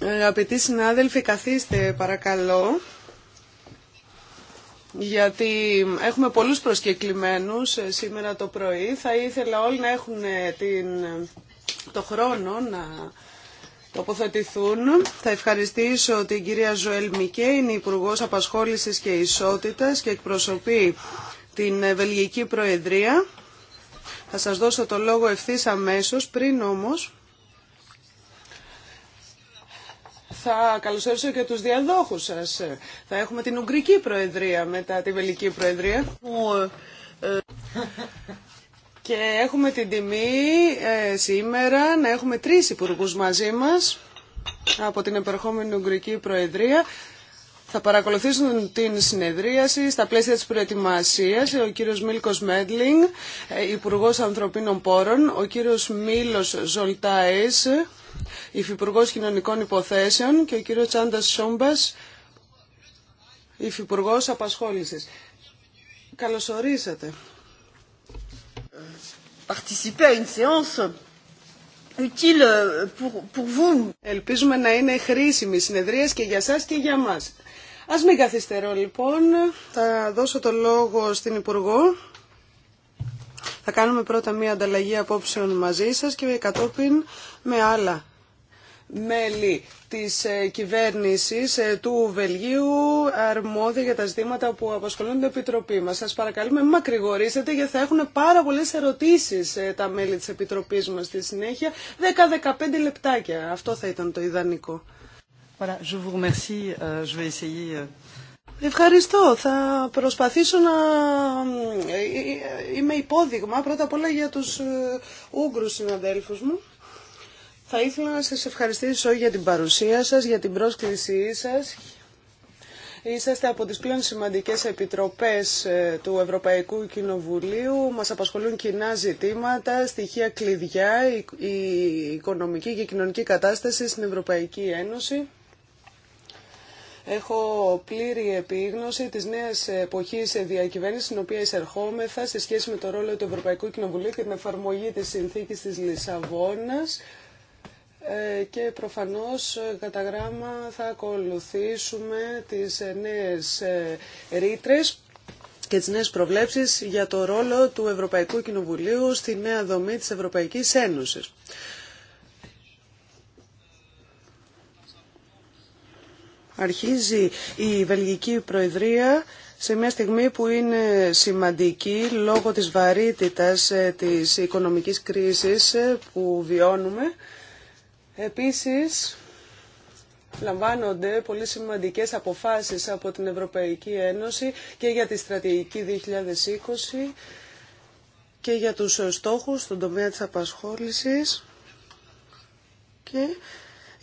Αγαπητοί συνάδελφοι, καθίστε παρακαλώ, γιατί έχουμε πολλούς προσκεκλημένους ε, σήμερα το πρωί. Θα ήθελα όλοι να έχουν ε, την, το χρόνο να τοποθετηθούν. Θα ευχαριστήσω την κυρία Ζωέλ Μικέ, είναι Υπουργός Απασχόλησης και Ισότητας και εκπροσωπεί την ε, Βελγική Προεδρία. Θα σας δώσω το λόγο ευθύς αμέσως, πριν όμως θα καλωσορίσω και τους διαδόχους σας. Θα έχουμε την Ουγγρική Προεδρία μετά τη Βελική Προεδρία. Και έχουμε την τιμή ε, σήμερα να έχουμε τρεις υπουργούς μαζί μας από την επερχόμενη Ουγγρική Προεδρία θα παρακολουθήσουν την συνεδρίαση στα πλαίσια της προετοιμασίας ο κύριος Μίλκος Μέντλινγκ, Υπουργός Ανθρωπίνων Πόρων, ο κύριος Μίλος Ζολτάης, Υφυπουργός Κοινωνικών Υποθέσεων και ο κύριος Τσάντας Σόμπας, Υφυπουργός Απασχόλησης. Καλωσορίσατε. Ελπίζουμε να είναι χρήσιμη συνεδρία και για σας και για μας. Ας μην καθυστερώ λοιπόν. Θα δώσω το λόγο στην Υπουργό. Θα κάνουμε πρώτα μία ανταλλαγή απόψεων μαζί σας και κατόπιν με άλλα μέλη της ε, κυβέρνησης ε, του Βελγίου αρμόδια για τα ζητήματα που απασχολούν την Επιτροπή μας. Σας παρακαλούμε μην μακρηγορήσετε γιατί θα έχουν πάρα πολλές ερωτήσεις ε, τα μέλη της Επιτροπής μας στη συνέχεια. 10-15 λεπτάκια. Αυτό θα ήταν το ιδανικό. Euh, euh. Ευχαριστώ. Θα προσπαθήσω να ε, ε, ε, είμαι υπόδειγμα πρώτα απ' όλα για τους Ούγγρους συναδέλφους μου. Θα ήθελα να σας ευχαριστήσω για την παρουσία σας, για την πρόσκλησή σας. Είσαστε από τις πλέον σημαντικές επιτροπές του Ευρωπαϊκού Κοινοβουλίου. Μας απασχολούν κοινά ζητήματα, στοιχεία κλειδιά, η οικονομική και κοινωνική κατάσταση στην Ευρωπαϊκή Ένωση. Έχω πλήρη επίγνωση της νέα εποχή διακυβέρνησης στην οποία εισερχόμεθα σε σχέση με το ρόλο του Ευρωπαϊκού Κοινοβουλίου και την εφαρμογή της συνθήκης της Λισαβόνας ε, και προφανώς ε, κατά γράμμα θα ακολουθήσουμε τις ε, νέες ρήτρε και τις νέες προβλέψεις για το ρόλο του Ευρωπαϊκού Κοινοβουλίου στη νέα δομή της Ευρωπαϊκής Ένωσης. Αρχίζει η Βελγική Προεδρία σε μια στιγμή που είναι σημαντική λόγω της βαρύτητας ε, της οικονομικής κρίσης ε, που βιώνουμε. Επίσης, λαμβάνονται πολύ σημαντικές αποφάσεις από την Ευρωπαϊκή Ένωση και για τη στρατηγική 2020 και για τους στόχους στον τομέα της απασχόλησης και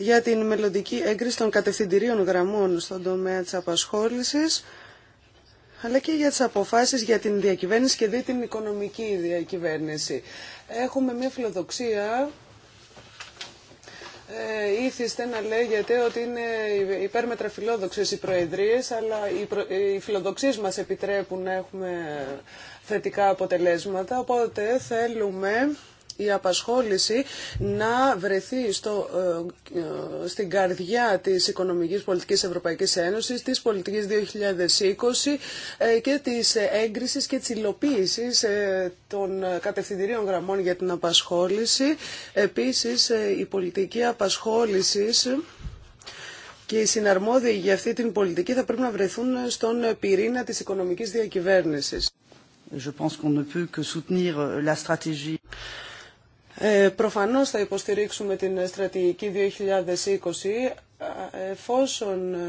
για την μελλοντική έγκριση των κατευθυντηρίων γραμμών στον τομέα της απασχόλησης αλλά και για τις αποφάσεις για την διακυβέρνηση και δι' την οικονομική διακυβέρνηση. Έχουμε μια φιλοδοξία ε, ήθιστε να λέγεται ότι είναι υπέρμετρα φιλόδοξες οι προεδρίες, αλλά οι, προ... οι φιλοδοξίες μας επιτρέπουν να έχουμε θετικά αποτελέσματα, οπότε θέλουμε η απασχόληση να βρεθεί στο, ε, ε, στην καρδιά της οικονομικής πολιτικής Ευρωπαϊκής Ένωσης, της πολιτικής 2020 ε, και της έγκρισης και της υλοποίησης των κατευθυντηρίων γραμμών για την απασχόληση. Επίσης, η πολιτική απασχόλησης και οι συναρμόδιοι για αυτή την πολιτική θα πρέπει να βρεθούν στον πυρήνα της οικονομικής διακυβέρνησης. Ε, προφανώς θα υποστηρίξουμε την στρατηγική 2020 ε, εφόσον ε,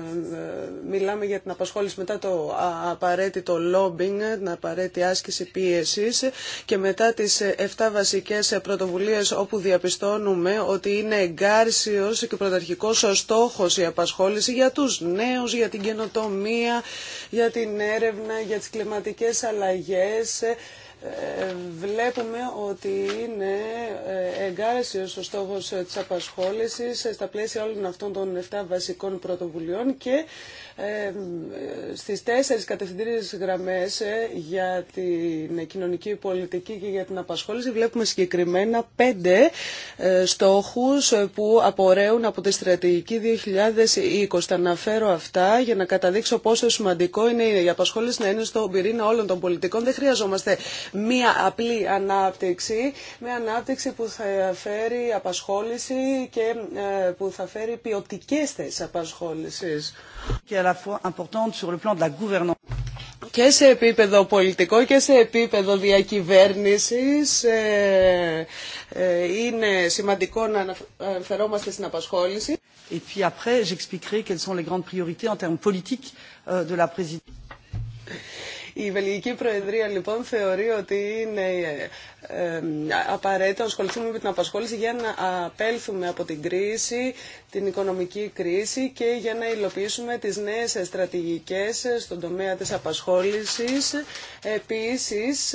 μιλάμε για την απασχόληση μετά το απαραίτητο lobbying, την απαραίτητη άσκηση πίεσης και μετά τις 7 βασικές πρωτοβουλίες όπου διαπιστώνουμε ότι είναι εγκάρσιος και πρωταρχικός ο στόχος η απασχόληση για τους νέους, για την καινοτομία, για την έρευνα, για τις κλιματικές αλλαγές, ε, βλέπουμε ότι είναι ε, εγκάρσιος ο στόχος της απασχόλησης στα πλαίσια όλων αυτών των 7 βασικών πρωτοβουλειών και στις τέσσερις κατευθυντήριες γραμμές ε, για την κοινωνική πολιτική και για την απασχόληση βλέπουμε συγκεκριμένα πέντε ε, στόχους ε, που απορρέουν από τη στρατηγική 2020. Τα αναφέρω αυτά για να καταδείξω πόσο σημαντικό είναι η απασχόληση να είναι στον πυρήνα όλων των πολιτικών. Δεν χρειαζόμαστε μία απλή ανάπτυξη, με ανάπτυξη που θα φέρει απασχόληση και που θα φέρει ποιοτικές θέσεις απασχόλησης. Και σε επίπεδο πολιτικό και σε επίπεδο διακυβέρνησης ε, ε, είναι σημαντικό να αναφερόμαστε στην απασχόληση. Et puis après, j'expliquerai quelles sont les grandes priorités en termes politiques euh, de la présidence. Η Βελγική Προεδρία λοιπόν θεωρεί ότι είναι ε, ε, απαραίτητο να ασχοληθούμε με την απασχόληση για να απέλθουμε από την κρίση, την οικονομική κρίση και για να υλοποιήσουμε τις νέες στρατηγικές στον τομέα της απασχόλησης. Επίσης,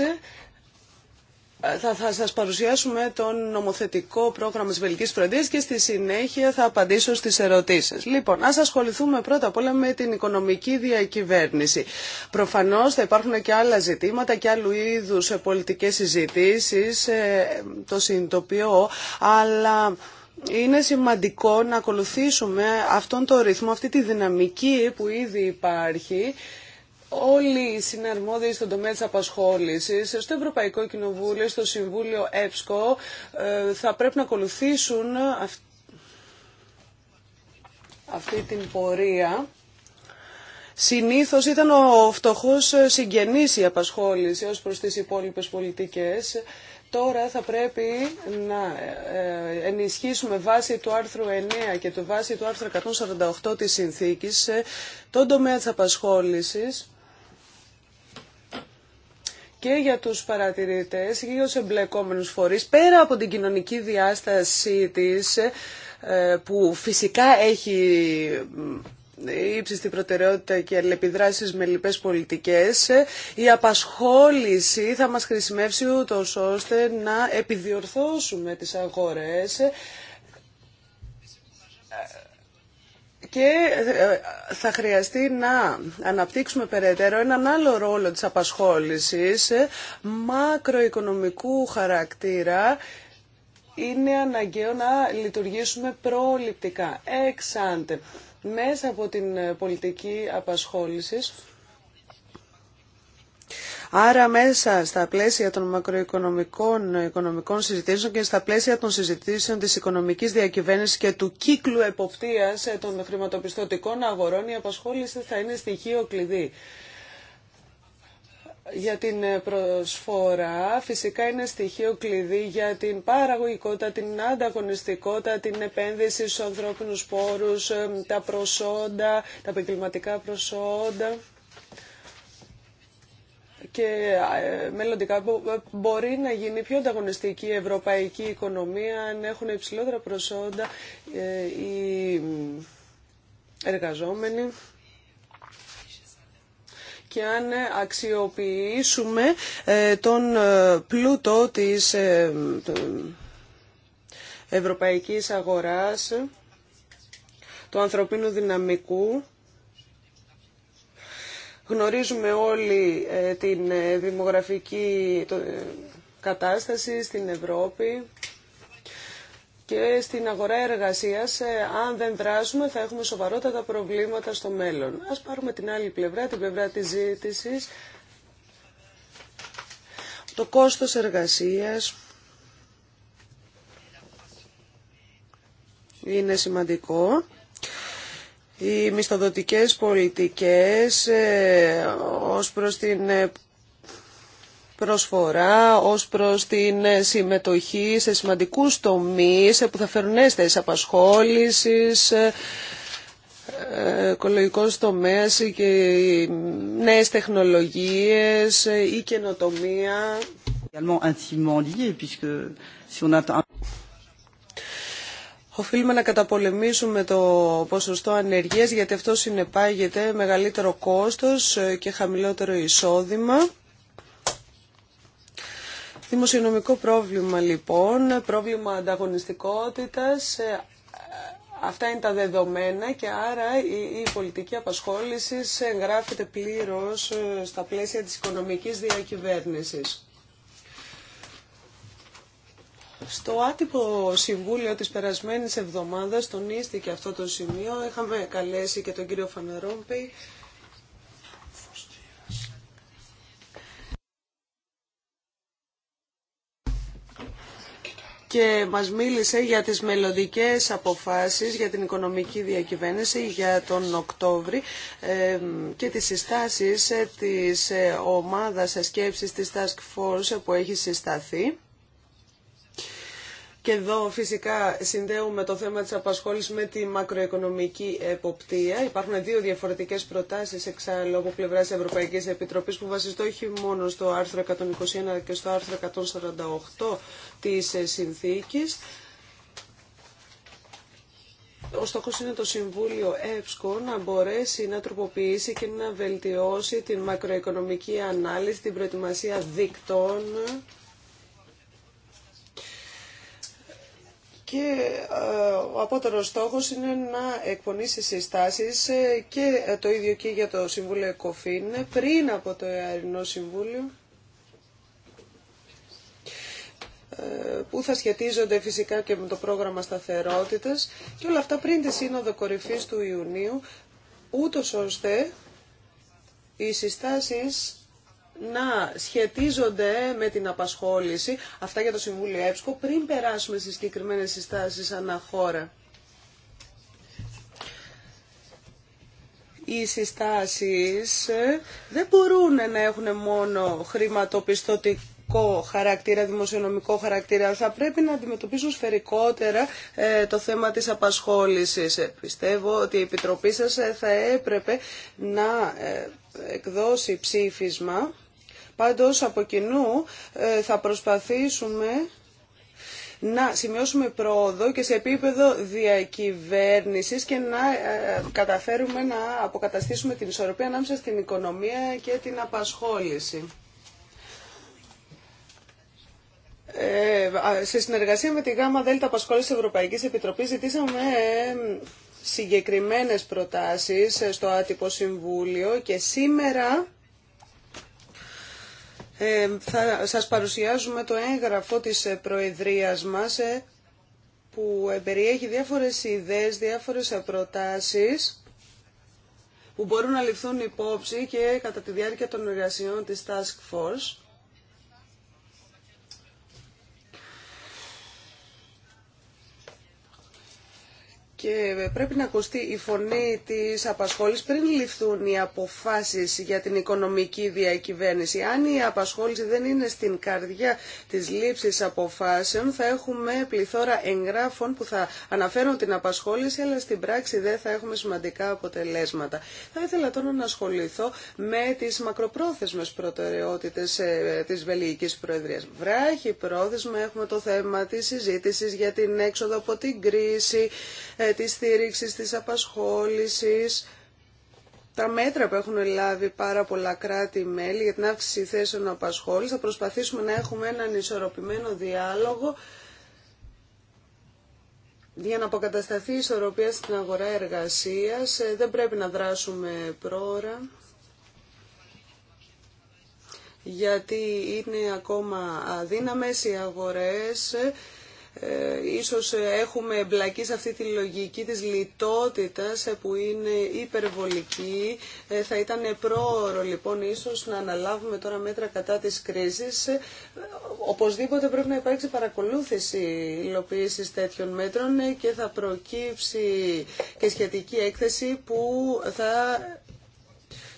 ε, θα, θα σας παρουσιάσουμε τον νομοθετικό πρόγραμμα της Βελικής και στη συνέχεια θα απαντήσω στις ερωτήσεις. Λοιπόν, ας ασχοληθούμε πρώτα απ' όλα με την οικονομική διακυβέρνηση. Προφανώς θα υπάρχουν και άλλα ζητήματα και άλλου είδου πολιτικές συζητήσεις, ε, το συνειδητοποιώ, αλλά... Είναι σημαντικό να ακολουθήσουμε αυτόν τον ρυθμό, αυτή τη δυναμική που ήδη υπάρχει όλοι οι συναρμόδιοι στον τομέα της απασχόλησης, στο Ευρωπαϊκό Κοινοβούλιο, στο Συμβούλιο ΕΠΣΚΟ, ε, θα πρέπει να ακολουθήσουν αυτή την πορεία. Συνήθως ήταν ο φτωχός συγγενής η απασχόληση ως προς τις υπόλοιπες πολιτικές. Τώρα θα πρέπει να ε, ε, ενισχύσουμε βάσει του άρθρου 9 και του βάση του άρθρου 148 της συνθήκης τον τομέα της απασχόλησης και για τους παρατηρητές και για τους εμπλεκόμενους φορείς, πέρα από την κοινωνική διάσταση της, ε, που φυσικά έχει ύψιστη προτεραιότητα και αλληλεπιδράσεις με λοιπές πολιτικές, ε, η απασχόληση θα μας χρησιμεύσει ούτως ώστε να επιδιορθώσουμε τις αγορές ε, και ε, θα χρειαστεί να αναπτύξουμε περαιτέρω έναν άλλο ρόλο της απασχόλησης ε, μακροοικονομικού χαρακτήρα είναι αναγκαίο να λειτουργήσουμε προληπτικά, εξάντε, μέσα από την ε, πολιτική απασχόλησης Άρα μέσα στα πλαίσια των μακροοικονομικών οικονομικών συζητήσεων και στα πλαίσια των συζητήσεων της οικονομικής διακυβέρνησης και του κύκλου εποπτείας ε, των χρηματοπιστωτικών αγορών η απασχόληση θα είναι στοιχείο κλειδί. Για την ε, προσφορά φυσικά είναι στοιχείο κλειδί για την παραγωγικότητα, την ανταγωνιστικότητα, την επένδυση στους ανθρώπινους πόρους, ε, τα προσόντα, τα επαγγελματικά προσόντα και ε, μελλοντικά μπορεί να γίνει πιο ανταγωνιστική η ευρωπαϊκή οικονομία αν έχουν υψηλότερα προσόντα ε, οι εργαζόμενοι και αν αξιοποιήσουμε ε, τον πλούτο της ευρωπαϊκής αγοράς, του ανθρωπίνου δυναμικού Γνωρίζουμε όλοι ε, την ε, δημογραφική ε, κατάσταση στην Ευρώπη και στην αγορά εργασίας. Αν δεν δράσουμε θα έχουμε σοβαρότατα προβλήματα στο μέλλον. Ας πάρουμε την άλλη πλευρά, την πλευρά της ζήτησης. Το κόστος εργασίας είναι σημαντικό οι μισθοδοτικές πολιτικές ε, ως προς την ε, προσφορά ως προς την ε, συμμετοχή σε σημαντικούς τομείς που θα φέρουν νέες απασχόλησης, οικολογικός τομέας και νέες τεχνολογίες ή καινοτομία. Οφείλουμε να καταπολεμήσουμε το ποσοστό ανεργίας γιατί αυτό συνεπάγεται μεγαλύτερο κόστος και χαμηλότερο εισόδημα. Δημοσιονομικό πρόβλημα λοιπόν, πρόβλημα ανταγωνιστικότητας, ε, Αυτά είναι τα δεδομένα και άρα η, πολιτική απασχόλησης εγγράφεται πλήρως ε, στα πλαίσια της οικονομικής διακυβέρνησης. Στο άτυπο συμβούλιο της περασμένης εβδομάδας τονίστηκε αυτό το σημείο. Είχαμε καλέσει και τον κύριο Φανερόμπη. και μας μίλησε για τις μελλοντικέ αποφάσεις για την οικονομική διακυβέρνηση για τον Οκτώβρη και τις συστάσεις ε, της ε, ομάδας σκέψης της Task Force που έχει συσταθεί. Και εδώ φυσικά συνδέουμε το θέμα της απασχόλησης με τη μακροοικονομική εποπτεία. Υπάρχουν δύο διαφορετικές προτάσεις εξάλλου από πλευρά της Ευρωπαϊκής Επιτροπής που βασιστώ όχι μόνο στο άρθρο 121 και στο άρθρο 148 της συνθήκης. Ο στόχο είναι το Συμβούλιο ΕΠΣΚΟ να μπορέσει να τροποποιήσει και να βελτιώσει την μακροοικονομική ανάλυση, την προετοιμασία δικτών και ε, ο απότερο στόχος είναι να εκπονήσει συστάσεις ε, και ε, το ίδιο και για το Συμβούλιο ΕΚΟΦΗΝ πριν από το Εαρινό Συμβούλιο που θα σχετίζονται φυσικά και με το πρόγραμμα σταθερότητας και όλα αυτά πριν τη Σύνοδο Κορυφής του Ιουνίου ούτως ώστε οι συστάσεις να σχετίζονται με την απασχόληση, αυτά για το Συμβούλιο ΕΠΣΚΟ, πριν περάσουμε στις συγκεκριμένες συστάσεις αναχώρα. οι συστάσεις ε, δεν μπορούν να έχουν μόνο χρηματοπιστωτικό χαρακτήρα, δημοσιονομικό χαρακτήρα, θα πρέπει να αντιμετωπίσουν σφαιρικότερα ε, το θέμα της απασχόλησης. Ε, πιστεύω ότι η Επιτροπή σας θα έπρεπε να εκδώσει ψήφισμα Πάντως από κοινού ε, θα προσπαθήσουμε να σημειώσουμε πρόοδο και σε επίπεδο διακυβέρνησης και να ε, καταφέρουμε να αποκαταστήσουμε την ισορροπία ανάμεσα στην οικονομία και την απασχόληση. Ε, σε συνεργασία με τη ΓΑΜΑ ΔΕΛΤΑ Απασχόλησης Ευρωπαϊκής Επιτροπής ζητήσαμε συγκεκριμένες προτάσεις στο Άτυπο Συμβούλιο και σήμερα ε, θα σας παρουσιάζουμε το έγγραφο της ε, Προεδρίας μας ε, που περιέχει διάφορες ιδέες, διάφορες προτάσεις που μπορούν να ληφθούν υπόψη και κατά τη διάρκεια των εργασιών της Task Force. και πρέπει να ακουστεί η φωνή της απασχόλησης πριν ληφθούν οι αποφάσεις για την οικονομική διακυβέρνηση. Αν η απασχόληση δεν είναι στην καρδιά της λήψης αποφάσεων θα έχουμε πληθώρα εγγράφων που θα αναφέρουν την απασχόληση αλλά στην πράξη δεν θα έχουμε σημαντικά αποτελέσματα. Θα ήθελα τώρα να ασχοληθώ με τις μακροπρόθεσμες προτεραιότητες ε, της Βελγικής Προεδρίας. Βράχει πρόθεσμα έχουμε το θέμα της συζήτησης για την έξοδο από την κρίση, ε, της στήριξης, της απασχόλησης, τα μέτρα που έχουν λάβει πάρα πολλά κράτη-μέλη για την αύξηση θέσεων απασχόλησης. Θα προσπαθήσουμε να έχουμε έναν ισορροπημένο διάλογο για να αποκατασταθεί η ισορροπία στην αγορά εργασίας. Ε, δεν πρέπει να δράσουμε πρόωρα γιατί είναι ακόμα αδύναμες οι αγορές ε, ίσως ε, έχουμε εμπλακεί σε αυτή τη λογική της λιτότητας ε, που είναι υπερβολική. θα ήταν πρόωρο λοιπόν ίσως να αναλάβουμε τώρα μέτρα κατά της κρίσης. Οπωσδήποτε πρέπει να υπάρξει παρακολούθηση υλοποίηση τέτοιων μέτρων και θα προκύψει και σχετική έκθεση που θα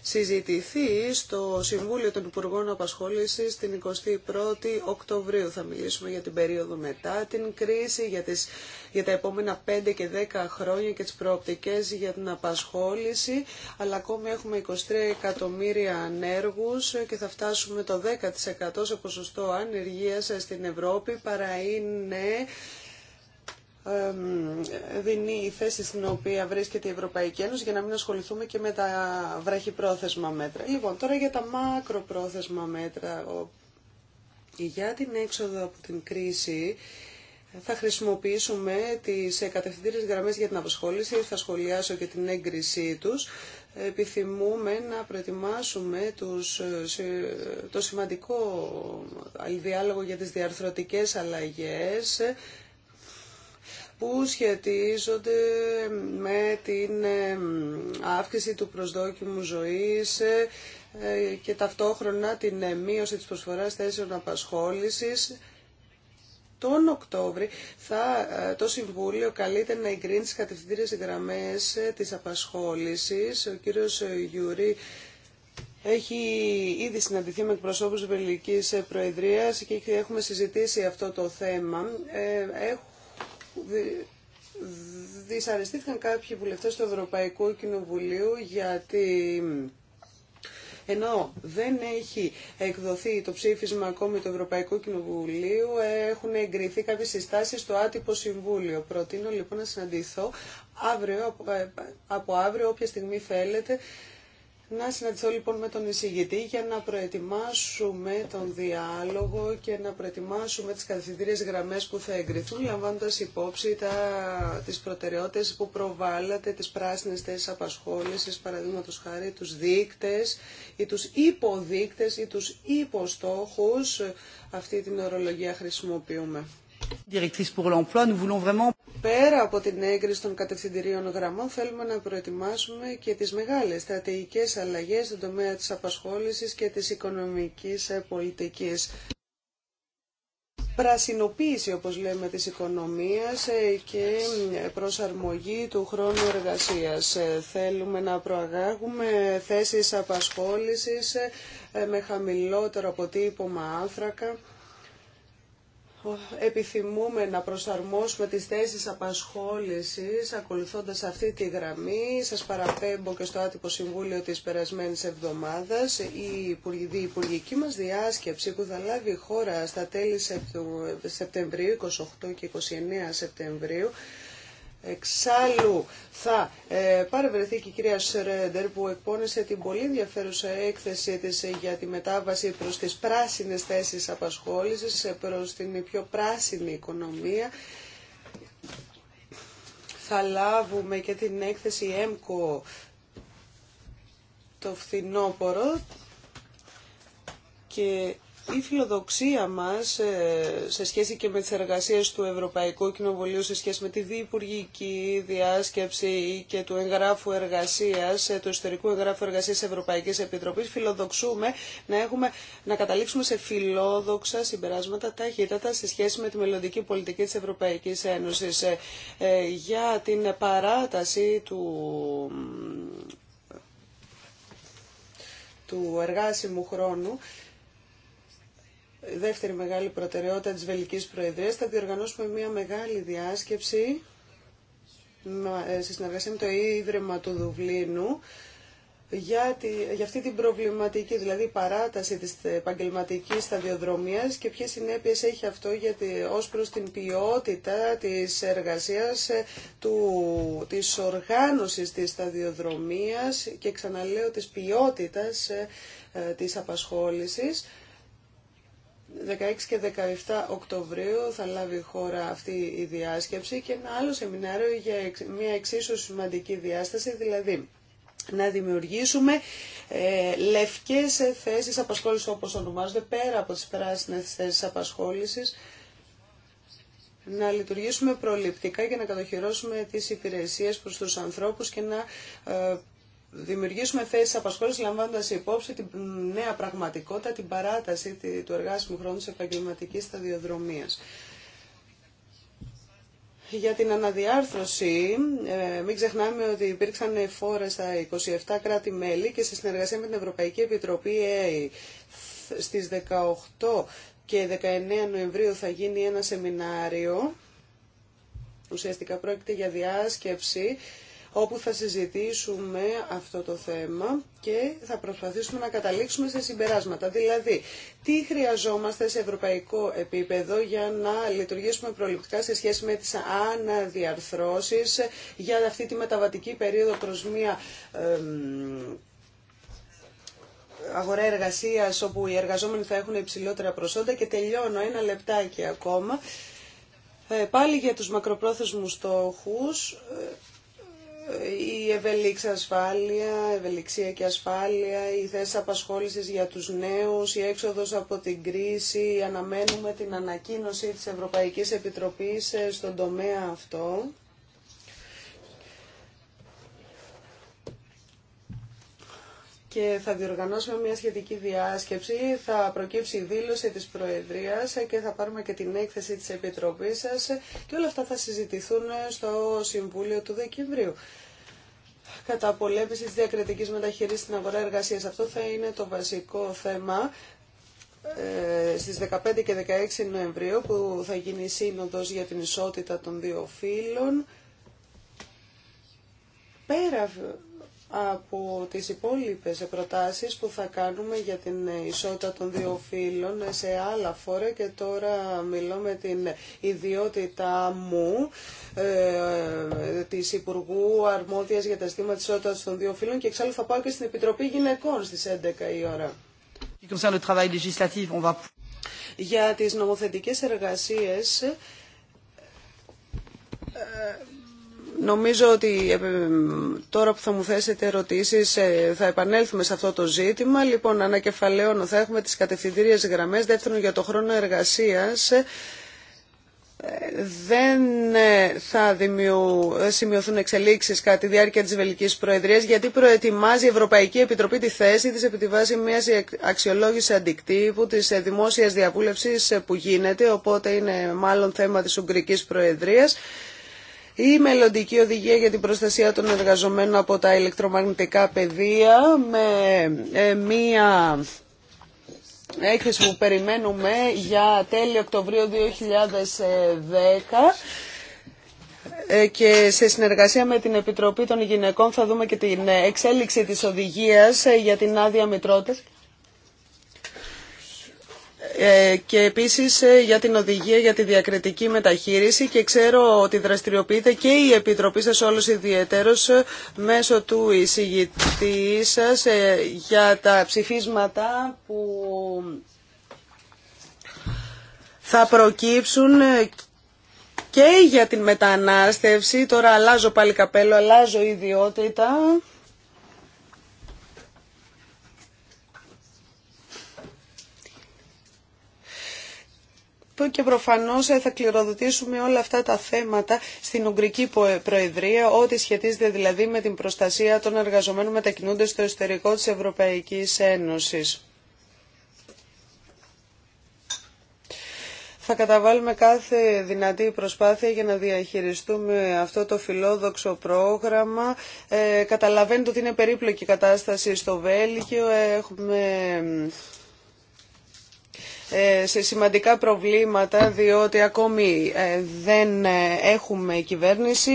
συζητηθεί στο Συμβούλιο των Υπουργών Απασχόλησης την 21η Οκτωβρίου. Θα μιλήσουμε για την περίοδο μετά την κρίση, για, τις, για τα επόμενα 5 και 10 χρόνια και τις προοπτικές για την απασχόληση, αλλά ακόμη έχουμε 23 εκατομμύρια ανέργους και θα φτάσουμε το 10% σε ποσοστό ανεργίας στην Ευρώπη παρά είναι δίνει η θέση στην οποία βρίσκεται η Ευρωπαϊκή Ένωση για να μην ασχοληθούμε και με τα βραχυπρόθεσμα μέτρα. Λοιπόν, τώρα για τα μακροπρόθεσμα μέτρα. Για την έξοδο από την κρίση θα χρησιμοποιήσουμε τις κατευθυντήρες γραμμές για την απασχόληση, θα σχολιάσω και την έγκρισή τους. Επιθυμούμε να προετοιμάσουμε τους, το σημαντικό διάλογο για τις διαρθρωτικές αλλαγές, που σχετίζονται με την ε, αύξηση του προσδόκιμου ζωής ε, και ταυτόχρονα την ε, μείωση της προσφοράς θέσεων απασχόλησης. Τον Οκτώβρη θα, το Συμβούλιο καλείται να εγκρίνει τις κατευθυντήριες γραμμές της απασχόλησης. Ο κύριος Γιούρη έχει ήδη συναντηθεί με εκπροσώπους της Βελγικής Προεδρίας και έχουμε συζητήσει αυτό το θέμα δυσαρεστήθηκαν κάποιοι βουλευτές του Ευρωπαϊκού Κοινοβουλίου γιατί ενώ δεν έχει εκδοθεί το ψήφισμα ακόμη του Ευρωπαϊκού Κοινοβουλίου, έχουν εγκριθεί κάποιες συστάσεις στο άτυπο Συμβούλιο. Προτείνω λοιπόν να συναντηθώ αύριο, ε, ε, από αύριο όποια στιγμή θέλετε να συναντηθώ λοιπόν με τον εισηγητή για να προετοιμάσουμε τον διάλογο και να προετοιμάσουμε τις καθηγητήριες γραμμές που θα εγκριθούν λαμβάνοντας υπόψη τα, τις προτεραιότητες που προβάλλατε, τις πράσινες θέσεις απασχόλησης, παραδείγματο χάρη, τους δείκτες ή τους υποδείκτες ή τους υποστόχους. Αυτή την ορολογία χρησιμοποιούμε. Πέρα από την έγκριση των κατευθυντηρίων γραμμών, θέλουμε να προετοιμάσουμε και τις μεγάλες στρατηγικές αλλαγές στον τομέα της απασχόλησης και της οικονομικής ε, πολιτικής. Πρασινοποίηση, όπως λέμε, της οικονομίας ε, και ε, προσαρμογή του χρόνου εργασίας. Θέλουμε να προαγάγουμε θέσεις απασχόλησης με χαμηλότερο αποτύπωμα άνθρακα επιθυμούμε να προσαρμόσουμε τις θέσεις απασχόλησης ακολουθώντας αυτή τη γραμμή. Σας παραπέμπω και στο άτυπο συμβούλιο της περασμένης εβδομάδας η υπουργική μας διάσκεψη που θα λάβει η χώρα στα τέλη Σεπτεμβρίου, 28 και 29 Σεπτεμβρίου, Εξάλλου θα ε, παρευρεθεί και η κυρία Σρέντερ που εκπώνησε την πολύ ενδιαφέρουσα έκθεσή της για τη μετάβαση προς τις πράσινες θέσεις απασχόλησης, ε, προς την πιο πράσινη οικονομία. Θα λάβουμε και την έκθεση ΕΜΚΟ το φθινόπωρο η φιλοδοξία μας ε, σε σχέση και με τις εργασίες του Ευρωπαϊκού Κοινοβουλίου, σε σχέση με τη διυπουργική διάσκεψη και του εγγράφου εργασίας, ε, του ιστορικού εγγράφου εργασίας Ευρωπαϊκής Επιτροπής, φιλοδοξούμε να, έχουμε, να καταλήξουμε σε φιλόδοξα συμπεράσματα ταχύτατα σε σχέση με τη μελλοντική πολιτική της Ευρωπαϊκής Ένωσης ε, για την παράταση του του εργάσιμου χρόνου δεύτερη μεγάλη προτεραιότητα της Βελικής Προεδρίας. Θα διοργανώσουμε μια μεγάλη διάσκεψη ε, σε συνεργασία με το Ίδρυμα του Δουβλίνου για, τη, για αυτή την προβληματική, δηλαδή παράταση της επαγγελματική σταδιοδρομίας και ποιες συνέπειες έχει αυτό για τη, ως προς την ποιότητα της εργασίας, ε, του, της οργάνωσης της σταδιοδρομίας και ξαναλέω της ποιότητας ε, της απασχόλησης. 16 και 17 Οκτωβρίου θα λάβει η χώρα αυτή η διάσκεψη και ένα άλλο σεμινάριο για μια εξίσου σημαντική διάσταση, δηλαδή να δημιουργήσουμε ε, λευκές θέσεις απασχόλησης όπως ονομάζονται πέρα από τις πράσινες θέσεις απασχόλησης να λειτουργήσουμε προληπτικά και να κατοχυρώσουμε τις υπηρεσίες προς τους ανθρώπους και να ε, δημιουργήσουμε θέσει απασχόληση λαμβάνοντα υπόψη την νέα πραγματικότητα, την παράταση του εργάσιμου χρόνου τη επαγγελματική σταδιοδρομία. Για την αναδιάρθρωση, ε, μην ξεχνάμε ότι υπήρξαν φόρες στα 27 κράτη-μέλη και σε συνεργασία με την Ευρωπαϊκή Επιτροπή ΕΕ στις 18 και 19 Νοεμβρίου θα γίνει ένα σεμινάριο. Ουσιαστικά πρόκειται για διάσκεψη όπου θα συζητήσουμε αυτό το θέμα και θα προσπαθήσουμε να καταλήξουμε σε συμπεράσματα. Δηλαδή, τι χρειαζόμαστε σε ευρωπαϊκό επίπεδο για να λειτουργήσουμε προληπτικά σε σχέση με τις αναδιαρθρώσεις για αυτή τη μεταβατική περίοδο προς μία αγορά εργασίας όπου οι εργαζόμενοι θα έχουν υψηλότερα προσόντα και τελειώνω ένα λεπτάκι ακόμα. Ε, πάλι για τους μακροπρόθεσμους στόχους, ε, η ευελίξη ασφάλεια, ευελιξία και ασφάλεια, η θέσει απασχόληση για του νέου, η έξοδο από την κρίση. Αναμένουμε την ανακοίνωση τη Ευρωπαϊκή Επιτροπή ε, στον τομέα αυτό. και θα διοργανώσουμε μια σχετική διάσκεψη. Θα προκύψει η δήλωση της Προεδρίας και θα πάρουμε και την έκθεση της Επιτροπής σας και όλα αυτά θα συζητηθούν στο Συμβούλιο του Δεκεμβρίου. Κατά πολέμηση τη διακριτικής μεταχειρίσης στην αγορά εργασίας. Αυτό θα είναι το βασικό θέμα ε, στις 15 και 16 Νοεμβρίου που θα γίνει σύνοδος για την ισότητα των δύο φύλων. Πέρα από τις υπόλοιπες προτάσεις που θα κάνουμε για την ισότητα των δύο φύλων σε άλλα φόρα και τώρα μιλώ με την ιδιότητά μου ε, της Υπουργού Αρμόδιας για τα στήματα της ισότητας των δύο φύλων και εξάλλου θα πάω και στην Επιτροπή Γυναικών στις 11 η ώρα. Για τις νομοθετικές εργασίες ε, Νομίζω ότι ε, τώρα που θα μου θέσετε ερωτήσεις ε, θα επανέλθουμε σε αυτό το ζήτημα. Λοιπόν, ανακεφαλαίωνο θα έχουμε τις κατευθυντήριες γραμμές. Δεύτερον, για το χρόνο εργασίας ε, δεν θα δημιου... σημειωθούν εξελίξεις κατά τη διάρκεια της Βελικής Προεδρίας γιατί προετοιμάζει η Ευρωπαϊκή Επιτροπή τη θέση της επί τη βάση μιας αξιολόγησης αντικτύπου της δημόσιας διαβούλευσης που γίνεται οπότε είναι μάλλον θέμα της Ουγγρικής Προεδρίας. Η μελλοντική οδηγία για την προστασία των εργαζομένων από τα ηλεκτρομαγνητικά πεδία με ε, μία έκθεση που περιμένουμε για τέλη Οκτωβρίου 2010 ε, και σε συνεργασία με την Επιτροπή των Γυναικών θα δούμε και την εξέλιξη της οδηγίας ε, για την άδεια μητρότητας. Ε, και επίσης ε, για την οδηγία για τη διακριτική μεταχείριση και ξέρω ότι δραστηριοποιείται και η Επιτροπή σας όλος ιδιαίτερος ε, μέσω του εισηγητή σας για τα ψηφίσματα που θα προκύψουν και για την μετανάστευση. Τώρα αλλάζω πάλι καπέλο, αλλάζω ιδιότητα. και προφανώς ε, θα κληροδοτήσουμε όλα αυτά τα θέματα στην Ουγγρική Προεδρία, ό,τι σχετίζεται δηλαδή με την προστασία των εργαζομένων μετακινούντες στο εσωτερικό της Ευρωπαϊκής Ένωσης. Θα καταβάλουμε κάθε δυνατή προσπάθεια για να διαχειριστούμε αυτό το φιλόδοξο πρόγραμμα. Ε, καταλαβαίνετε ότι είναι περίπλοκη κατάσταση στο Βέλγιο. Έχουμε ε, σε σημαντικά προβλήματα διότι ακόμη ε, δεν ε, έχουμε κυβέρνηση.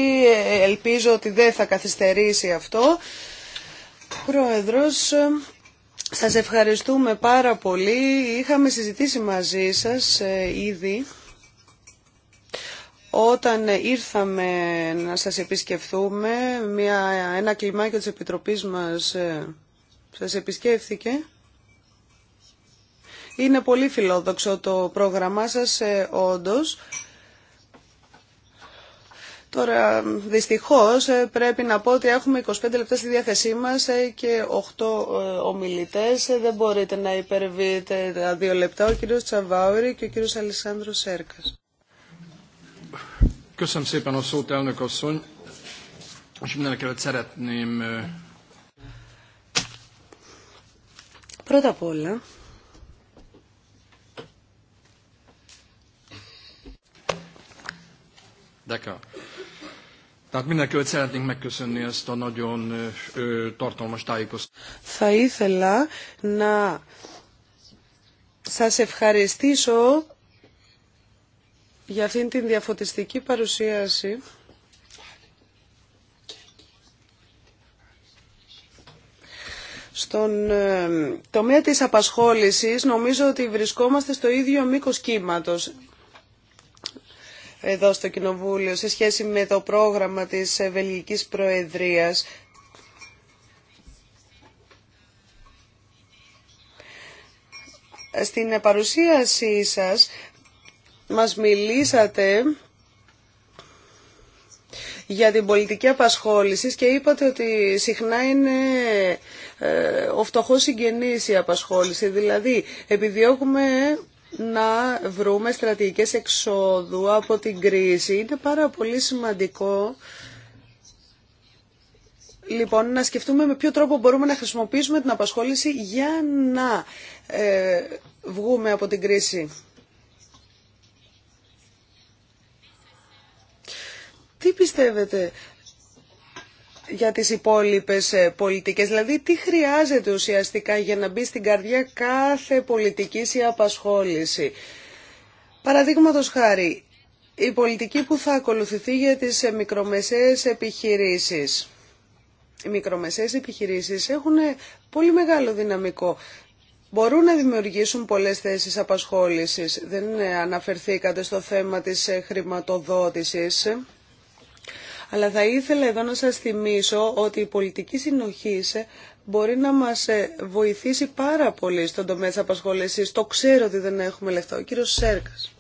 Ελπίζω ότι δεν θα καθυστερήσει αυτό. Πρόεδρος, σας ευχαριστούμε πάρα πολύ. Είχαμε συζητήσει μαζί σας ήδη όταν ήρθαμε να σας επισκεφθούμε, μια, ένα κλιμάκιο της Επιτροπής μας σας επισκέφθηκε. Είναι πολύ φιλόδοξο το πρόγραμμά σας ε, όντως. Τώρα, δυστυχώς, ε, πρέπει να πω ότι έχουμε 25 λεπτά στη διάθεσή μας ε, και 8 ομιλητές. Δεν μπορείτε να υπερβείτε τα δύο λεπτά. Ο κύριος Τσαβάουρη και ο κύριος Αλισάνδρος Σέρκας. Πρώτα απ' όλα, Θα ήθελα να σας ευχαριστήσω για αυτήν την διαφωτιστική παρουσίαση. Στον ε, τομέα της απασχόλησης νομίζω ότι βρισκόμαστε στο ίδιο μήκος κύματος εδώ στο Κοινοβούλιο σε σχέση με το πρόγραμμα της Βελγικής Προεδρίας. Στην παρουσίασή σας μας μιλήσατε για την πολιτική απασχόληση και είπατε ότι συχνά είναι ε, ο φτωχός συγγενής η απασχόληση. Δηλαδή, επιδιώκουμε να βρούμε στρατηγικές εξόδου από την κρίση. Είναι πάρα πολύ σημαντικό λοιπόν να σκεφτούμε με ποιο τρόπο μπορούμε να χρησιμοποιήσουμε την απασχόληση για να ε, βγούμε από την κρίση. Τι πιστεύετε για τις υπόλοιπες ε, πολιτικές. Δηλαδή τι χρειάζεται ουσιαστικά για να μπει στην καρδιά κάθε πολιτική η απασχόληση. Παραδείγματος χάρη, η πολιτική που θα ακολουθηθεί για τις ε, μικρομεσαίες επιχειρήσεις. Οι μικρομεσαίες επιχειρήσεις έχουν ε, πολύ μεγάλο δυναμικό. Μπορούν να δημιουργήσουν πολλές θέσεις απασχόλησης. Δεν αναφερθήκατε στο θέμα της χρηματοδότησης. Αλλά θα ήθελα εδώ να σας θυμίσω ότι η πολιτική συνοχή μπορεί να μας ε, βοηθήσει πάρα πολύ στον τομέα της απασχόλησης. Το ξέρω ότι δεν έχουμε λεφτά. Ο κύριος Σέρκας.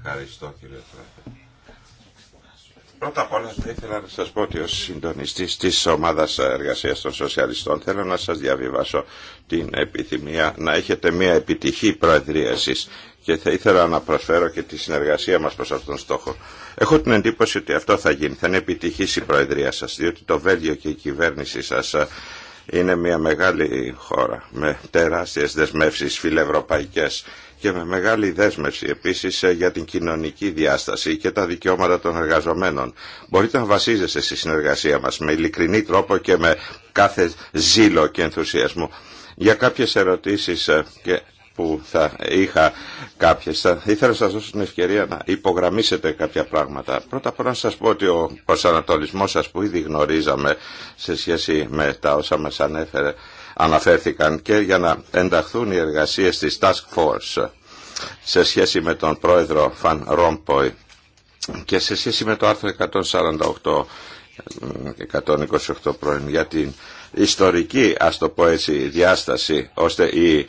Ευχαριστώ κύριε Πρόεδρε. Πρώτα απ' όλα θα ήθελα να σας πω ότι ως συντονιστής της ομάδας εργασίας των σοσιαλιστών θέλω να σας διαβιβάσω την επιθυμία να έχετε μια επιτυχή προεδρία και θα ήθελα να προσφέρω και τη συνεργασία μας προς αυτόν τον στόχο. Έχω την εντύπωση ότι αυτό θα γίνει, θα είναι επιτυχής η προεδρία σας διότι το Βέλγιο και η κυβέρνηση σας ε, είναι μια μεγάλη χώρα με τεράστιες δεσμεύσεις φιλευρωπαϊκές και με μεγάλη δέσμευση επίσης ε, για την κοινωνική διάσταση και τα δικαιώματα των εργαζομένων. Μπορείτε να βασίζεστε στη συνεργασία μας με ειλικρινή τρόπο και με κάθε ζήλο και ενθουσιασμό. Για κάποιες ερωτήσεις ε, και που θα είχα κάποιες. Θα ήθελα να σας δώσω την ευκαιρία να υπογραμμίσετε κάποια πράγματα. Πρώτα απ' όλα να σας πω ότι ο προσανατολισμός σας που ήδη γνωρίζαμε σε σχέση με τα όσα μας ανέφερε αναφέρθηκαν και για να ενταχθούν οι εργασίες της Task Force σε σχέση με τον πρόεδρο Φαν Ρόμποϊ και σε σχέση με το άρθρο 148 128 πρώην για την ιστορική ας το πω έτσι διάσταση ώστε η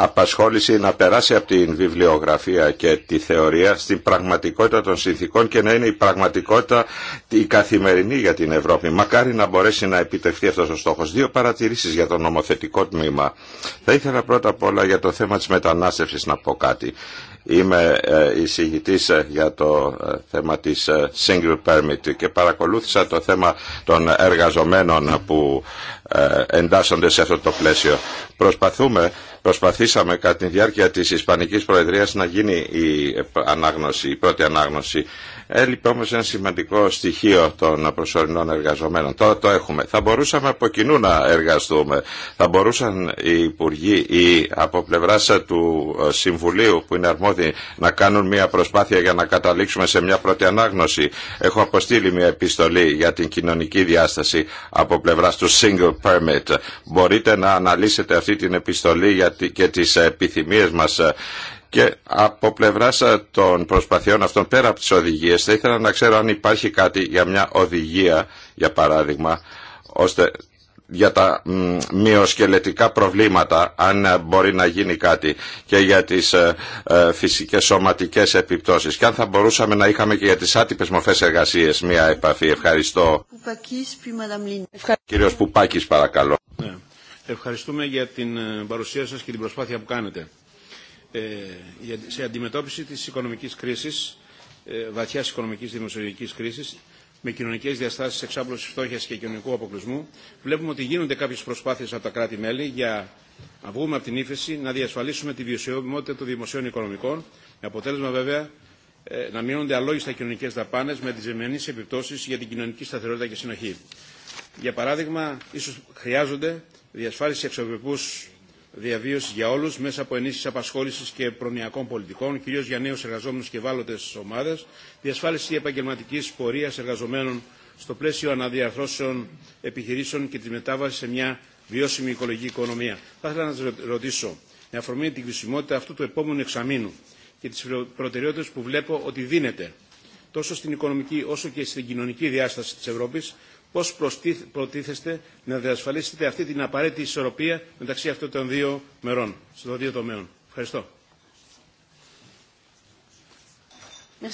απασχόληση να περάσει από την βιβλιογραφία και τη θεωρία στην πραγματικότητα των συνθήκων και να είναι η πραγματικότητα η καθημερινή για την Ευρώπη. Μακάρι να μπορέσει να επιτευχθεί αυτός ο στόχος. Δύο παρατηρήσεις για το νομοθετικό τμήμα. Θα ήθελα πρώτα απ' όλα για το θέμα της μετανάστευσης να πω κάτι. Είμαι ε, εισηγητής ε, για το ε, θέμα της single permit και παρακολούθησα το θέμα των εργαζομένων που εντάσσονται σε αυτό το πλαίσιο. Προσπαθούμε, προσπαθήσαμε κατά τη διάρκεια της Ισπανικής Προεδρίας να γίνει η ανάγνωση, η πρώτη ανάγνωση Έλειπε όμω ένα σημαντικό στοιχείο των προσωρινών εργαζομένων. Τώρα το έχουμε. Θα μπορούσαμε από κοινού να εργαστούμε. Θα μπορούσαν οι υπουργοί ή από πλευρά του ε, Συμβουλίου που είναι αρμόδιοι να κάνουν μια προσπάθεια για να καταλήξουμε σε μια πρώτη ανάγνωση. Έχω αποστείλει μια επιστολή για την κοινωνική διάσταση από πλευρά του Single Permit. Μπορείτε να αναλύσετε αυτή την επιστολή και τι επιθυμίε μα. Ε, και από πλευρά ε, των προσπαθειών αυτών, πέρα από τις οδηγίες, θα ήθελα να ξέρω αν υπάρχει κάτι για μια οδηγία, για παράδειγμα, ώστε για τα μειοσκελετικά προβλήματα αν ε, μπορεί να γίνει κάτι και για τις ε, φυσικές σωματικές επιπτώσεις και αν θα μπορούσαμε να είχαμε και για τις άτυπες μορφές εργασίες μια επαφή. Ευχαριστώ. Πουπακής, Πουπάκη, παρακαλώ. Ναι. Ευχαριστούμε για την παρουσία σας και την προσπάθεια που κάνετε. Ε, σε αντιμετώπιση της οικονομικής κρίσης, ε, βαθιάς οικονομικής δημοσιογικής κρίσης, με κοινωνικέ διαστάσει εξάπλωση φτώχεια και κοινωνικού αποκλεισμού, βλέπουμε ότι γίνονται κάποιε προσπάθειε από τα κράτη-μέλη για να βγούμε από την ύφεση, να διασφαλίσουμε τη βιωσιμότητα των δημοσίων οικονομικών, με αποτέλεσμα βέβαια ε, να μειώνονται αλόγιστα κοινωνικέ δαπάνε με δυσμενεί επιπτώσει για την κοινωνική σταθερότητα και συνοχή. Για παράδειγμα, ίσω χρειάζονται διασφάλιση εξοπλισμού διαβίωση για όλου μέσα από ενίσχυση απασχόληση και προνοιακών πολιτικών, κυρίω για νέου εργαζόμενου και ευάλωτε ομάδε, διασφάλιση επαγγελματική πορεία εργαζομένων στο πλαίσιο αναδιαρθρώσεων επιχειρήσεων και τη μετάβαση σε μια βιώσιμη οικολογική οικονομία. Θα ήθελα να σα ρωτήσω, με αφορμή την κρισιμότητα αυτού του επόμενου εξαμήνου και τι προτεραιότητε που βλέπω ότι δίνεται τόσο στην οικονομική όσο και στην κοινωνική διάσταση τη Ευρώπη, πώς προτίθεστε να διασφαλίσετε αυτή την απαραίτητη ισορροπία μεταξύ αυτών των δύο μερών, των δύο τομέων. Ευχαριστώ. Euh,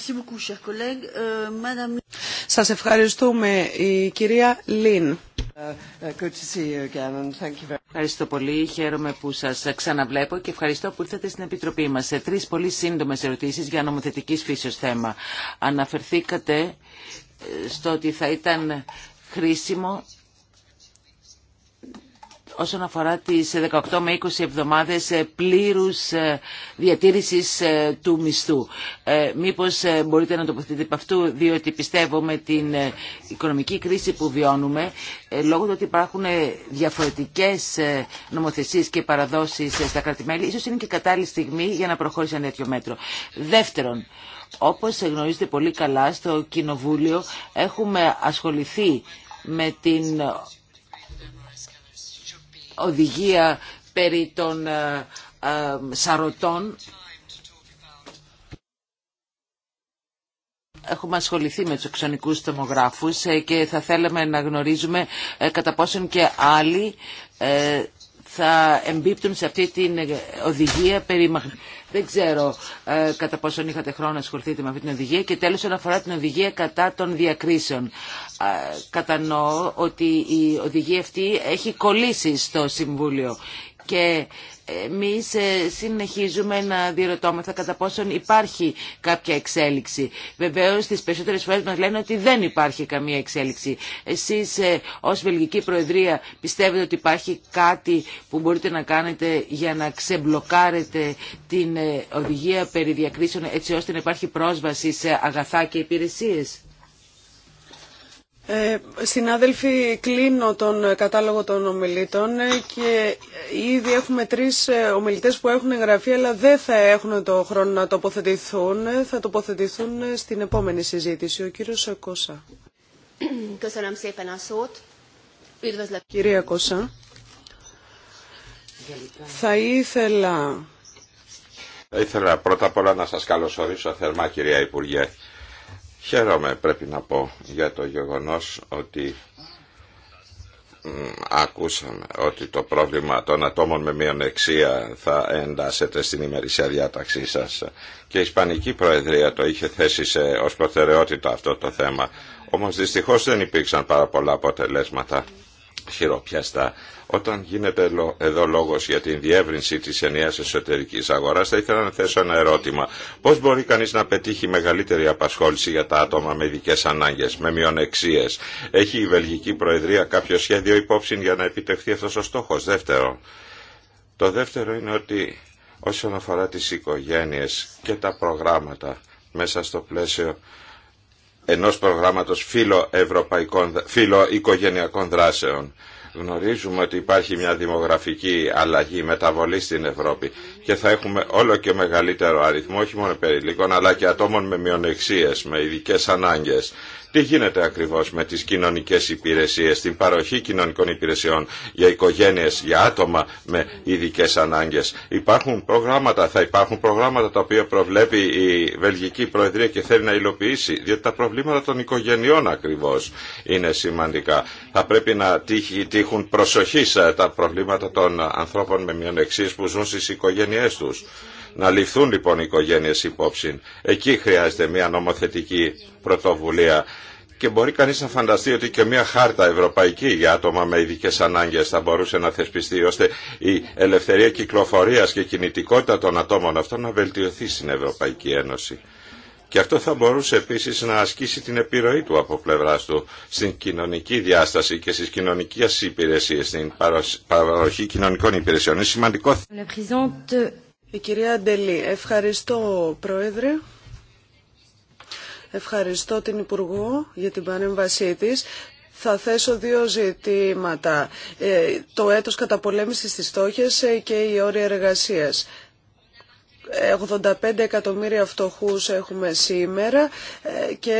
σας ευχαριστούμε, η κυρία Λίν. Uh, uh, ευχαριστώ πολύ. Χαίρομαι που σα ξαναβλέπω και ευχαριστώ που ήρθατε στην Επιτροπή μα Σε τρει πολύ σύντομε ερωτήσει για νομοθετική φύσεω θέμα. Αναφερθήκατε ε, στο ότι θα ήταν χρήσιμο όσον αφορά τις 18 με 20 εβδομάδες ε, πλήρους ε, διατήρησης ε, του μισθού. Μήπως μπορείτε να τοποθετείτε από αυτού, διότι πιστεύω με την οικονομική κρίση που βιώνουμε, λόγω του ότι υπάρχουν διαφορετικές νομοθεσίες και παραδόσεις στα κρατημέλη, ίσως είναι και κατάλληλη στιγμή για να προχώρησε ένα τέτοιο μέτρο. Δεύτερον, όπως γνωρίζετε πολύ καλά, στο Κοινοβούλιο έχουμε ασχοληθεί με την οδηγία περί των ε, ε, σαρωτών. Έχουμε ασχοληθεί με τους δημογράφους τομογράφους ε, και θα θέλαμε να γνωρίζουμε κατά πόσον και άλλοι θα εμπίπτουν σε αυτή την οδηγία περί δεν ξέρω ε, κατά πόσον είχατε χρόνο να ασχοληθείτε με αυτή την οδηγία. Και τέλος, όσον αφορά την οδηγία κατά των διακρίσεων. Ε, κατανοώ ότι η οδηγία αυτή έχει κολλήσει στο Συμβούλιο και εμείς ε, συνεχίζουμε να διερωτώμεθα κατά πόσον υπάρχει κάποια εξέλιξη. Βεβαίως τις περισσότερες φορές μας λένε ότι δεν υπάρχει καμία εξέλιξη. Εσείς ε, ως Βελγική Προεδρία πιστεύετε ότι υπάρχει κάτι που μπορείτε να κάνετε για να ξεμπλοκάρετε την ε, οδηγία περί διακρίσεων έτσι ώστε να υπάρχει πρόσβαση σε αγαθά και υπηρεσίες. Ε, συνάδελφοι, κλείνω τον ε, κατάλογο των ομιλητών ε, και ε, ήδη έχουμε τρεις ομιλητές που έχουν εγγραφεί αλλά δεν θα έχουν το χρόνο να τοποθετηθούν. Θα τοποθετηθούν στην επόμενη συζήτηση. Ο κύριος Κώσσα. Κυρία Κώσα, θα ήθελα... Θα ήθελα πρώτα απ' όλα να σας καλωσορίσω θερμά κυρία Υπουργέ Χαίρομαι πρέπει να πω για το γεγονός ότι ακούσαμε ότι το πρόβλημα των ατόμων με μειονεξία θα εντάσσεται στην ημερησία διάταξή σας και η Ισπανική Προεδρία το είχε θέσει σε, ως προτεραιότητα αυτό το θέμα όμως δυστυχώς δεν υπήρξαν πάρα πολλά αποτελέσματα χειροπιαστά. Όταν γίνεται εδώ λόγος για την διεύρυνση της ενιαίας εσωτερικής αγοράς, θα ήθελα να θέσω ένα ερώτημα. Πώς μπορεί κανείς να πετύχει μεγαλύτερη απασχόληση για τα άτομα με ειδικές ανάγκες, με μειονεξίες. Έχει η Βελγική Προεδρία κάποιο σχέδιο υπόψη για να επιτευχθεί αυτός ο στόχος. Δεύτερο. Το δεύτερο είναι ότι όσον αφορά τις οικογένειες και τα προγράμματα μέσα στο πλαίσιο ενός προγράμματος φιλοοικογενειακών δράσεων. Γνωρίζουμε ότι υπάρχει μια δημογραφική αλλαγή, μεταβολή στην Ευρώπη και θα έχουμε όλο και μεγαλύτερο αριθμό όχι μόνο περιλίκων αλλά και ατόμων με μειονεξίες, με ειδικέ ανάγκες. Τι γίνεται ακριβώς με τις κοινωνικές υπηρεσίες, την παροχή κοινωνικών υπηρεσιών για οικογένειες, για άτομα με ειδικέ ανάγκες. Υπάρχουν προγράμματα, θα υπάρχουν προγράμματα τα οποία προβλέπει η Βελγική Προεδρία και θέλει να υλοποιήσει, διότι τα προβλήματα των οικογενειών ακριβώ είναι σημαντικά. Θα πρέπει να τύχουν προσοχή ε, τα προβλήματα των ανθρώπων με μειονεξίες που ζουν στις οικογένειές τους. Να ληφθούν λοιπόν οι οικογένειες υπόψη. Εκεί χρειάζεται μια νομοθετική πρωτοβουλία. Και μπορεί κανείς να φανταστεί ότι και μια χάρτα ευρωπαϊκή για άτομα με ειδικέ ανάγκες θα μπορούσε να θεσπιστεί ώστε η ελευθερία κυκλοφορίας και κινητικότητα των ατόμων αυτών να βελτιωθεί στην Ευρωπαϊκή Ένωση. Και αυτό θα μπορούσε επίσης να ασκήσει την επιρροή του από πλευράς του στην κοινωνική διάσταση και στις κοινωνικές υπηρεσίες, στην παροχή κοινωνικών υπηρεσιών. Είναι σημαντικό. Η κυρία Αντελή, ευχαριστώ Πρόεδρε. Ευχαριστώ την Υπουργό για την παρέμβασή της. Θα θέσω δύο ζητήματα. Ε, το έτος καταπολέμησης στις στόχες ε, και η όρια εργασίας. 85 εκατομμύρια φτωχούς έχουμε σήμερα ε, και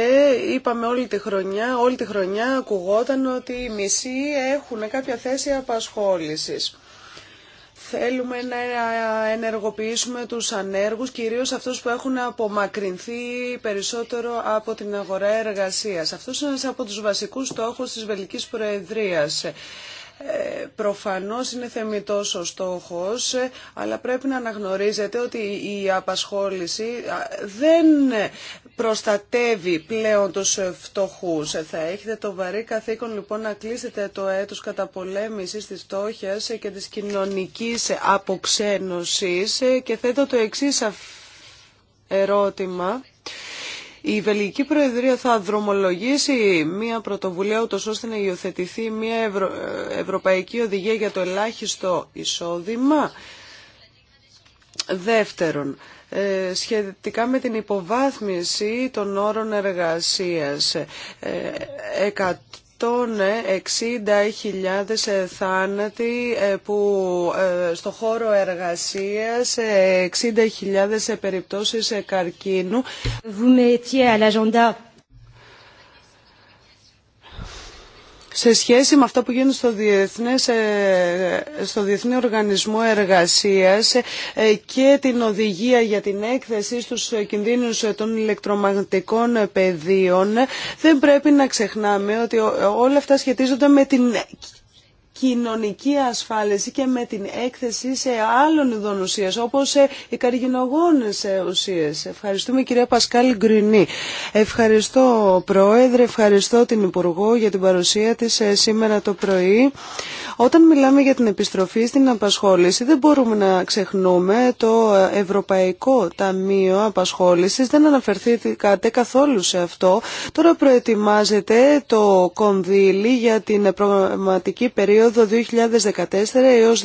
είπαμε όλη τη χρονιά, όλη τη χρονιά ακουγόταν ότι οι μισοί έχουν κάποια θέση απασχόλησης. Θέλουμε να ενεργοποιήσουμε τους ανέργους, κυρίως αυτούς που έχουν απομακρυνθεί περισσότερο από την αγορά εργασίας. Αυτό είναι από τους βασικούς στόχους της Βελικής Προεδρίας. Ε, προφανώς είναι θεμητός ο στόχος, ε, αλλά πρέπει να αναγνωρίζετε ότι η απασχόληση δεν προστατεύει πλέον τους φτωχούς. Θα έχετε το βαρύ καθήκον λοιπόν να κλείσετε το έτος καταπολέμησης της φτώχειας και της κοινωνικής αποξένωσης και θέτω το εξής ερώτημα. Η Βελγική Προεδρία θα δρομολογήσει μια πρωτοβουλία ούτως ώστε να υιοθετηθεί μια ευρω... ευρωπαϊκή οδηγία για το ελάχιστο εισόδημα. Δεύτερον, ε, σχετικά με την υποβάθμιση των όρων εργασίας. 160.000 ε, ε, θάνατοι που στο χώρο εργασίας, 60.000 περιπτώσεις καρκίνου. Vous σε σχέση με αυτά που γίνεται στο, διεθνές, ε, στο Διεθνή Οργανισμό Εργασίας ε, και την οδηγία για την έκθεση στους κινδύνους των ηλεκτρομαγνητικών πεδίων, δεν πρέπει να ξεχνάμε ότι όλα αυτά σχετίζονται με την κοινωνική ασφάλιση και με την έκθεση σε άλλων ειδών ουσίας, όπως σε οι καρκινογόνες ουσίες. Ευχαριστούμε κυρία Πασκάλ Γκρινή. Ευχαριστώ Πρόεδρε, ευχαριστώ την Υπουργό για την παρουσία της ε, σήμερα το πρωί. Όταν μιλάμε για την επιστροφή στην απασχόληση δεν μπορούμε να ξεχνούμε το ε, Ευρωπαϊκό Ταμείο Απασχόλησης. Δεν αναφερθήκατε καθόλου σε αυτό. Τώρα προετοιμάζεται το κονδύλι για την προγραμματική περίοδο το 2014 έως 2020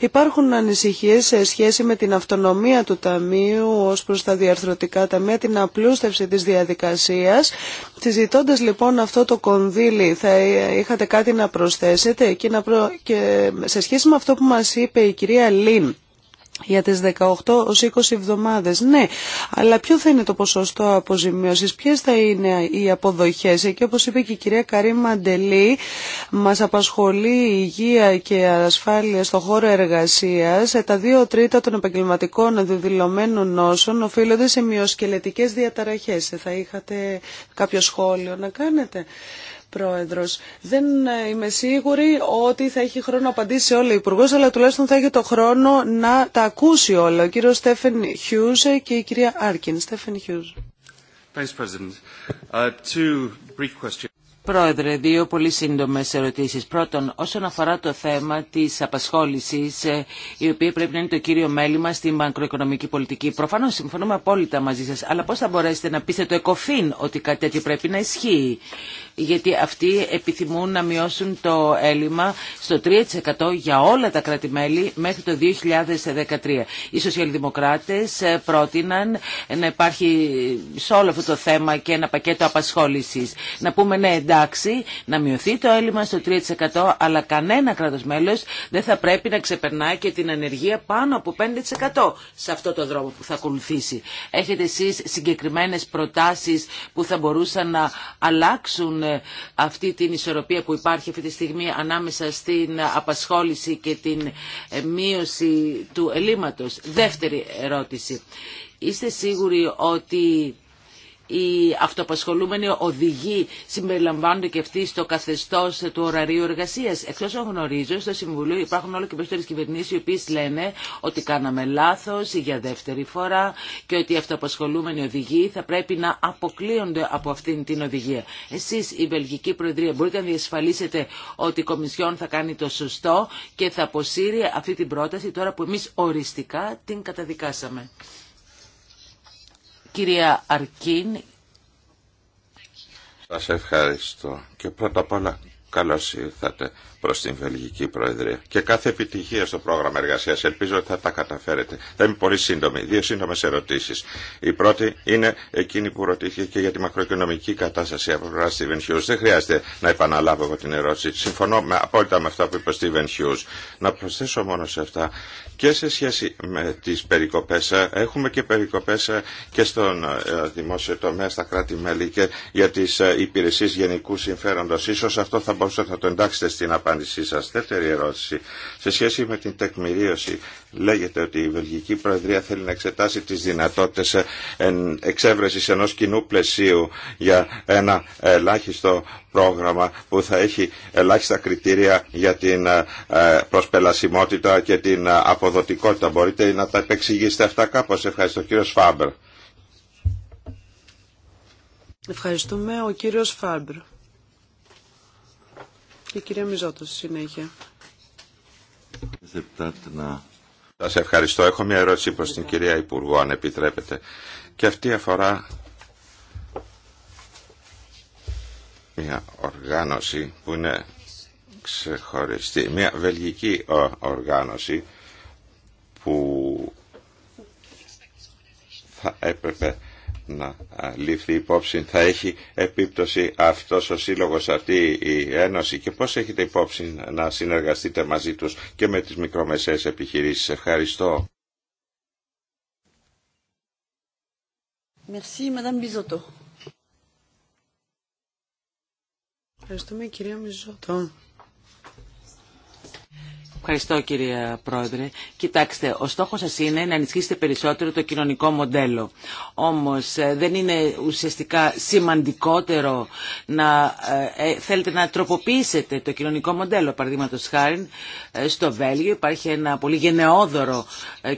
υπάρχουν ανησυχίες σε σχέση με την αυτονομία του Ταμείου ως προς τα διαρθρωτικά ταμεία, την απλούστευση της διαδικασίας. Συζητώντας λοιπόν αυτό το κονδύλι θα είχατε κάτι να προσθέσετε και σε σχέση με αυτό που μας είπε η κυρία Λίν για τις 18 ως 20 εβδομάδες. Ναι, αλλά ποιο θα είναι το ποσοστό αποζημίωσης, ποιες θα είναι οι αποδοχές. Και όπως είπε και η κυρία Καρή Μαντελή, μας απασχολεί η υγεία και η ασφάλεια στο χώρο εργασίας. Ε, τα δύο τρίτα των επαγγελματικών δεδηλωμένων νόσων οφείλονται σε μειοσκελετικές διαταραχές. Ε, θα είχατε κάποιο σχόλιο να κάνετε. Πρόεδρος. Δεν ε, είμαι σίγουρη ότι θα έχει χρόνο να απαντήσει όλο όλα ο υπουργό, αλλά τουλάχιστον θα έχει το χρόνο να τα ακούσει όλα. Ο κύριος Στέφεν Χιούζε και η κυρία Άρκιν. Στέφεν Χιούζε. Πρόεδρε, δύο πολύ σύντομες ερωτήσεις. Πρώτον, όσον αφορά το θέμα της απασχόλησης, ε, η οποία πρέπει να είναι το κύριο μέλημα στη μακροοικονομική πολιτική. Προφανώς συμφωνούμε απόλυτα μαζί σας, αλλά πώς θα μπορέσετε να πείσετε το ΕΚΟΦΗΝ ότι κάτι τέτοιο πρέπει να ισχύει γιατί αυτοί επιθυμούν να μειώσουν το έλλειμμα στο 3% για όλα τα κρατημέλη μέχρι το 2013. Οι σοσιαλδημοκράτες ε, πρότειναν να υπάρχει σε όλο αυτό το θέμα και ένα πακέτο απασχόλησης. Να πούμε ναι εντάξει, να μειωθεί το έλλειμμα στο 3% αλλά κανένα κράτος μέλος δεν θα πρέπει να ξεπερνάει και την ανεργία πάνω από 5% σε αυτό το δρόμο που θα ακολουθήσει. Έχετε εσείς συγκεκριμένες προτάσεις που θα μπορούσαν να αλλάξουν ε, αυτή την ισορροπία που υπάρχει αυτή τη στιγμή ανάμεσα στην απασχόληση και την ε, μείωση του ελλείμματος. Δεύτερη ερώτηση. Είστε σίγουροι ότι οι αυτοπασχολούμενοι οδηγοί συμπεριλαμβάνονται και αυτοί στο καθεστώ του ωραρίου εργασία. Εκτό αν γνωρίζω, στο Συμβουλίο υπάρχουν όλο και περισσότερε κυβερνήσει οι οποίε λένε ότι κάναμε λάθο για δεύτερη φορά και ότι οι αυτοπασχολούμενοι οδηγοί θα πρέπει να αποκλείονται από αυτήν την οδηγία. Εσεί, η Βελγική Προεδρία, μπορείτε να διασφαλίσετε ότι η Κομισιόν θα κάνει το σωστό και θα αποσύρει αυτή την πρόταση τώρα που εμεί οριστικά την καταδικάσαμε κυρία Αρκίν. Σας ευχαριστώ και πρώτα απ' όλα καλώς ήρθατε προς την Βελγική Προεδρία και κάθε επιτυχία στο πρόγραμμα εργασίας. Ελπίζω ότι θα τα καταφέρετε. Θα είμαι πολύ σύντομη. Δύο σύντομες ερωτήσεις. Η πρώτη είναι εκείνη που ρωτήθηκε και για τη μακροοικονομική κατάσταση από πλευρά Steven Hughes. Δεν χρειάζεται να επαναλάβω εγώ την ερώτηση. Συμφωνώ με, απόλυτα με αυτά που είπε ο Στίβεν Hughes. Να προσθέσω μόνο σε αυτά και σε σχέση με τις περικοπές έχουμε και περικοπές και στον ε, δημόσιο τομέα στα κράτη-μέλη και για τις ε, υπηρεσίες γενικού συμφέροντος. Ίσως αυτό θα μπορούσατε να το εντάξετε στην απάντησή σας. Δεύτερη ερώτηση. Σε σχέση με την τεκμηρίωση λέγεται ότι η Βελγική Προεδρία θέλει να εξετάσει τις δυνατότητες εξέβρεσης ενός κοινού πλαισίου για ένα ελάχιστο πρόγραμμα που θα έχει ελάχιστα κριτήρια για την ε, προσπελασιμότητα και την ε, αποδοτικότητα. Μπορείτε να τα επεξηγήσετε αυτά κάπως. Ευχαριστώ κύριο Φάμπερ. Ευχαριστούμε ο κύριος Φάμπρ και η κυρία Μιζότος στη συνέχεια. Σα ευχαριστώ. Έχω μια ερώτηση προς την κυρία Υπουργό, αν επιτρέπετε. Και αυτή αφορά μια οργάνωση που είναι ξεχωριστή. Μια βελγική ε, οργάνωση που θα έπρεπε να ληφθεί υπόψη, θα έχει επίπτωση αυτός ο σύλλογος, αυτή η ένωση και πώς έχετε υπόψη να συνεργαστείτε μαζί τους και με τις μικρομεσαίες επιχειρήσεις. Ευχαριστώ. Merci, Madame Bizotto. Ευχαριστούμε κυρία Μιζωτό. Ευχαριστώ κύριε Πρόεδρε. Κοιτάξτε, ο στόχος σας είναι να ενισχύσετε περισσότερο το κοινωνικό μοντέλο. Όμως ε, δεν είναι ουσιαστικά σημαντικότερο να ε, ε, θέλετε να τροποποιήσετε το κοινωνικό μοντέλο. Παραδείγματο χάρη στο Βέλγιο υπάρχει ένα πολύ γενναιόδωρο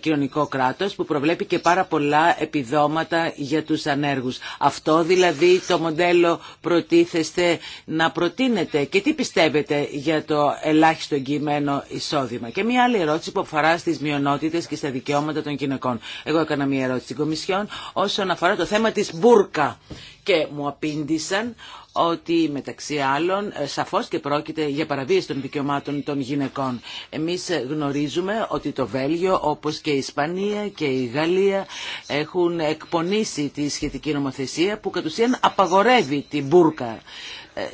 κοινωνικό κράτος που προβλέπει και πάρα πολλά επιδόματα για τους ανέργους. Αυτό δηλαδή το μοντέλο προτίθεστε να προτείνετε και τι πιστεύετε για το ελάχιστο κειμένο ισότητα και μια άλλη ερώτηση που αφορά στι μειονότητε και στα δικαιώματα των γυναικών. Εγώ έκανα μια ερώτηση στην Κομισιόν όσον αφορά το θέμα τη Μπούρκα. Και μου απήντησαν ότι μεταξύ άλλων ε, σαφώς και πρόκειται για παραβίαση των δικαιωμάτων των γυναικών. Εμείς γνωρίζουμε ότι το Βέλγιο όπως και η Ισπανία και η Γαλλία έχουν εκπονήσει τη σχετική νομοθεσία που κατ' ουσίαν απαγορεύει την Μπούρκα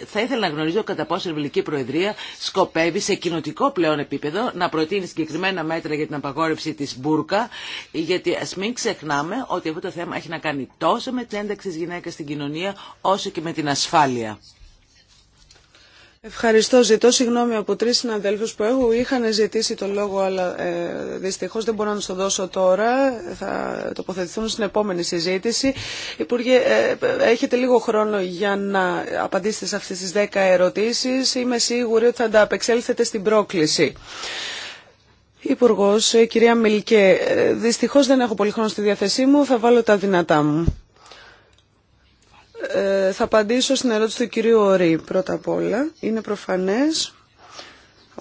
θα ήθελα να γνωρίζω κατά πόσο η Βελική Προεδρία σκοπεύει σε κοινοτικό πλέον επίπεδο να προτείνει συγκεκριμένα μέτρα για την απαγόρευση της Μπούρκα, γιατί ας μην ξεχνάμε ότι αυτό το θέμα έχει να κάνει τόσο με την ένταξη της γυναίκας στην κοινωνία, όσο και με την ασφάλεια. Ευχαριστώ. Ζητώ συγγνώμη από τρεις συναδέλφους που έχω. Είχαν ζητήσει το λόγο, αλλά ε, δυστυχώς δεν μπορώ να τους το δώσω τώρα. Θα τοποθετηθούν στην επόμενη συζήτηση. Υπουργέ, ε, έχετε λίγο χρόνο για να απαντήσετε σε αυτές τις δέκα ερωτήσεις. Είμαι σίγουρη ότι θα τα απεξέλθετε στην πρόκληση. Υπουργός, ε, κυρία Μιλκέ, ε, δυστυχώς δεν έχω πολύ χρόνο στη διάθεσή μου. Θα βάλω τα δυνατά μου. Ε, θα απαντήσω στην ερώτηση του κυρίου Ορή. Πρώτα απ' όλα, είναι προφανές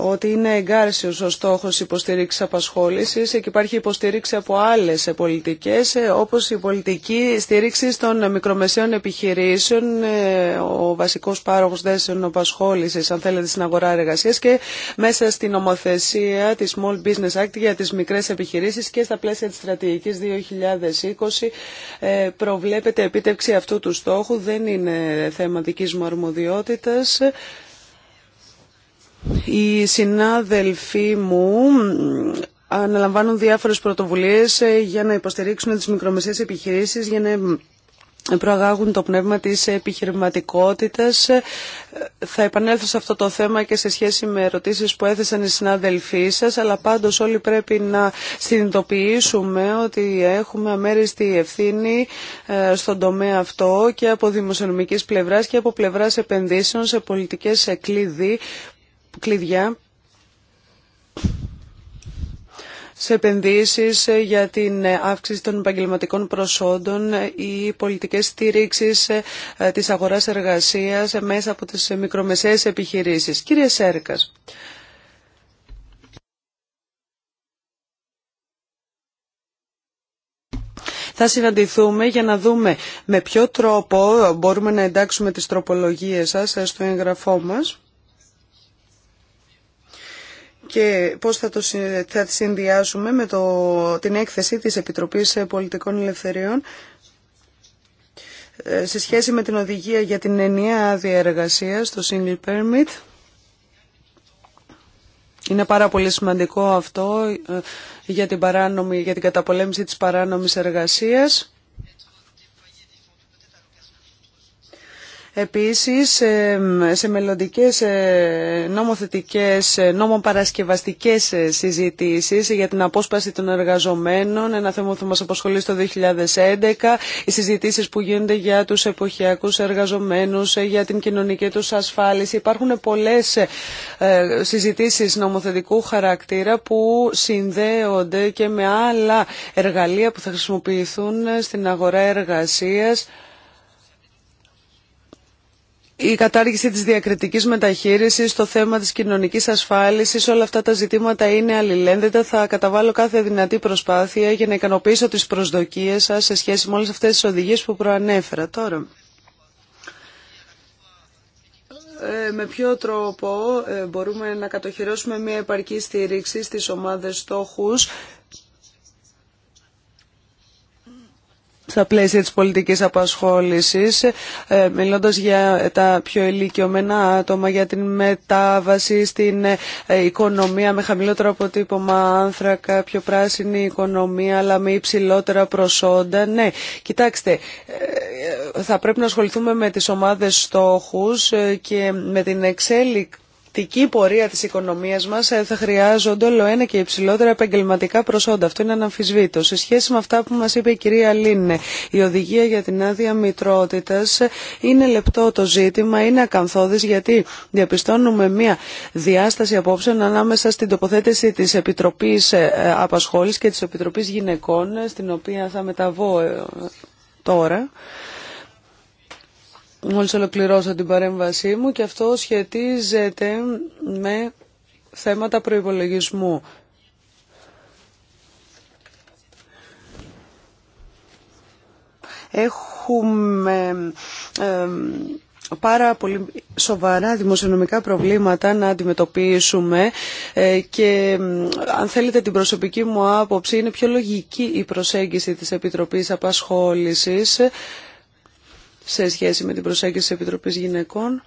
ότι είναι εγκάρσιος ο στόχος υποστήριξης απασχόλησης και υπάρχει υποστήριξη από άλλες πολιτικές ε, όπως η πολιτική στήριξη των μικρομεσαίων επιχειρήσεων, ε, ο βασικός πάροχος δέσεων απασχόλησης αν θέλετε στην αγορά εργασίας και μέσα στην ομοθεσία της Small Business Act για τις μικρές επιχειρήσεις και στα πλαίσια της στρατηγικής 2020 ε, προβλέπεται επίτευξη αυτού του στόχου, δεν είναι θέμα δικής μου αρμοδιότητας. Οι συνάδελφοί μου αναλαμβάνουν διάφορες πρωτοβουλίες ε, για να υποστηρίξουν τις μικρομεσαίες επιχειρήσεις, για να ε, προαγάγουν το πνεύμα της επιχειρηματικότητας. Ε, θα επανέλθω σε αυτό το θέμα και σε σχέση με ερωτήσεις που έθεσαν οι συνάδελφοί σας, αλλά πάντως όλοι πρέπει να συνειδητοποιήσουμε ότι έχουμε αμέριστη ευθύνη στον τομέα αυτό και από δημοσιονομικής πλευράς και από πλευράς επενδύσεων σε πολιτικές κλειδί κλειδιά σε επενδύσεις ε, για την ε, αύξηση των επαγγελματικών προσόντων ή ε, πολιτικές στήριξης της αγοράς εργασίας μέσα από τις μικρομεσαίες επιχειρήσεις. Κύριε Σέρκας, θα συναντηθούμε για να δούμε με ποιο τρόπο μπορούμε να εντάξουμε τις τροπολογίες σας στο εγγραφό μας και πώς θα, το, θα τη συνδυάσουμε με το, την έκθεση της Επιτροπής Πολιτικών Ελευθεριών ε, σε σχέση με την οδηγία για την ενιαία εργασία, το Single Permit. Είναι πάρα πολύ σημαντικό αυτό ε, για την, παράνομη, για την καταπολέμηση της παράνομης εργασίας. Επίσης, ε, σε μελλοντικές ε, νομοθετικές, ε, νομοπαρασκευαστικές συζητήσεις για την απόσπαση των εργαζομένων, ένα θέμα που θα μας απασχολεί στο 2011, οι συζητήσεις που γίνονται για τους εποχιακούς εργαζομένους, για την κοινωνική τους ασφάλιση. Υπάρχουν πολλές συζητήσεις νομοθετικού χαρακτήρα που συνδέονται και με άλλα εργαλεία που θα χρησιμοποιηθούν στην αγορά εργασίας η κατάργηση της διακριτικής μεταχείρισης, το θέμα της κοινωνικής ασφάλισης, όλα αυτά τα ζητήματα είναι αλληλένδετα. Θα καταβάλω κάθε δυνατή προσπάθεια για να ικανοποιήσω τις προσδοκίες σας σε σχέση με όλες αυτές τις οδηγίες που προανέφερα τώρα. Ε, με ποιο τρόπο ε, μπορούμε να κατοχυρώσουμε μια επαρκή στήριξη στις ομάδες στόχους στα πλαίσια της πολιτικής απασχόλησης, ε, μιλώντας για τα πιο ηλικιωμένα άτομα, για την μετάβαση στην ε, οικονομία με χαμηλότερο αποτύπωμα άνθρακα, πιο πράσινη οικονομία, αλλά με υψηλότερα προσόντα. Ναι, κοιτάξτε, ε, θα πρέπει να ασχοληθούμε με τις ομάδες στόχους και με την εξέλιξη αλλαγματική πορεία της οικονομίας μας ε, θα χρειάζονται όλο ένα και υψηλότερα επαγγελματικά προσόντα. Αυτό είναι αναμφισβήτως. Σε σχέση με αυτά που μας είπε η κυρία Λίνε, η οδηγία για την άδεια μητρότητας ε, είναι λεπτό το ζήτημα, είναι ακαθόδης γιατί διαπιστώνουμε μία διάσταση απόψεων ανάμεσα στην τοποθέτηση της Επιτροπής ε, Απασχόλησης και της Επιτροπής Γυναικών, στην οποία θα μεταβώ τώρα. Μόλις ολοκληρώσα την παρέμβασή μου και αυτό σχετίζεται με θέματα προϋπολογισμού. Έχουμε πάρα πολύ σοβαρά δημοσιονομικά προβλήματα να αντιμετωπίσουμε ε, και αν θέλετε την προσωπική μου άποψη είναι πιο λογική η προσέγγιση της Επιτροπής Απασχόλησης σε σχέση με την προσέγγιση της Επιτροπής Γυναικών.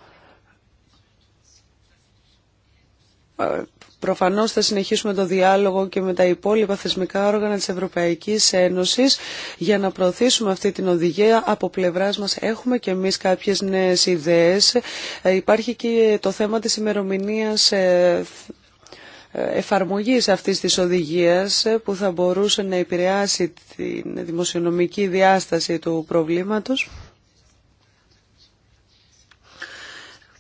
Ε, προφανώς θα συνεχίσουμε το διάλογο και με τα υπόλοιπα θεσμικά όργανα της Ευρωπαϊκής Ένωσης για να προωθήσουμε αυτή την οδηγία. Από πλευράς μας έχουμε και εμείς κάποιες νέες ιδέες. Ε, υπάρχει και το θέμα της ημερομηνίας ε, εφαρμογής αυτής της οδηγίας που θα μπορούσε να επηρεάσει την δημοσιονομική διάσταση του προβλήματος.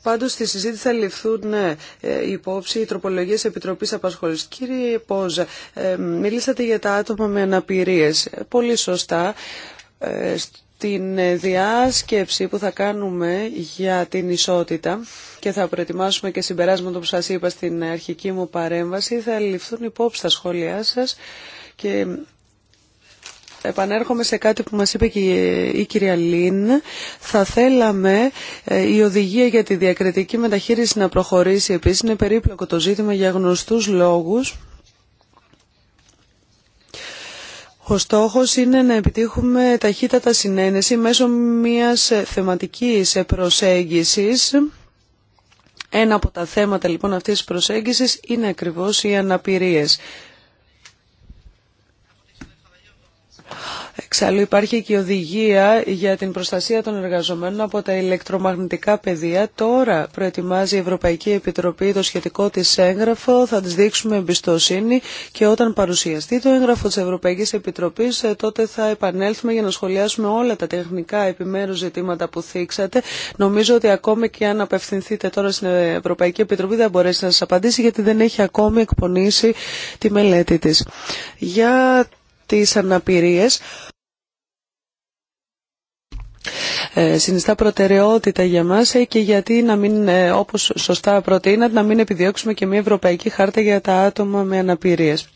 Πάντως στη συζήτηση θα ληφθούν ναι, ε, υπόψη οι τροπολογίες επιτροπή απασχόληση. Κύριε Πόζα, ε, μιλήσατε για τα άτομα με αναπηρίες. Ε, πολύ σωστά. Στην διάσκεψη που θα κάνουμε για την ισότητα και θα προετοιμάσουμε και συμπεράσματα που σας είπα στην αρχική μου παρέμβαση, θα ληφθούν υπόψη τα σχόλιά σας και επανέρχομαι σε κάτι που μας είπε και η κυρία Λίν. Θα θέλαμε ε, η οδηγία για τη διακριτική μεταχείριση να προχωρήσει. Επίσης είναι περίπλοκο το ζήτημα για γνωστούς λόγους. Ο στόχος είναι να επιτύχουμε ταχύτατα συνένεση μέσω μιας θεματικής προσέγγισης. Ένα από τα θέματα λοιπόν αυτής της προσέγγισης είναι ακριβώς οι αναπηρίες. Εξάλλου υπάρχει και η οδηγία για την προστασία των εργαζομένων από τα ηλεκτρομαγνητικά πεδία. Τώρα προετοιμάζει η Ευρωπαϊκή Επιτροπή το σχετικό της έγγραφο, θα της δείξουμε εμπιστοσύνη και όταν παρουσιαστεί το έγγραφο της Ευρωπαϊκής Επιτροπής ε, τότε θα επανέλθουμε για να σχολιάσουμε όλα τα τεχνικά επιμέρους ζητήματα που θίξατε. Νομίζω ότι ακόμη και αν απευθυνθείτε τώρα στην Ευρωπαϊκή Επιτροπή δεν μπορέσει να σα απαντήσει γιατί δεν έχει ακόμη εκπονήσει τη μελέτη της. Για τις αναπηρίες ε, συνιστά προτεραιότητα για μας ε, και γιατί να μην, ε, όπως σωστά προτείνατε, να μην επιδιώξουμε και μια ευρωπαϊκή χάρτα για τα άτομα με αναπηρίες.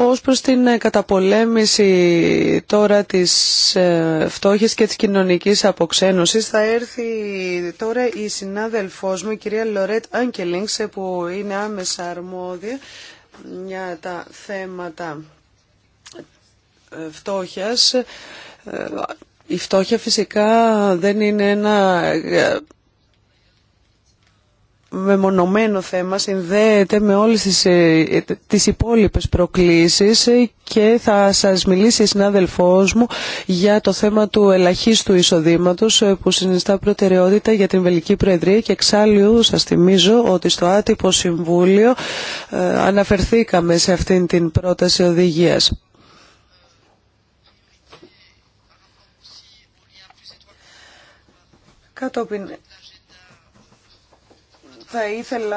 Ως προς την ε, καταπολέμηση τώρα της ε, φτώχειας και της κοινωνικής αποξένωσης θα έρθει τώρα η συνάδελφός μου, η κυρία Λορέτ Άγκελινγκς ε, που είναι άμεσα αρμόδια για τα θέματα φτώχειας. Η φτώχεια φυσικά δεν είναι ένα μεμονωμένο θέμα συνδέεται με όλες τις, ε, τις υπόλοιπες προκλήσεις ε, και θα σας μιλήσει η συνάδελφός μου για το θέμα του ελαχίστου εισοδήματος ε, που συνιστά προτεραιότητα για την Βελική Προεδρία και εξάλλου σας θυμίζω ότι στο άτυπο Συμβούλιο αναφερθήκαμε σε αυτήν την πρόταση οδηγίας. Κατόπιν θα ήθελα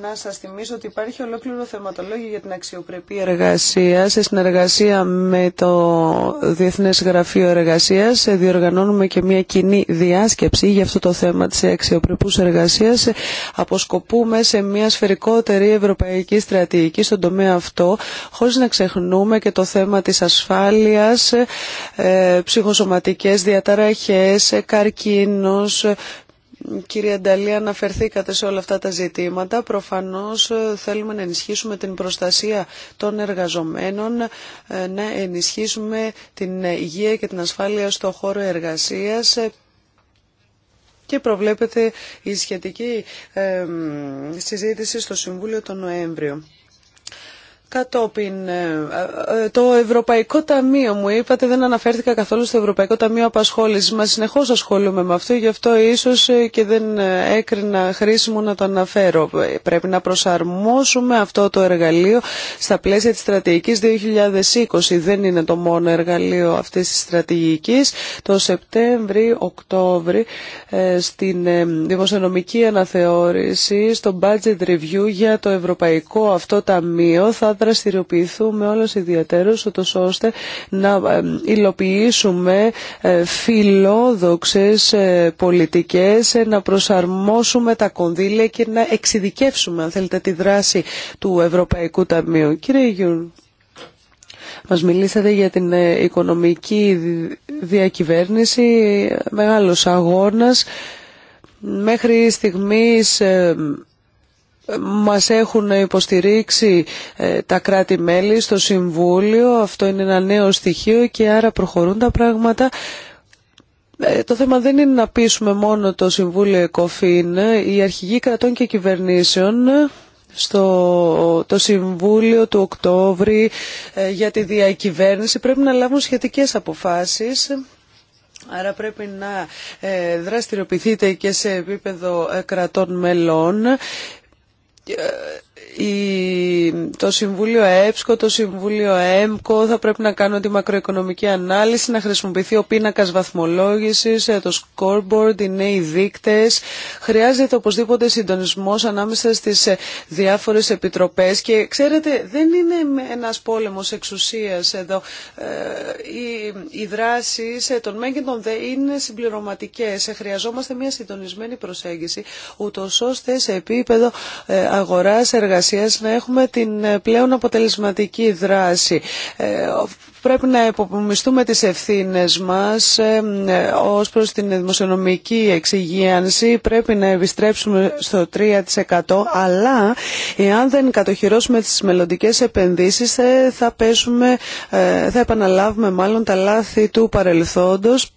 να σας θυμίσω ότι υπάρχει ολόκληρο θεματολόγιο για την αξιοπρεπή εργασία σε συνεργασία με το Διεθνές Γραφείο Εργασίας. Ε, διοργανώνουμε και μια κοινή διάσκεψη για αυτό το θέμα της αξιοπρεπούς εργασίας. Ε, αποσκοπούμε σε μια σφαιρικότερη ευρωπαϊκή στρατηγική στον τομέα αυτό, χωρίς να ξεχνούμε και το θέμα της ασφάλειας, ε, ψυχοσωματικές διαταραχές, καρκίνος, Κύριε Νταλή, αναφερθήκατε σε όλα αυτά τα ζητήματα. Προφανώς ε, θέλουμε να ενισχύσουμε την προστασία των εργαζομένων, ε, να ενισχύσουμε την υγεία και την ασφάλεια στο χώρο εργασίας ε, και προβλέπεται η σχετική συζήτηση στο Συμβούλιο τον Νοέμβριο. Κατόπιν, ε, ε, ε, το Ευρωπαϊκό Ταμείο, μου είπατε, δεν αναφέρθηκα καθόλου στο Ευρωπαϊκό Ταμείο Απασχόλησης. Μα συνεχώς ασχολούμαι με αυτό, γι' αυτό ίσως και δεν έκρινα χρήσιμο να το αναφέρω. Πρέπει να προσαρμόσουμε αυτό το εργαλείο στα πλαίσια της στρατηγικής 2020. Δεν είναι το μόνο εργαλείο αυτή τη στρατηγική. Το Σεπτέμβρη-Οκτώβρη στην δημοσιονομική αναθεώρηση, στο budget review για το Ευρωπαϊκό αυτό Ταμείο θα δραστηριοποιηθούμε όλος ιδιαίτερως ούτως ώστε να υλοποιήσουμε ε, φιλόδοξες ε, πολιτικές, ε, να προσαρμόσουμε τα κονδύλια και να εξειδικεύσουμε αν θέλετε τη δράση του Ευρωπαϊκού Ταμείου. Κύριε Γιούν, μας μιλήσατε για την οικονομική διακυβέρνηση, μεγάλος αγώνας. Μέχρι στιγμής μας έχουν υποστηρίξει ε, τα κράτη-μέλη στο Συμβούλιο. Αυτό είναι ένα νέο στοιχείο και άρα προχωρούν τα πράγματα. Ε, το θέμα δεν είναι να πείσουμε μόνο το Συμβούλιο ΕΚΟΦΗΝ. Οι αρχηγοί κρατών και κυβερνήσεων ε, στο το Συμβούλιο του Οκτώβρη για τη διακυβέρνηση πρέπει να λάβουν σχετικές αποφάσεις. Άρα πρέπει να δραστηριοποιηθείτε και σε επίπεδο κρατών μελών Γεια το Συμβούλιο ΕΕΠΣΚΟ, το Συμβούλιο ΕΜΚΟ θα πρέπει να κάνουν τη μακροοικονομική ανάλυση, να χρησιμοποιηθεί ο πίνακας βαθμολόγησης, ε, το scoreboard, οι νέοι δείκτες. Χρειάζεται οπωσδήποτε συντονισμός ανάμεσα στις ε, διάφορες επιτροπές και ξέρετε δεν είναι ένας πόλεμος εξουσίας εδώ. Ε, οι, οι δράσεις των μέγεντων δεν είναι συμπληρωματικές. Χρειαζόμαστε μια συντονισμένη προσέγγιση ούτως ώστε σε επίπεδο αγοράς εργασίας να έχουμε την ε, πλέον αποτελεσματική δράση. Ε, πρέπει να υπομιστούμε τις ευθύνες μας ε, ως προς την δημοσιονομική εξυγίανση. Πρέπει να επιστρέψουμε στο 3% αλλά εάν δεν κατοχυρώσουμε τις μελλοντικέ επενδύσεις θα, πέσουμε, θα επαναλάβουμε μάλλον τα λάθη του παρελθόντος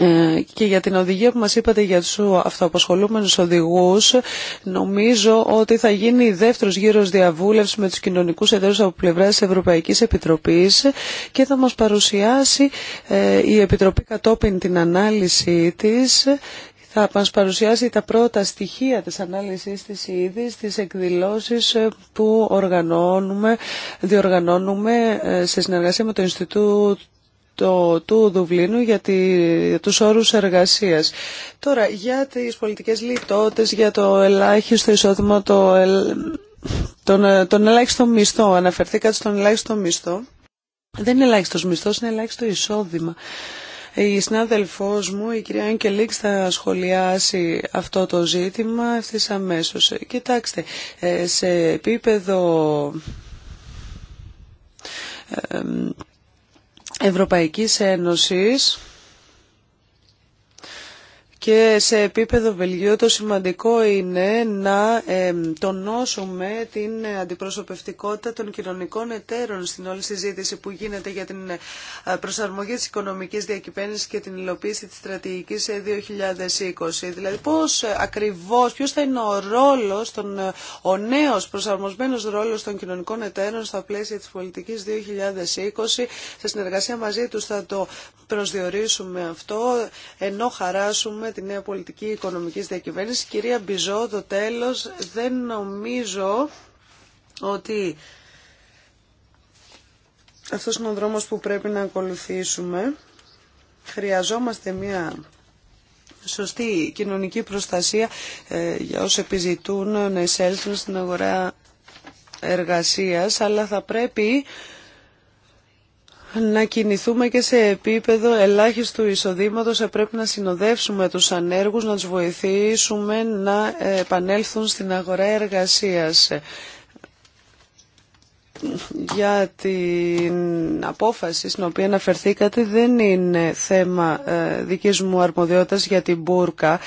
ε, και για την οδηγία που μας είπατε για τους αυτοαπασχολούμενους οδηγούς νομίζω ότι θα γίνει δεύτερος γύρος διαβούλευση με τους κοινωνικούς εταίρους από πλευρά της Ευρωπαϊκή επιτροπή και θα μας παρουσιάσει ε, η Επιτροπή κατόπιν την ανάλυση της θα μας παρουσιάσει τα πρώτα στοιχεία της ανάλυσης της ήδη στις εκδηλώσεις ε, που οργανώνουμε, διοργανώνουμε σε συνεργασία με το Ινστιτούτο το, του Δουβλίνου για τη, τους όρους εργασίας. Τώρα, για τις πολιτικές λιτότητες, για το ελάχιστο εισόδημα, το, τον, τον ελάχιστο μισθό, αναφερθήκατε στον ελάχιστο μισθό. Δεν είναι ελάχιστο μισθό, είναι ελάχιστο εισόδημα. Η συνάδελφό μου, η κυρία Αγγελίξ, θα σχολιάσει αυτό το ζήτημα ευθύ αμέσω. Κοιτάξτε, ε, σε επίπεδο ε, Ευρωπαϊκής Ένωσης και σε επίπεδο Βελγίου το σημαντικό είναι να τονώσουμε την αντιπροσωπευτικότητα των κοινωνικών εταίρων στην όλη συζήτηση που γίνεται για την ε, προσαρμογή της οικονομικής διακυβέρνησης και την υλοποίηση της στρατηγικής 2020. Δηλαδή πώς ε, ακριβώς, ποιος θα είναι ο ρόλος, των, ε, ο νέος προσαρμοσμένος ρόλος των κοινωνικών εταίρων στα πλαίσια της πολιτικής 2020. Σε συνεργασία μαζί τους θα το προσδιορίσουμε αυτό ενώ χαράσουμε τη νέα πολιτική οικονομική διακυβέρνηση. Κυρία Μπιζό, το τέλος δεν νομίζω ότι αυτό είναι ο δρόμος που πρέπει να ακολουθήσουμε. Χρειαζόμαστε μια σωστή κοινωνική προστασία ε, για όσοι επιζητούν να εισέλθουν στην αγορά εργασίας, αλλά θα πρέπει να κινηθούμε και σε επίπεδο ελάχιστου εισοδήματος ε, πρέπει να συνοδεύσουμε τους ανέργους, να τους βοηθήσουμε να ε, επανέλθουν στην αγορά εργασίας. Για την απόφαση στην οποία αναφερθήκατε δεν είναι θέμα ε, δικής μου αρμοδιότητας για την Μπούρκα.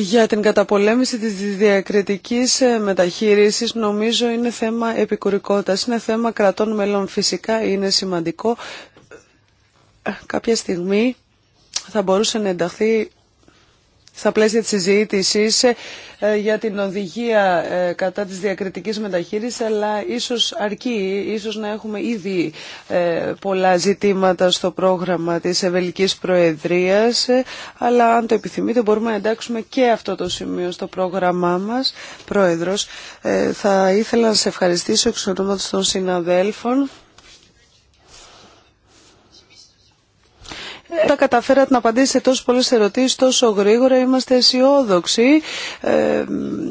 για την καταπολέμηση της διακριτικής ε, μεταχείρισης νομίζω είναι θέμα επικουρικότητας, είναι θέμα κρατών μελών. Φυσικά είναι σημαντικό. Ε, κάποια στιγμή θα μπορούσε να ενταχθεί στα πλαίσια της συζήτησης ε, για την οδηγία ε, κατά της διακριτικής μεταχείρισης, αλλά ίσως αρκεί, ίσως να έχουμε ήδη ε, πολλά ζητήματα στο πρόγραμμα της Ευελικής Προεδρίας, αλλά αν το επιθυμείτε μπορούμε να εντάξουμε και αυτό το σημείο στο πρόγραμμά μας. Πρόεδρος, θα ήθελα να σε ευχαριστήσω εξ ονόματος των συναδέλφων τα καταφέρατε να απαντήσετε τόσο πολλές ερωτήσεις τόσο γρήγορα. Είμαστε αισιόδοξοι ε,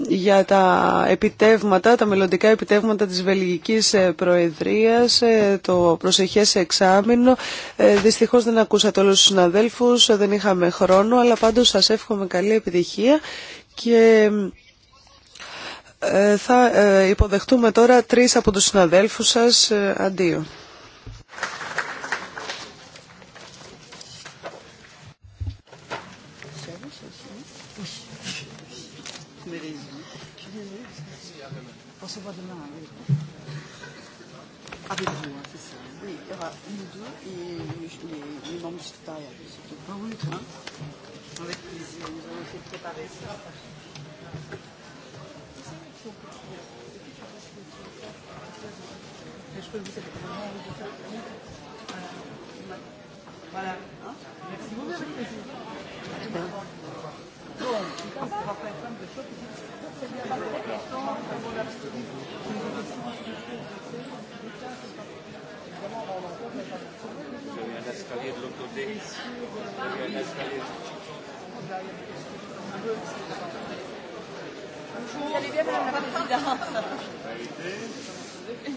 για τα επιτεύγματα, τα μελλοντικά επιτεύγματα της Βελγικής ε, Προεδρίας, ε, το προσεχές εξάμεινο. Ε, δυστυχώς δεν ακούσατε όλους τους συναδέλφους, δεν είχαμε χρόνο, αλλά πάντως σας εύχομαι καλή επιτυχία και θα υποδεχτούμε τώρα τρεις από τους συναδέλφους σας. Αντίο.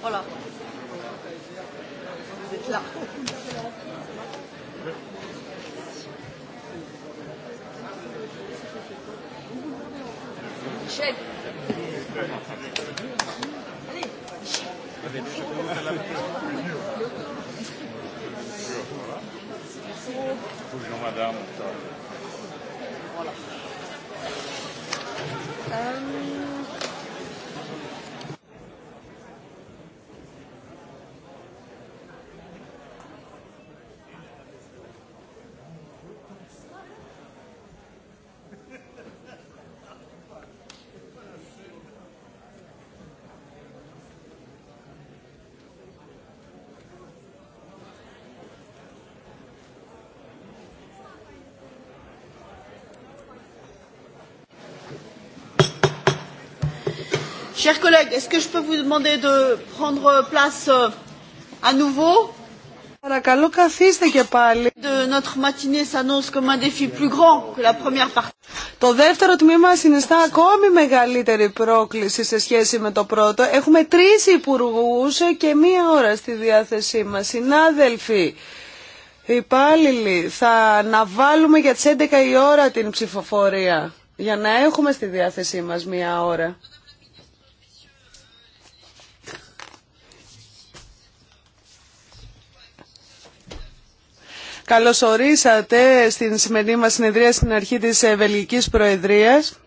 Voilà. Vous êtes là. Michel. Bonjour madame. Chers collègues, est-ce que je peux vous demander de prendre place euh, à nouveau Παρακαλώ καθίστε και πάλι. De notre matinée s'annonce comme un défi plus grand que la première partie. Το δεύτερο τμήμα συνιστά ακόμη μεγαλύτερη πρόκληση σε σχέση με το πρώτο. Έχουμε τρεις υπουργούς και μία ώρα στη διάθεσή μας. Συνάδελφοι, υπάλληλοι, θα αναβάλουμε για τις 11 η ώρα την ψηφοφορία για να έχουμε στη διάθεσή μας μία ώρα. Καλωσορίσατε στην σημερινή μας συνεδρία στην αρχή της ε, Βελγικής Προεδρίας.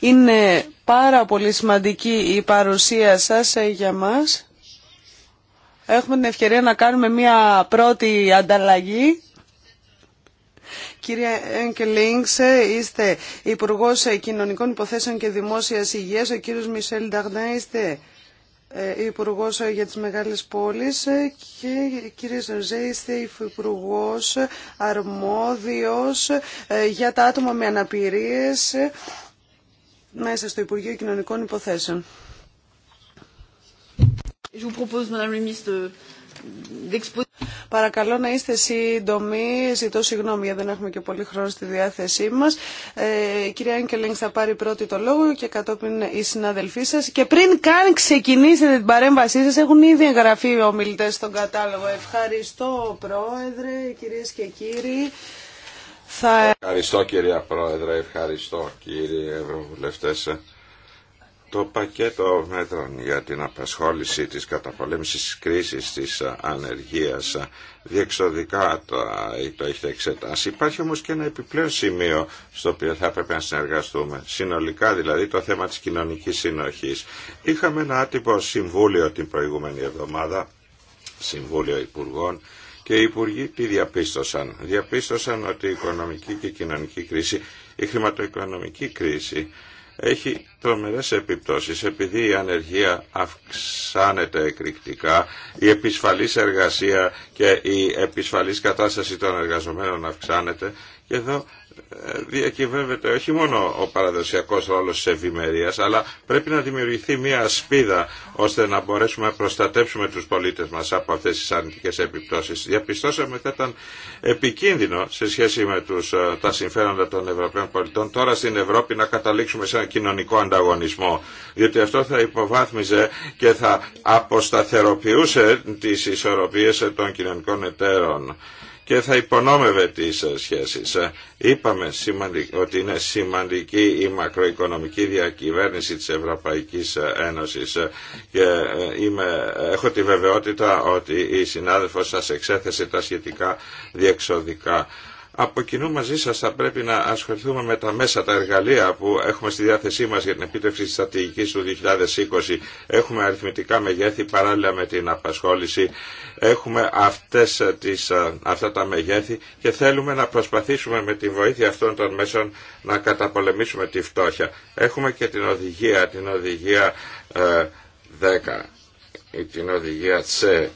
Είναι πάρα πολύ σημαντική η παρουσία σας ε, για μας. Έχουμε την ευκαιρία να κάνουμε μια πρώτη ανταλλαγή. Κύριε Ενκελίνξ, ε, είστε Υπουργός Κοινωνικών Υποθέσεων και Δημόσιας Υγείας. Ο κύριος Μισελ Νταγνά είστε ε, Υπουργό για τις Μεγάλες Πόλεις ε, και κύριε κυρία Ζερζέ είστε Υπουργό αρμόδιος ε, για τα άτομα με αναπηρίες μέσα στο Υπουργείο Κοινωνικών Υποθέσεων. Je vous Παρακαλώ να είστε σύντομοι. Ζητώ συγγνώμη γιατί δεν έχουμε και πολύ χρόνο στη διάθεσή μα. Ε, κυρία Άγκελεγγ θα πάρει πρώτη το λόγο και κατόπιν οι συναδελφοί σα. Και πριν καν ξεκινήσετε την παρέμβασή σα, έχουν ήδη εγγραφεί οι ομιλητέ στον κατάλογο. Ευχαριστώ, Πρόεδρε, κυρίε και κύριοι. Θα... Ευχαριστώ, κυρία Πρόεδρε. Ευχαριστώ, κύριοι Ευρωβουλευτέ το πακέτο μέτρων για την απασχόληση της καταπολέμησης της κρίσης της ανεργίας διεξοδικά το, το έχετε εξετάσει. Υπάρχει όμως και ένα επιπλέον σημείο στο οποίο θα έπρεπε να συνεργαστούμε. Συνολικά δηλαδή το θέμα της κοινωνικής συνοχής. Είχαμε ένα άτυπο συμβούλιο την προηγούμενη εβδομάδα, Συμβούλιο Υπουργών, και οι Υπουργοί τι διαπίστωσαν. Διαπίστωσαν ότι η οικονομική και η κοινωνική κρίση, η χρηματοοικονομική κρίση έχει τρομερές επιπτώσεις επειδή η ανεργία αυξάνεται εκρηκτικά, η επισφαλής εργασία και η επισφαλής κατάσταση των εργαζομένων αυξάνεται και εδώ διακυβεύεται όχι μόνο ο παραδοσιακός ρόλος της ευημερία, αλλά πρέπει να δημιουργηθεί μια σπίδα ώστε να μπορέσουμε να προστατέψουμε τους πολίτες μας από αυτές τις αρνητικές επιπτώσεις. Διαπιστώσαμε ότι ήταν επικίνδυνο σε σχέση με τους, ε, τα συμφέροντα των Ευρωπαίων πολιτών τώρα στην Ευρώπη να καταλήξουμε σε ένα κοινωνικό ανταγωνισμό, διότι αυτό θα υποβάθμιζε και θα αποσταθεροποιούσε τις ισορροπίες των κοινωνικών εταίρων και θα υπονόμευε τις ε, σχέσεις. Ε, είπαμε ότι είναι σημαντική η μακροοικονομική διακυβέρνηση της Ευρωπαϊκής ε, Ένωσης και έχω τη βεβαιότητα ότι η συνάδελφος σας εξέθεσε τα σχετικά διεξοδικά από κοινού μαζί σας θα πρέπει να ασχοληθούμε με τα μέσα, τα εργαλεία που έχουμε στη διάθεσή μας για την επίτευξη τη στρατηγική του 2020. Έχουμε αριθμητικά μεγέθη παράλληλα με την απασχόληση. Έχουμε αυτές τις, αυτά τα μεγέθη και θέλουμε να προσπαθήσουμε με τη βοήθεια αυτών των μέσων να καταπολεμήσουμε τη φτώχεια. Έχουμε και την οδηγία, την οδηγία ε, 10, την οδηγία C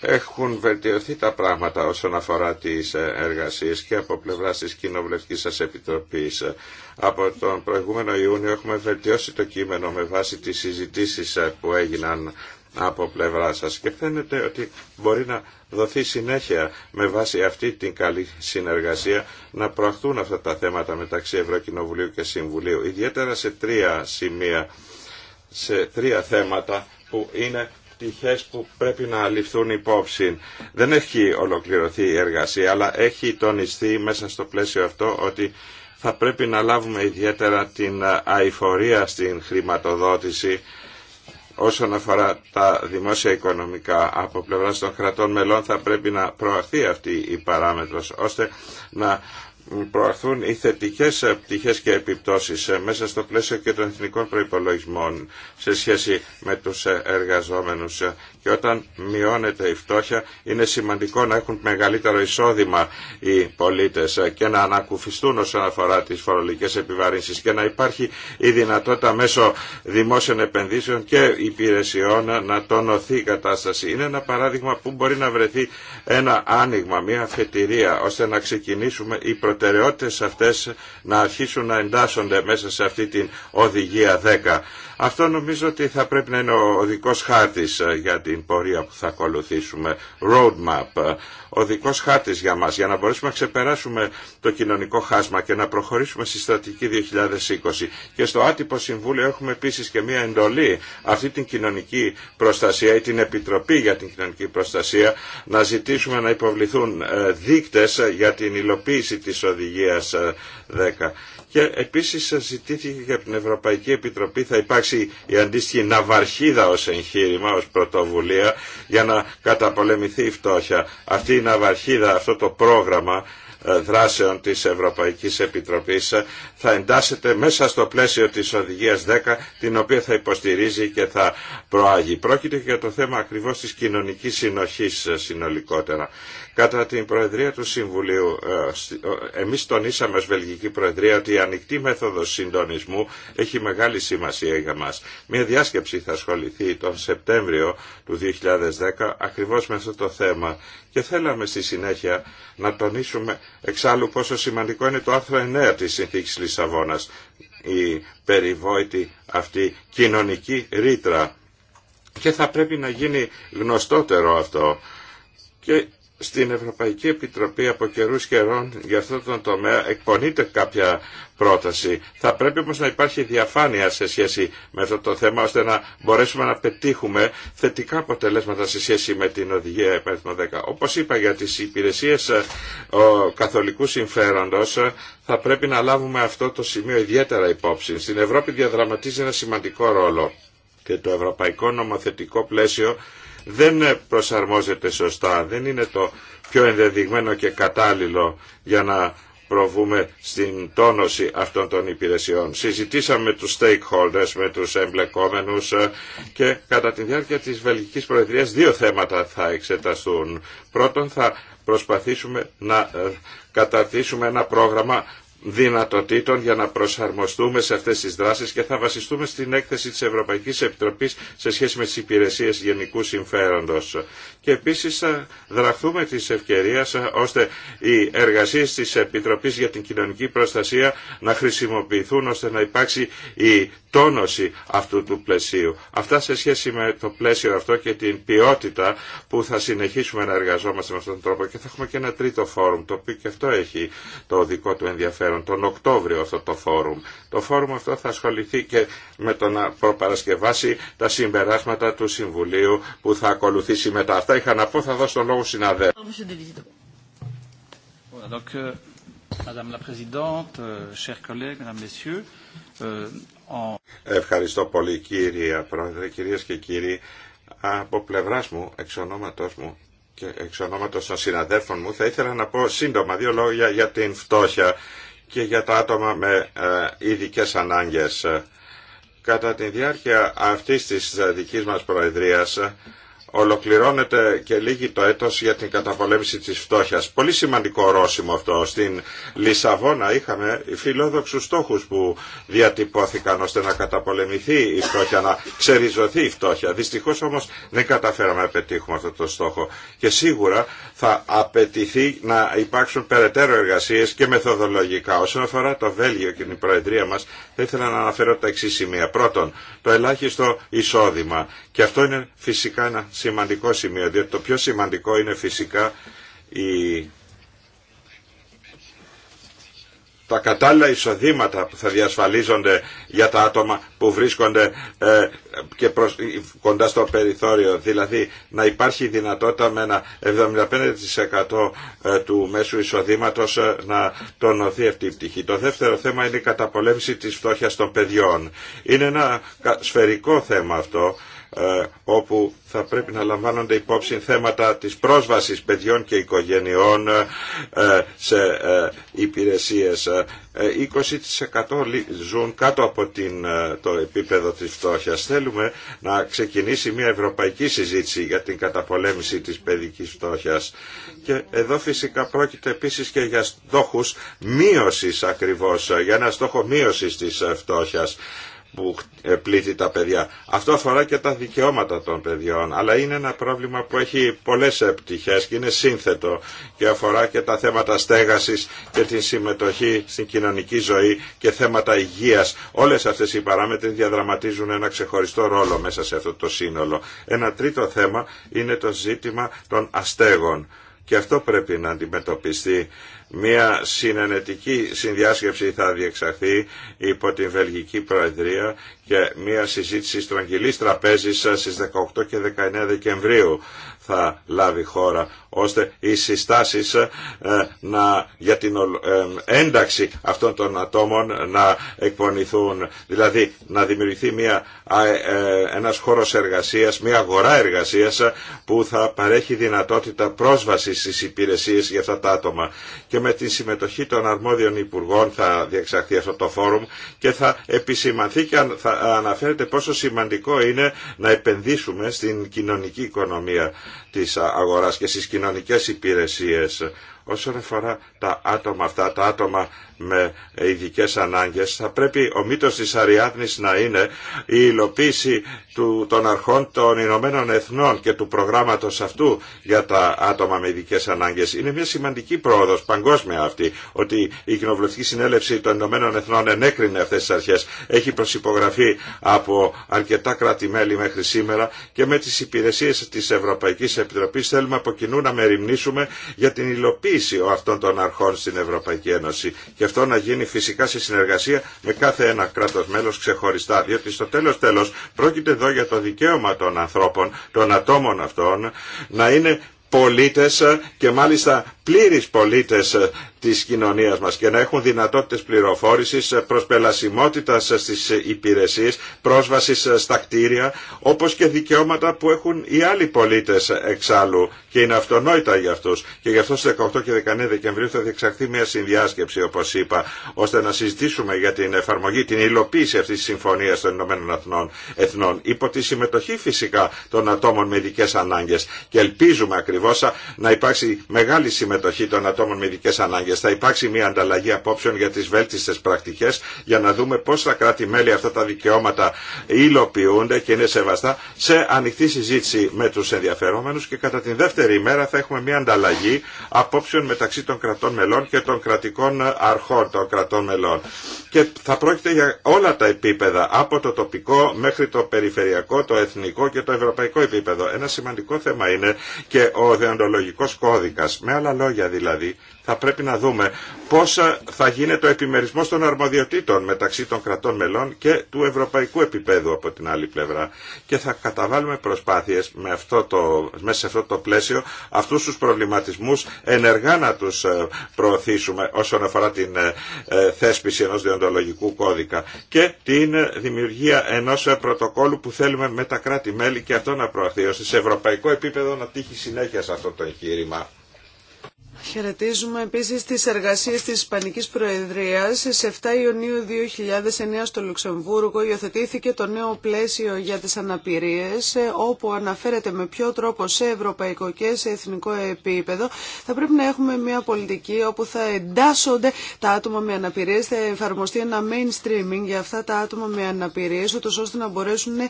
έχουν βελτιωθεί τα πράγματα όσον αφορά τις ε, εργασίες και από πλευράς της Κοινοβουλευτικής σας Επιτροπής. Από τον προηγούμενο Ιούνιο έχουμε βελτιώσει το κείμενο με βάση τις συζητήσεις ε, που έγιναν από πλευρά σας και φαίνεται ότι μπορεί να δοθεί συνέχεια με βάση αυτή την καλή συνεργασία να προαχθούν αυτά τα θέματα μεταξύ Ευρωκοινοβουλίου και Συμβουλίου ιδιαίτερα σε τρία σημεία σε τρία θέματα που είναι πτυχές που πρέπει να ληφθούν υπόψη. Δεν έχει ολοκληρωθεί η εργασία, αλλά έχει τονιστεί μέσα στο πλαίσιο αυτό ότι θα πρέπει να λάβουμε ιδιαίτερα την αηφορία στην χρηματοδότηση όσον αφορά τα δημόσια οικονομικά από πλευράς των κρατών μελών θα πρέπει να προαχθεί αυτή η παράμετρος ώστε να προαρθούν οι θετικές πτυχές και επιπτώσεις ε, μέσα στο πλαίσιο και των εθνικών προϋπολογισμών σε σχέση με τους ε, εργαζόμενους και όταν μειώνεται η φτώχεια είναι σημαντικό να έχουν μεγαλύτερο εισόδημα οι πολίτες και να ανακουφιστούν όσον αφορά τις φορολογικές επιβαρύνσεις και να υπάρχει η δυνατότητα μέσω δημόσιων επενδύσεων και υπηρεσιών να τονωθεί η κατάσταση. Είναι ένα παράδειγμα που μπορεί να βρεθεί ένα άνοιγμα, μια αφετηρία ώστε να ξεκινήσουμε οι προτεραιότητες αυτές να αρχίσουν να εντάσσονται μέσα σε αυτή την οδηγία 10. Αυτό νομίζω ότι θα πρέπει να είναι ο οδικό χάρτης ε, για την πορεία που θα ακολουθήσουμε. Roadmap, ε, ο οδικός χάρτης για μας, για να μπορέσουμε να ξεπεράσουμε το κοινωνικό χάσμα και να προχωρήσουμε στη στρατηγική 2020. Και στο άτυπο συμβούλιο έχουμε επίσης και μία εντολή αυτή την κοινωνική προστασία ή την Επιτροπή για την Κοινωνική Προστασία να ζητήσουμε να υποβληθούν ε, δείκτες για την υλοποίηση της οδηγίας 10. Και επίσης ζητήθηκε και την Ευρωπαϊκή Επιτροπή θα υπάρξει η αντίστοιχη ναυαρχίδα ως εγχείρημα, ως πρωτοβουλία για να καταπολεμηθεί η φτώχεια. Αυτή η ναυαρχίδα, αυτό το πρόγραμμα ε, δράσεων της Ευρωπαϊκής Επιτροπής ε, θα εντάσσεται μέσα στο πλαίσιο της Οδηγίας 10 την οποία θα υποστηρίζει και θα προάγει. Πρόκειται για το θέμα ακριβώς της κοινωνικής συνοχής ε, συνολικότερα. Κατά την Προεδρία του Συμβουλίου, εμείς τονίσαμε ως Βελγική Προεδρία ότι η ανοιχτή μέθοδος συντονισμού έχει μεγάλη σημασία για μας. Μια διάσκεψη θα ασχοληθεί τον Σεπτέμβριο του 2010 ακριβώς με αυτό το θέμα και θέλαμε στη συνέχεια να τονίσουμε εξάλλου πόσο σημαντικό είναι το άρθρο 9 της Συνθήκης Λισαβόνας, η περιβόητη αυτή κοινωνική ρήτρα. Και θα πρέπει να γίνει γνωστότερο αυτό. Και στην Ευρωπαϊκή Επιτροπή από καιρούς καιρών για αυτό τον τομέα εκπονείται κάποια πρόταση. Θα πρέπει όμως να υπάρχει διαφάνεια σε σχέση με αυτό το θέμα ώστε να μπορέσουμε να πετύχουμε θετικά αποτελέσματα σε σχέση με την οδηγία επαριθμό 10. Όπως είπα για τις υπηρεσίες ε, ο, καθολικού συμφέροντος ε, θα πρέπει να λάβουμε αυτό το σημείο ιδιαίτερα υπόψη. Στην Ευρώπη διαδραματίζει ένα σημαντικό ρόλο και το ευρωπαϊκό νομοθετικό πλαίσιο δεν προσαρμόζεται σωστά, δεν είναι το πιο ενδεδειγμένο και κατάλληλο για να προβούμε στην τόνωση αυτών των υπηρεσιών. Συζητήσαμε με τους stakeholders, με τους εμπλεκόμενους ε, και κατά τη διάρκεια της Βελγικής Προεδρίας δύο θέματα θα εξεταστούν. Πρώτον θα προσπαθήσουμε να ε, καταρτήσουμε ένα πρόγραμμα δυνατοτήτων για να προσαρμοστούμε σε αυτές τις δράσεις και θα βασιστούμε στην έκθεση της Ευρωπαϊκής Επιτροπής σε σχέση με τις υπηρεσίες γενικού συμφέροντος και επίσης θα ε, δραχθούμε της ευκαιρίας ε, ώστε οι εργασίες της Επιτροπής για την Κοινωνική Προστασία να χρησιμοποιηθούν ώστε να υπάρξει η τόνωση αυτού του πλαισίου. Αυτά σε σχέση με το πλαίσιο αυτό και την ποιότητα που θα συνεχίσουμε να εργαζόμαστε με αυτόν τον τρόπο και θα έχουμε και ένα τρίτο φόρουμ το οποίο και αυτό έχει το δικό του ενδιαφέρον τον Οκτώβριο αυτό το φόρουμ. Το φόρουμ αυτό θα ασχοληθεί και με το να προπαρασκευάσει τα συμπεράσματα του Συμβουλίου που θα ακολουθήσει μετά Αυτά είχα να πω. Θα δώσω τον λόγο συναδέλφου. Euh, euh, euh, Ευχαριστώ πολύ κύριε Πρόεδρε, κυρίες και κύριοι. Από πλευρά μου, εξ μου και εξ των συναδέλφων μου, θα ήθελα να πω σύντομα δύο λόγια για την φτώχεια και για τα άτομα με ε, ειδικέ ανάγκες. Κατά τη διάρκεια αυτής της ε, δική μα προεδρία. Ολοκληρώνεται και λίγη το έτος για την καταπολέμηση της φτώχειας. Πολύ σημαντικό ορόσημο αυτό. Στην Λισαβόνα είχαμε φιλόδοξους στόχους που διατυπώθηκαν ώστε να καταπολεμηθεί η φτώχεια, να ξεριζωθεί η φτώχεια. Δυστυχώς όμως δεν καταφέραμε να πετύχουμε αυτό το στόχο. Και σίγουρα θα απαιτηθεί να υπάρξουν περαιτέρω εργασίε και μεθοδολογικά. Όσον αφορά το Βέλγιο και την Προεδρία μα, θα ήθελα να αναφέρω τα εξή σημεία. Πρώτον, το ελάχιστο εισόδημα. Και αυτό είναι φυσικά ένα σημαντικό σημείο, διότι το πιο σημαντικό είναι φυσικά η τα κατάλληλα εισοδήματα που θα διασφαλίζονται για τα άτομα που βρίσκονται ε, και προς, ε, κοντά στο περιθώριο. Δηλαδή να υπάρχει δυνατότητα με ένα 75% ε, του μέσου εισοδήματος να τονωθεί αυτή η πτυχή. Το δεύτερο θέμα είναι η καταπολέμηση της φτώχειας των παιδιών. Είναι ένα σφαιρικό θέμα αυτό ε, όπου θα πρέπει να λαμβάνονται υπόψη θέματα της πρόσβασης παιδιών και οικογενειών ε, σε ε, υπηρεσίες. 20% ζουν κάτω από την, το επίπεδο της φτώχειας. Θέλουμε να ξεκινήσει μια ευρωπαϊκή συζήτηση για την καταπολέμηση της παιδικής φτώχειας. Και εδώ φυσικά πρόκειται επίσης και για στόχους μείωσης ακριβώς, για ένα στόχο μείωσης της φτώχειας που ε, πλήττει τα παιδιά. Αυτό αφορά και τα δικαιώματα των παιδιών, αλλά είναι ένα πρόβλημα που έχει πολλές επιτυχές και είναι σύνθετο και αφορά και τα θέματα στέγασης και την συμμετοχή στην κοινωνική ζωή και θέματα υγείας. Όλες αυτές οι παράμετροι διαδραματίζουν ένα ξεχωριστό ρόλο μέσα σε αυτό το σύνολο. Ένα τρίτο θέμα είναι το ζήτημα των αστέγων και αυτό πρέπει να αντιμετωπιστεί μια συνενετική συνδιάσκεψη θα διεξαχθεί υπό την Βελγική Προεδρία και μια συζήτηση στρογγυλής τραπέζης στις 18 και 19 Δεκεμβρίου θα λάβει χώρα ώστε οι συστάσεις ε, να, για την ε, ένταξη αυτών των ατόμων να εκπονηθούν. Δηλαδή να δημιουργηθεί μια, ε, ένας χώρος εργασίας, μια αγορά εργασίας που θα παρέχει δυνατότητα πρόσβασης στις υπηρεσίες για αυτά τα άτομα. Και με τη συμμετοχή των αρμόδιων υπουργών θα διεξαχθεί αυτό το φόρουμ και θα επισημανθεί και θα αναφέρεται πόσο σημαντικό είναι να επενδύσουμε στην κοινωνική οικονομία της αγοράς και στις κοινωνικές υπηρεσίες Όσον αφορά τα άτομα αυτά, τα άτομα με ειδικέ ανάγκε, θα πρέπει ο μύτο τη Αριάδνη να είναι η υλοποίηση του, των αρχών των Ηνωμένων Εθνών και του προγράμματο αυτού για τα άτομα με ειδικέ ανάγκε. Είναι μια σημαντική πρόοδο, παγκόσμια αυτή, ότι η Κοινοβουλευτική Συνέλευση των Ηνωμένων Εθνών ενέκρινε αυτέ τι αρχέ, εχει Έχει προσυπογραφεί από αρκετά κράτη-μέλη μέχρι σήμερα και με τι υπηρεσίε τη Ευρωπαϊκή Επιτροπή θέλουμε από κοινού να μεριμνήσουμε για την υλοποίηση ενεργοποίηση αυτών των αρχών στην Ευρωπαϊκή Ένωση και αυτό να γίνει φυσικά σε συνεργασία με κάθε ένα κράτος μέλος ξεχωριστά διότι στο τέλος τέλος πρόκειται εδώ για το δικαίωμα των ανθρώπων, των ατόμων αυτών να είναι πολίτες και μάλιστα πλήρεις πολίτες της κοινωνίας μας και να έχουν δυνατότητες πληροφόρησης, προσπελασιμότητα στις υπηρεσίες, πρόσβαση στα κτίρια, όπως και δικαιώματα που έχουν οι άλλοι πολίτες εξάλλου και είναι αυτονόητα για αυτούς. Και γι' αυτό στις 18 και 19 Δεκεμβρίου θα διεξαχθεί μια συνδιάσκεψη, όπως είπα, ώστε να συζητήσουμε για την εφαρμογή, την υλοποίηση αυτής της συμφωνίας των Ηνωμένων Εθνών, Εθνών υπό τη συμμετοχή φυσικά των ατόμων με ειδικέ ανάγκες. Και ελπίζουμε ακριβώς να υπάρξει μεγάλη συμμετοχή των ατόμων με ειδικέ ανάγκες θα υπάρξει μια ανταλλαγή απόψεων για τι βέλτιστε πρακτικέ για να δούμε πώ τα κράτη-μέλη αυτά τα δικαιώματα υλοποιούνται και είναι σεβαστά σε ανοιχτή συζήτηση με του ενδιαφερόμενου και κατά την δεύτερη ημέρα θα έχουμε μια ανταλλαγή απόψεων μεταξύ των κρατών μελών και των κρατικών αρχών των κρατών μελών. Και θα πρόκειται για όλα τα επίπεδα, από το τοπικό μέχρι το περιφερειακό, το εθνικό και το ευρωπαϊκό επίπεδο. Ένα σημαντικό θέμα είναι και ο δεοντολογικό κώδικα, Με άλλα λόγια δηλαδή, θα πρέπει να δούμε πώς θα γίνει το επιμερισμός των αρμοδιοτήτων μεταξύ των κρατών μελών και του ευρωπαϊκού επίπεδου από την άλλη πλευρά. Και θα καταβάλουμε προσπάθειες με αυτό το, μέσα σε αυτό το πλαίσιο αυτούς τους προβληματισμούς ενεργά να τους ε, προωθήσουμε όσον αφορά την ε, ε, θέσπιση ενός διοντολογικού κώδικα και την δημιουργία ενός πρωτοκόλου που θέλουμε με τα κράτη-μέλη και αυτό να προωθεί ώστε σε ευρωπαϊκό επίπεδο να τύχει συνέχεια σε αυτό το εγχείρημα. Χαιρετίζουμε επίσης τις εργασίες της Ισπανικής Προεδρίας. Σε 7 Ιουνίου 2009 στο Λουξεμβούργο υιοθετήθηκε το νέο πλαίσιο για τις αναπηρίες, όπου αναφέρεται με ποιο τρόπο σε ευρωπαϊκό και σε εθνικό επίπεδο θα πρέπει να έχουμε μια πολιτική όπου θα εντάσσονται τα άτομα με αναπηρίες, θα εφαρμοστεί ένα mainstreaming για αυτά τα άτομα με αναπηρίες, ώστε να μπορέσουν ε,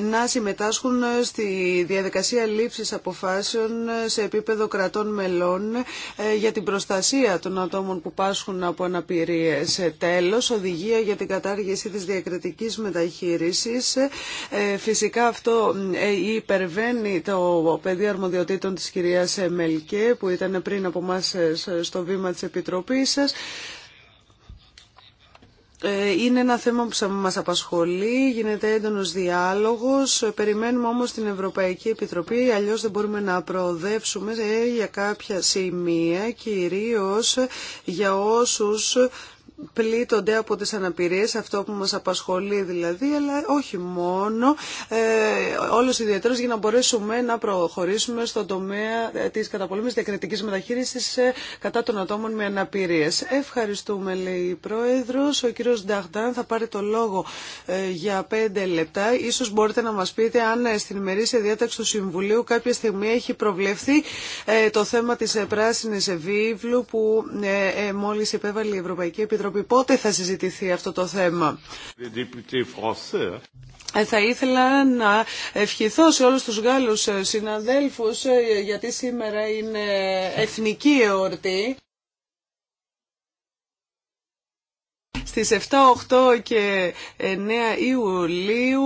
να συμμετάσχουν στη διαδικασία λήψης αποφάσεων σε επίπεδο κρατών μελών ε, για την προστασία των ατόμων που πάσχουν από αναπηρίες. Ε, τέλος, οδηγία για την κατάργηση της διακριτικής μεταχείρισης. Ε, φυσικά αυτό υπερβαίνει το πεδίο αρμοδιοτήτων της κυρίας Μελκέ που ήταν πριν από μας στο βήμα της Επιτροπής σας. Ε, είναι ένα θέμα που μας απασχολεί, γίνεται έντονος διάλογος, περιμένουμε όμως την Ευρωπαϊκή Επιτροπή, αλλιώς δεν μπορούμε να προοδεύσουμε ε, για κάποια σημεία, κυρίως για όσους πλήττονται από τις αναπηρίες, αυτό που μας απασχολεί δηλαδή, αλλά όχι μόνο, ε, όλος ιδιαίτερος για να μπορέσουμε να προχωρήσουμε στον τομέα ε, της καταπολέμησης διακριτικής μεταχείρισης ε, κατά των ατόμων με αναπηρίες. Ευχαριστούμε, λέει η Πρόεδρος. Ο κύριος Νταχτάν θα πάρει το λόγο ε, για πέντε λεπτά. Ίσως μπορείτε να μας πείτε αν στην ημερήσια διάταξη του Συμβουλίου κάποια στιγμή έχει προβλεφθεί το θέμα της πράσινης βίβλου που μόλις επέβαλε η Ευρωπαϊκή Επιτροπή Πότε θα συζητηθεί αυτό το θέμα. Ε, θα ήθελα να ευχηθώ σε όλους τους Γάλλους ε, συναδέλφους ε, γιατί σήμερα είναι εθνική εορτή. Στις 7, 8 και 9 Ιουλίου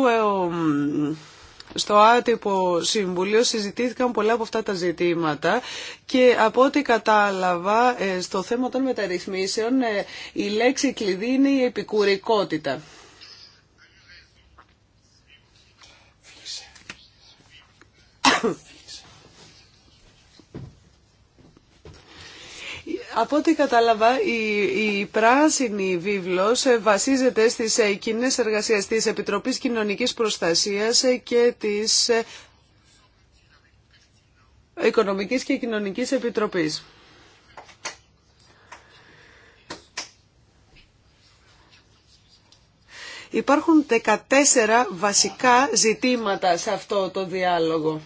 στο άτυπο συμβουλίο συζητήθηκαν πολλά από αυτά τα ζητήματα και από ό,τι κατάλαβα ε, στο θέμα των μεταρρυθμίσεων ε, η λέξη κλειδί είναι η επικουρικότητα. Από ό,τι κατάλαβα, η, η πράσινη βίβλος ε, βασίζεται στις ε, κοινέ εργασίες της Επιτροπής Κοινωνικής Προστασίας ε, και της Οικονομικής και Κοινωνικής Επιτροπής. Υπάρχουν 14 βασικά ζητήματα σε αυτό το διάλογο.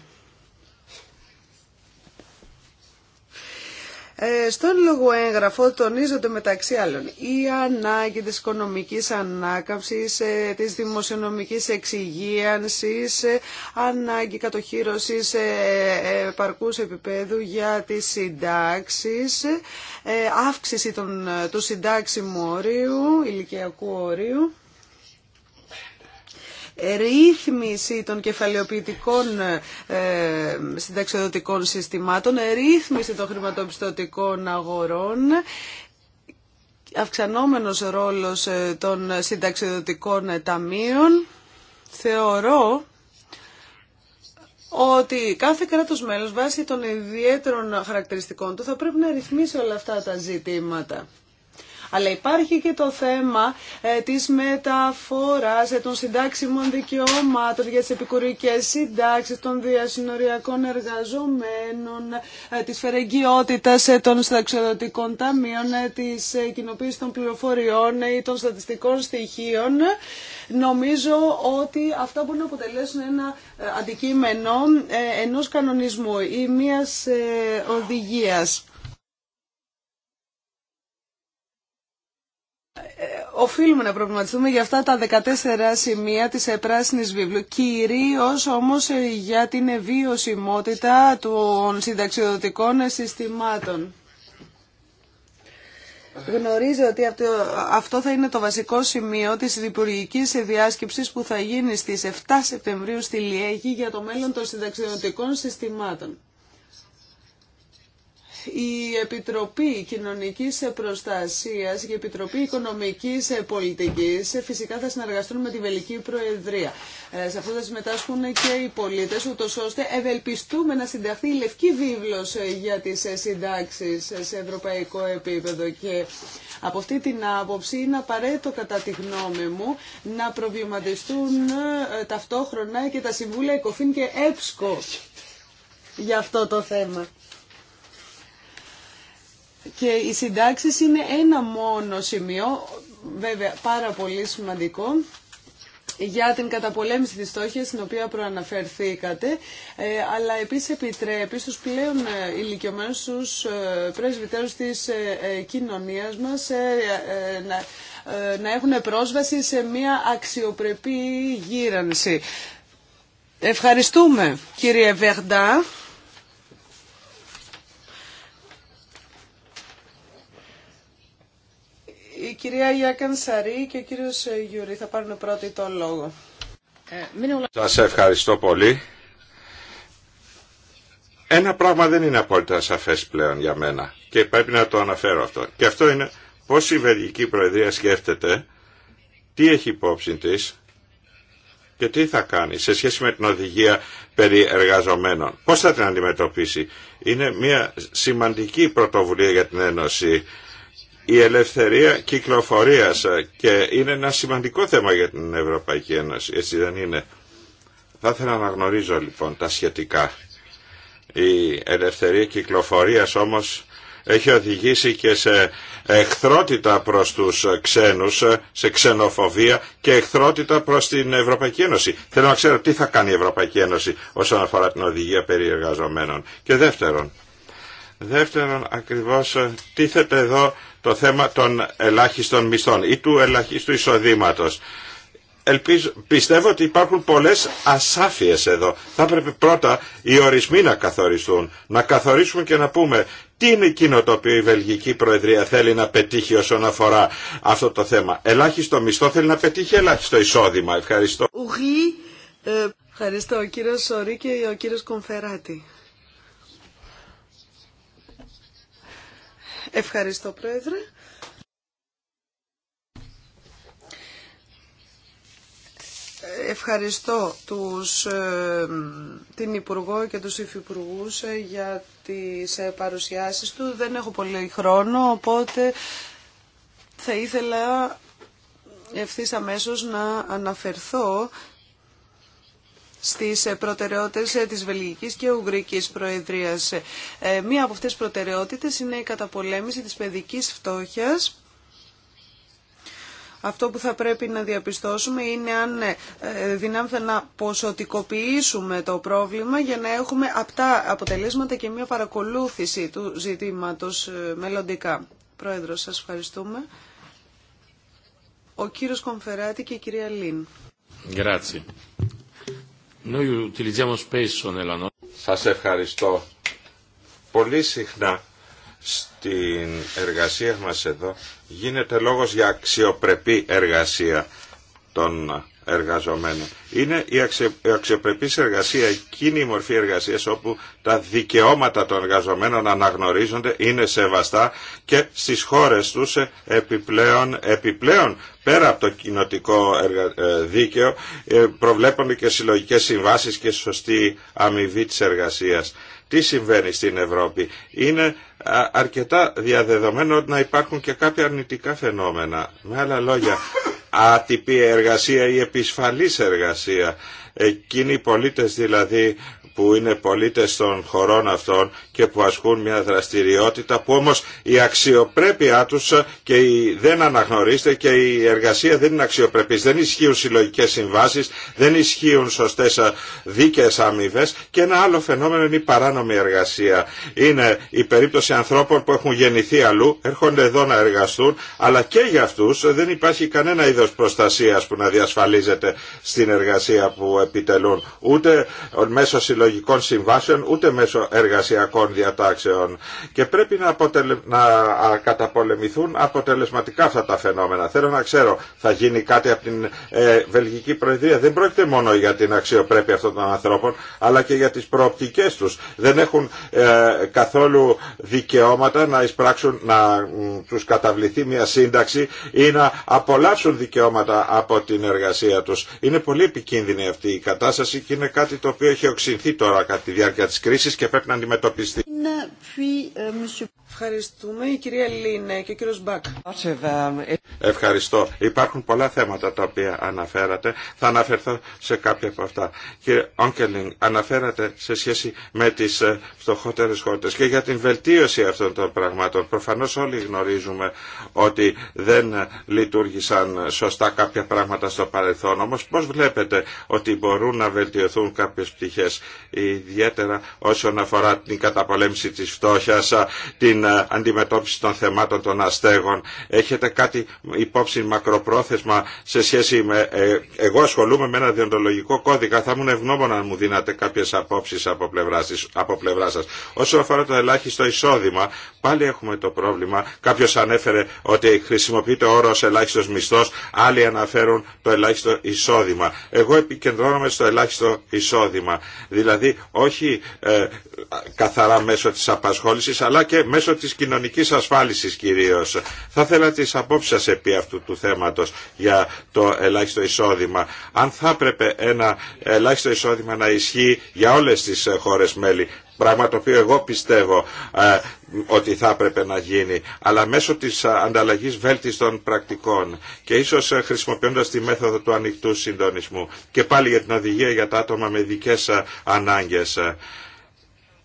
Ε, στον λογοέγγραφο τονίζονται μεταξύ άλλων η ανάγκη της οικονομικής ανάκαμψης, ε, της δημοσιονομικής εξυγίανσης, ε, ανάγκη κατοχύρωσης παρκούς επίπεδου για τις συντάξεις, αύξηση των, του συντάξιμου ορίου, ηλικιακού ορίου ρύθμιση των κεφαλαιοποιητικών ε, συνταξιοδοτικών συστημάτων, ρύθμιση των χρηματοπιστωτικών αγορών, αυξανόμενος ρόλος ε, των συνταξιδοτικών ταμείων, θεωρώ ότι κάθε κράτος μέλος βάσει των ιδιαίτερων χαρακτηριστικών του θα πρέπει να ρυθμίσει όλα αυτά τα ζητήματα. Αλλά υπάρχει και το θέμα ε, της μεταφοράς ε, των συντάξιμων δικαιώματων για τις επικουρικές συντάξεις των διασυνοριακών εργαζομένων, ε, της φερεγγιότητας των συνταξιοδοτικών ταμείων, της κοινοποίηση των πληροφοριών ή των στατιστικών στοιχείων. Νομίζω ότι αυτά μπορούν να αποτελέσουν ένα αντικείμενο ενός κανονισμού ή μιας οδηγίας. Ε, οφείλουμε να προβληματιστούμε για αυτά τα 14 σημεία της Επράσινης Βίβλου, κυρίως όμως ε, για την βιωσιμότητα των συνταξιοδοτικών συστημάτων. Γνωρίζω ότι αυτό θα είναι το βασικό σημείο της υπουργική διάσκεψης που θα γίνει στις 7 Σεπτεμβρίου στη Λιέγη για το μέλλον των συνταξιδοτικών συστημάτων η Επιτροπή Κοινωνικής Προστασίας και η Επιτροπή Οικονομικής Πολιτικής φυσικά θα συνεργαστούν με τη Βελική Προεδρία. Ε, σε αυτό θα συμμετάσχουν και οι πολίτες, ούτω ώστε ευελπιστούμε να συνταχθεί η Λευκή Βίβλος για τις συντάξεις σε ευρωπαϊκό επίπεδο. Και από αυτή την άποψη είναι απαραίτητο κατά τη γνώμη μου να προβληματιστούν ε, ταυτόχρονα και τα Συμβούλια Εκοφήν και ΕΠΣΚΟ για αυτό το θέμα και οι συντάξεις είναι ένα μόνο σημείο, βέβαια πάρα πολύ σημαντικό, για την καταπολέμηση της στόχης στην οποία προαναφερθήκατε, ε, αλλά επίσης επιτρέπει στους πλέον ε, ηλικιωμένους, στους ε, πρεσβυτέρους της κοινωνίας μας να, να έχουν πρόσβαση σε μια αξιοπρεπή γύρανση. Ευχαριστούμε κύριε Βερντά. κυρία Ιάκαν Σαρή και ο κύριος Γιούρη θα πάρουν πρώτοι το λόγο. Σας ευχαριστώ πολύ. Ένα πράγμα δεν είναι απόλυτα σαφές πλέον για μένα και πρέπει να το αναφέρω αυτό. Και αυτό είναι πώς η Βελγική Προεδρία σκέφτεται, τι έχει υπόψη τη και τι θα κάνει σε σχέση με την οδηγία περί εργαζομένων. Πώς θα την αντιμετωπίσει. Είναι μια σημαντική πρωτοβουλία για την Ένωση η ελευθερία κυκλοφορίας και είναι ένα σημαντικό θέμα για την Ευρωπαϊκή Ένωση, έτσι δεν είναι. Θα ήθελα να γνωρίζω λοιπόν τα σχετικά. Η ελευθερία κυκλοφορίας όμως έχει οδηγήσει και σε εχθρότητα προς τους ξένους, σε ξενοφοβία και εχθρότητα προς την Ευρωπαϊκή Ένωση. Θέλω να ξέρω τι θα κάνει η Ευρωπαϊκή Ένωση όσον αφορά την οδηγία περί εργαζομένων. Και δεύτερον, δεύτερον ακριβώς τίθεται εδώ το θέμα των ελάχιστων μισθών ή του ελαχίστου εισοδήματος. Ελπίζω, πιστεύω ότι υπάρχουν πολλές ασάφειες εδώ. Θα πρέπει πρώτα οι ορισμοί να καθοριστούν. Να καθορίσουμε και να πούμε τι είναι εκείνο το οποίο η Βελγική Προεδρία θέλει να πετύχει όσον αφορά αυτό το θέμα. Ελάχιστο μισθό θέλει να πετύχει ελάχιστο εισόδημα. Ευχαριστώ. Ε, ευχαριστώ ο κύριος και ο κύριος Κομφεράτη. Ευχαριστώ, Πρόεδρε. Ευχαριστώ τους, ε, την Υπουργό και τους Υφυπουργούς ε, για τις ε, παρουσιάσεις του. Δεν έχω πολύ χρόνο, οπότε θα ήθελα ευθύς αμέσως να αναφερθώ στις ε, προτεραιότητες ε, της Βελγικής και Ουγγρικής Προεδρίας. Ε, μία από αυτές τις προτεραιότητες είναι η καταπολέμηση της παιδικής φτώχειας. Αυτό που θα πρέπει να διαπιστώσουμε είναι αν δυνάμεθα να ποσοτικοποιήσουμε το πρόβλημα για να έχουμε απτά αποτελέσματα και μια παρακολούθηση του ζητήματος μελλοντικά. Πρόεδρο, σας ευχαριστούμε. Ο κύριος Κομφεράτη και η κυρία Λίν. Σα ευχαριστώ. Πολύ συχνά στην εργασία μας εδώ γίνεται λόγος για αξιοπρεπή εργασία των είναι η αξιοπρεπής εργασία, εκείνη η μορφή εργασίας όπου τα δικαιώματα των εργαζομένων αναγνωρίζονται, είναι σεβαστά και στις χώρες τους ε, επιπλέον, επιπλέον πέρα από το κοινοτικό ε, δίκαιο ε, προβλέπονται και συλλογικές συμβάσεις και σωστή αμοιβή της εργασίας. Τι συμβαίνει στην Ευρώπη. Είναι αρκετά διαδεδομένο να υπάρχουν και κάποια αρνητικά φαινόμενα. Με άλλα λόγια, άτυπη εργασία ή επισφαλής εργασία. Εκείνοι οι πολίτες δηλαδή που είναι πολίτες των χωρών αυτών και που ασκούν μια δραστηριότητα που όμως η αξιοπρέπειά τους ε, και δεν αναγνωρίζεται και η εργασία δεν είναι αξιοπρεπής. Δεν ισχύουν συλλογικέ συμβάσεις, δεν ισχύουν σωστές ε, δίκαιες αμοιβέ και ένα άλλο φαινόμενο είναι η παράνομη εργασία. Είναι η περίπτωση ανθρώπων που έχουν γεννηθεί αλλού, έρχονται εδώ να εργαστούν, αλλά και για αυτούς ε, δεν υπάρχει κανένα είδος προστασία που να διασφαλίζεται στην εργασία που επιτελούν, ούτε μέσω συλλογικών συμβάσεων, ούτε μέσω εργασιακών διατάξεων και πρέπει να, αποτελε... να καταπολεμηθούν αποτελεσματικά αυτά τα φαινόμενα. Θέλω να ξέρω, θα γίνει κάτι από την ε, Βελγική Προεδρία. Δεν πρόκειται μόνο για την αξιοπρέπεια αυτών των ανθρώπων, αλλά και για τις προοπτικές τους. Δεν έχουν ε, καθόλου δικαιώματα να εισπράξουν, να τους καταβληθεί μια σύνταξη ή να απολαύσουν δικαιώματα από την εργασία τους. Είναι πολύ επικίνδυνη αυτή η κατάσταση και είναι κάτι το οποίο έχει οξυνθεί τώρα κατά τη διάρκεια της κρίσης και πρέπει να αντιμετωπιστεί. Euh, Ευχαριστούμε. Η κυρία Λίνε και ο κύριος Μπακ. Ευχαριστώ. Υπάρχουν πολλά θέματα τα οποία αναφέρατε. Θα αναφερθώ σε κάποια από αυτά. Κύριε Όγκελινγκ, αναφέρατε σε σχέση με τι ε, φτωχότερες χώρες και για την βελτίωση αυτών των πραγμάτων. Προφανώ όλοι γνωρίζουμε ότι δεν ε, λειτουργήσαν ε, σωστά κάποια πράγματα στο παρελθόν. Όμω πώ βλέπετε ότι μπορούν να βελτιωθούν κάποιε πτυχέ ιδιαίτερα όσον αφορά την καταπληκτική καταπολέμηση της φτώχειας, την αντιμετώπιση των θεμάτων των αστέγων. Έχετε κάτι υπόψη μακροπρόθεσμα σε σχέση με... Ε, εγώ ασχολούμαι με ένα διοντολογικό κώδικα, θα ήμουν ευγνώμων αν μου δίνατε κάποιες απόψεις από πλευρά, από πλευρά σας. Όσον αφορά το ελάχιστο εισόδημα, πάλι έχουμε το πρόβλημα. Κάποιος ανέφερε ότι χρησιμοποιείται ο όρος ελάχιστος μισθός, άλλοι αναφέρουν το ελάχιστο εισόδημα. Εγώ επικεντρώνομαι στο ελάχιστο εισόδημα. Δηλαδή όχι ε, καθαρά καθαρά μέσω της απασχόλησης αλλά και μέσω της κοινωνικής ασφάλισης κυρίως. Θα ήθελα τις απόψεις σας επί αυτού του θέματος για το ελάχιστο εισόδημα. Αν θα έπρεπε ένα ελάχιστο εισόδημα να ισχύει για όλες τις χώρες μέλη, πράγμα το οποίο εγώ πιστεύω ε, ότι θα έπρεπε να γίνει, αλλά μέσω της ανταλλαγής βέλτιστων πρακτικών και ίσως ε, χρησιμοποιώντας τη μέθοδο του ανοιχτού συντονισμού και πάλι για την οδηγία για τα άτομα με ειδικές ε, ανάγκες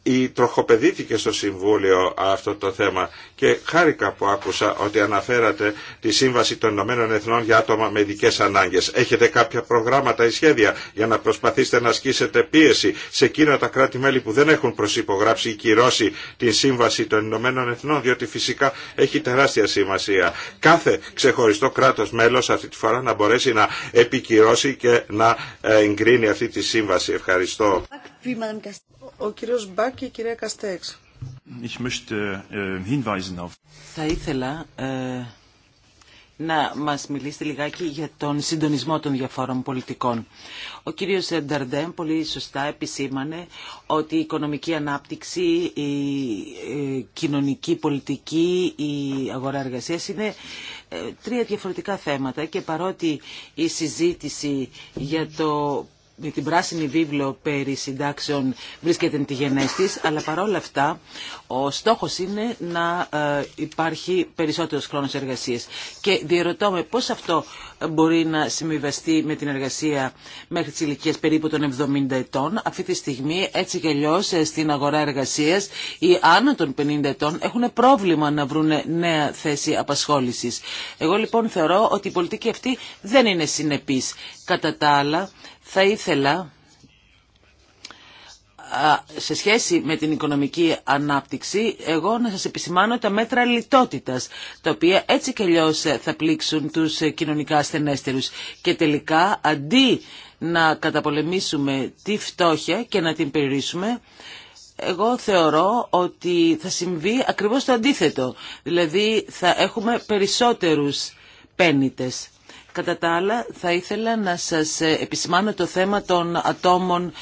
η τροχοπεδίθηκε στο Συμβούλιο αυτό το θέμα και χάρηκα που άκουσα ότι αναφέρατε τη Σύμβαση των Ηνωμένων Εθνών για άτομα με ειδικέ ανάγκε. Έχετε κάποια προγράμματα ή σχέδια για να προσπαθήσετε να ασκήσετε πίεση σε εκείνα τα κράτη-μέλη που δεν έχουν προσυπογράψει ή κυρώσει τη Σύμβαση των Ηνωμένων Εθνών, διότι φυσικά έχει τεράστια σημασία. Κάθε ξεχωριστό κράτο μέλο αυτή τη φορά να μπορέσει να επικυρώσει και να ε, εγκρίνει αυτή τη σύμβαση. Ευχαριστώ. Ο κύριος Μπάκη, η κυρία Καστέξ. Äh, Θα ήθελα ε, να μας μιλήσετε λιγάκι για τον συντονισμό των διαφόρων πολιτικών. Ο κύριος Νταρντέν πολύ σωστά επισήμανε ότι η οικονομική ανάπτυξη, η ε, κοινωνική πολιτική, η αγορά εργασίας είναι ε, τρία διαφορετικά θέματα και παρότι η συζήτηση για το με την πράσινη βίβλο περί συντάξεων βρίσκεται τη γενέστη, αλλά παρόλα αυτά ο στόχος είναι να ε, υπάρχει περισσότερος χρόνος εργασίας. Και διερωτώ με πώς αυτό μπορεί να συμβιβαστεί με την εργασία μέχρι τις ηλικίε περίπου των 70 ετών. Αυτή τη στιγμή έτσι και αλλιώς ε, στην αγορά εργασίας οι άνω των 50 ετών έχουν πρόβλημα να βρουν νέα θέση απασχόλησης. Εγώ λοιπόν θεωρώ ότι η πολιτική αυτή δεν είναι συνεπής. Κατά τα άλλα, θα ήθελα σε σχέση με την οικονομική ανάπτυξη, εγώ να σας επισημάνω τα μέτρα λιτότητας, τα οποία έτσι και αλλιώ θα πλήξουν τους κοινωνικά ασθενέστερους. Και τελικά, αντί να καταπολεμήσουμε τη φτώχεια και να την περιορίσουμε, εγώ θεωρώ ότι θα συμβεί ακριβώς το αντίθετο. Δηλαδή, θα έχουμε περισσότερους πέννητες. Κατά τα άλλα, θα ήθελα να σας ε, επισημάνω το θέμα των ατόμων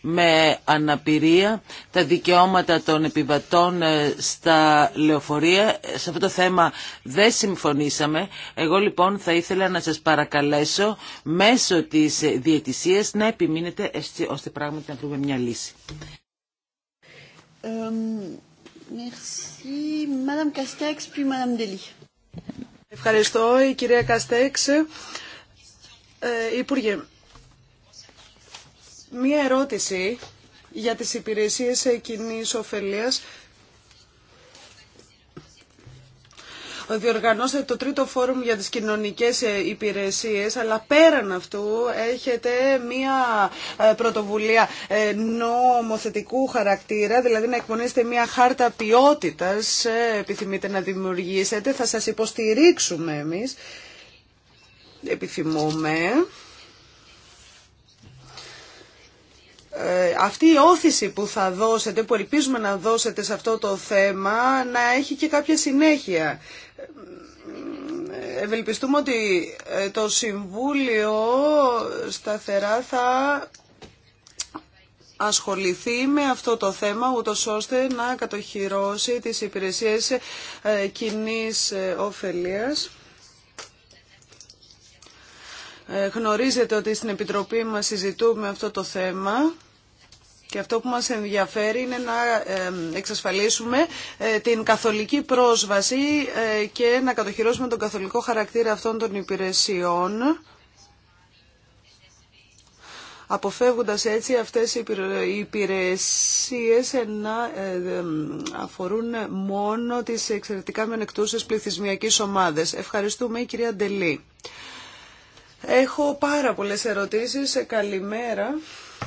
με αναπηρία, τα δικαιώματα των επιβατών ε, στα λεωφορεία. Σε αυτό το θέμα δεν συμφωνήσαμε. Εγώ λοιπόν θα ήθελα να σας παρακαλέσω μέσω της διαιτησίας να επιμείνετε έτσι ώστε πράγματι να βρούμε μια λύση. Ευχαριστώ, Madame Castex, puis Ευχαριστώ η κυρία Καστέξ. Ε, Υπουργέ, μία ερώτηση για τις υπηρεσίες κοινή ωφελίας διοργανώσετε το τρίτο φόρουμ για τις κοινωνικές ε, υπηρεσίες, αλλά πέραν αυτού έχετε μία ε, πρωτοβουλία ε, νομοθετικού χαρακτήρα, δηλαδή να εκπονήσετε μία χάρτα ποιότητας, επιθυμείτε να δημιουργήσετε, θα σας υποστηρίξουμε εμείς, επιθυμούμε. αυτή η όθηση που θα δώσετε, που ελπίζουμε να δώσετε σε αυτό το θέμα, να έχει και κάποια συνέχεια ευελπιστούμε ότι ε, το Συμβούλιο σταθερά θα ασχοληθεί με αυτό το θέμα, ούτω ώστε να κατοχυρώσει τις υπηρεσίες ε, κοινή ε, ωφελίας. Γνωρίζετε ότι στην Επιτροπή μας συζητούμε αυτό το θέμα. Και αυτό που μας ενδιαφέρει είναι να ε, εξασφαλίσουμε ε, την καθολική πρόσβαση ε, και να κατοχυρώσουμε τον καθολικό χαρακτήρα αυτών των υπηρεσιών αποφεύγοντας έτσι αυτές οι υπηρεσίες να αφορούν μόνο τις εξαιρετικά μενεκτούσες πληθυσμιακές ομάδες. Ευχαριστούμε η κυρία Ντελή. Έχω πάρα πολλές ερωτήσεις. Καλημέρα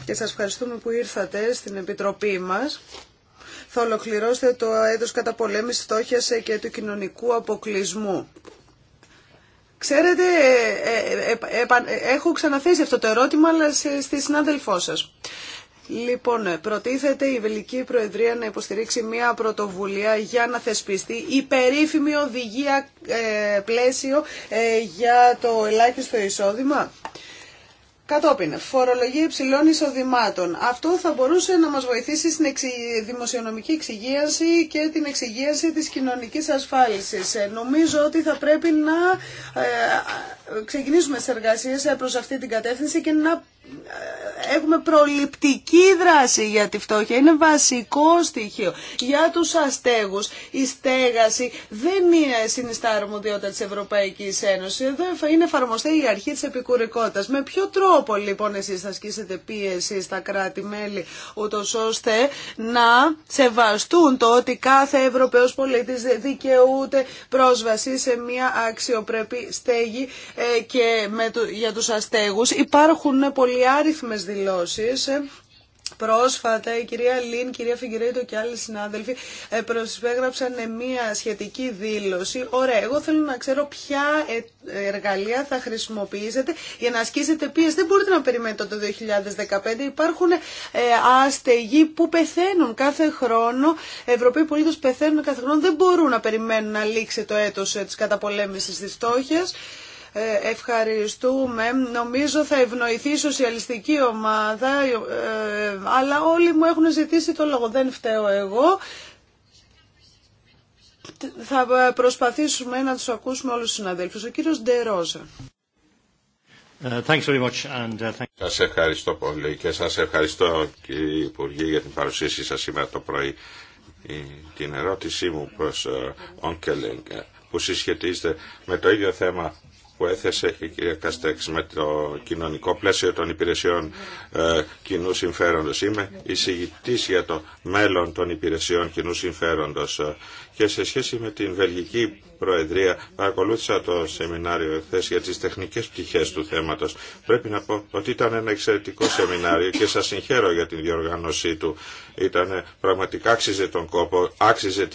και σας ευχαριστούμε που ήρθατε στην Επιτροπή μας. Θα ολοκληρώσετε το έτος κατά πολέμηση φτώχειας ε, και του κοινωνικού αποκλεισμού. Ξέρετε, ε, ε, έχω ξαναθέσει αυτό το ερώτημα, αλλά στη συνάδελφό σας. Λοιπόν, προτίθεται η Βελική Προεδρία να υποστηρίξει μια πρωτοβουλία για να θεσπιστεί η περίφημη οδηγία πλαίσιο για το ελάχιστο εισόδημα. Κατόπιν, φορολογία υψηλών εισοδημάτων. Αυτό θα μπορούσε να μας βοηθήσει στην δημοσιονομική εξυγίαση και την εξυγίαση της κοινωνικής ασφάλισης. Ε, νομίζω ότι θα πρέπει να ε, ξεκινήσουμε τι εργασίε προ αυτή την κατεύθυνση και να ε, έχουμε προληπτική δράση για τη φτώχεια. Είναι βασικό στοιχείο. Για του αστέγου. η στέγαση δεν είναι συνιστά αρμοδιότητα της Ευρωπαϊκής Ένωσης. Εδώ είναι εφαρμοστεί η αρχή τη Επικουρικότητα. Με ποιο τρόπο λοιπόν εσείς θα ασκήσετε πίεση στα κράτη-μέλη, ούτω ώστε να σεβαστούν το ότι κάθε Ευρωπαίος πολιτή δικαιούται πρόσβαση σε μια αξιοπρεπή στέγη ε, και με το, για τους αστέγους. Υπάρχουν πολλοί άριθμες δηλώσεις ε, Πρόσφατα η κυρία Λίν, η κυρία Φιγκυρέιτο και άλλοι συνάδελφοι ε, προσπέγραψαν μια σχετική δήλωση. Ωραία, εγώ θέλω να ξέρω ποια εργαλεία θα χρησιμοποιήσετε για να ασκήσετε πίεση. Δεν μπορείτε να περιμένετε το 2015. Υπάρχουν άστεγοι που πεθαίνουν κάθε χρόνο. Ευρωπαίοι πολίτε πεθαίνουν κάθε χρόνο. Δεν μπορούν να περιμένουν να λήξει το έτος της καταπολέμησης τη φτώχεια. Ε, ευχαριστούμε. Νομίζω θα ευνοηθεί η σοσιαλιστική ομάδα, ε, αλλά όλοι μου έχουν ζητήσει το λόγο. Δεν φταίω εγώ. Θα προσπαθήσουμε να τους ακούσουμε όλους τους συναδέλφους. Ο κύριος Ντερόζα. Ε, uh, σας ευχαριστώ πολύ και σας ευχαριστώ κύριε Υπουργή για την παρουσίασή σας σήμερα το πρωί. Την ερώτησή μου προς Όγκελεγκ που συσχετίζεται με το ίδιο θέμα που έθεσε και η κυρία Καστέξ με το κοινωνικό πλαίσιο των υπηρεσιών ε, κοινού συμφέροντος. Είμαι εισηγητής για το μέλλον των υπηρεσιών κοινού συμφέροντος ε, και σε σχέση με την Βελγική Προεδρία παρακολούθησα το σεμινάριο εχθές για τις τεχνικές πτυχές του θέματος. Πρέπει να πω ότι ήταν ένα εξαιρετικό σεμινάριο και σας συγχαίρω για την διοργάνωσή του. Ήταν ε, πραγματικά άξιζε τον κόπο, άξιζε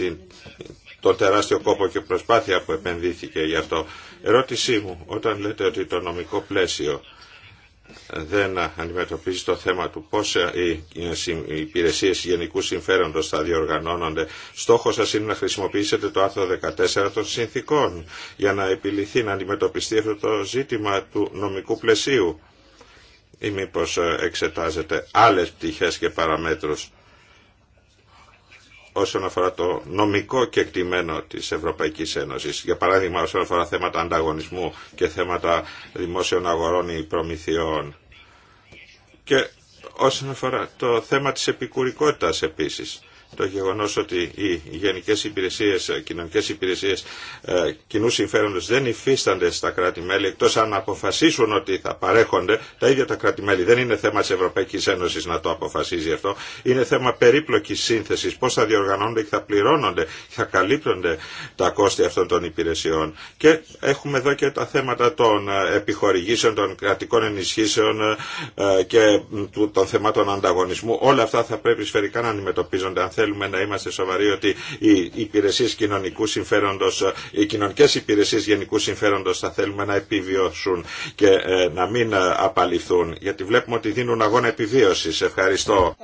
τον τεράστιο κόπο και προσπάθεια που επενδύθηκε γι' αυτό. Ερώτησή μου, όταν λέτε ότι το νομικό πλαίσιο δεν αντιμετωπίζει το θέμα του πώς οι υπηρεσίες γενικού συμφέροντος θα διοργανώνονται. Στόχος σας είναι να χρησιμοποιήσετε το άρθρο 14 των συνθήκων για να επιληθεί, να αντιμετωπιστεί αυτό το ζήτημα του νομικού πλαισίου ή μήπως ε, εξετάζετε άλλες πτυχές και παραμέτρους όσον αφορά το νομικό κεκτημένο της Ευρωπαϊκής Ένωσης. Για παράδειγμα όσον αφορά θέματα ανταγωνισμού και θέματα δημόσιων αγορών ή προμηθειών. Και όσον αφορά το θέμα της επικουρικότητας επίσης το γεγονό ότι οι γενικέ υπηρεσίες, κοινωνικές υπηρεσίες ε, κοινού συμφέροντο δεν υφίστανται στα κράτη-μέλη εκτό αν αποφασίσουν ότι θα παρέχονται τα ίδια τα κράτη-μέλη. Δεν είναι θέμα τη Ευρωπαϊκή Ένωση να το αποφασίζει αυτό. Είναι θέμα περίπλοκης σύνθεση, πώ θα διοργανώνονται και θα πληρώνονται και θα καλύπτονται τα κόστη αυτών των υπηρεσιών. Και έχουμε εδώ και τα θέματα των ε, επιχορηγήσεων, των κρατικών ενισχύσεων ε, και των θεμάτων ανταγωνισμού. Όλα αυτά θα πρέπει σφαιρικά να αντιμετωπίζονται αν θέλουμε να είμαστε σοβαροί ότι οι υπηρεσίες κοινωνικού συμφέροντος, οι κοινωνικές υπηρεσίες γενικού συμφέροντος θα θέλουμε να επιβιώσουν και ε, να μην ε, απαλληθούν, γιατί βλέπουμε ότι δίνουν αγώνα επιβίωσης. Ευχαριστώ.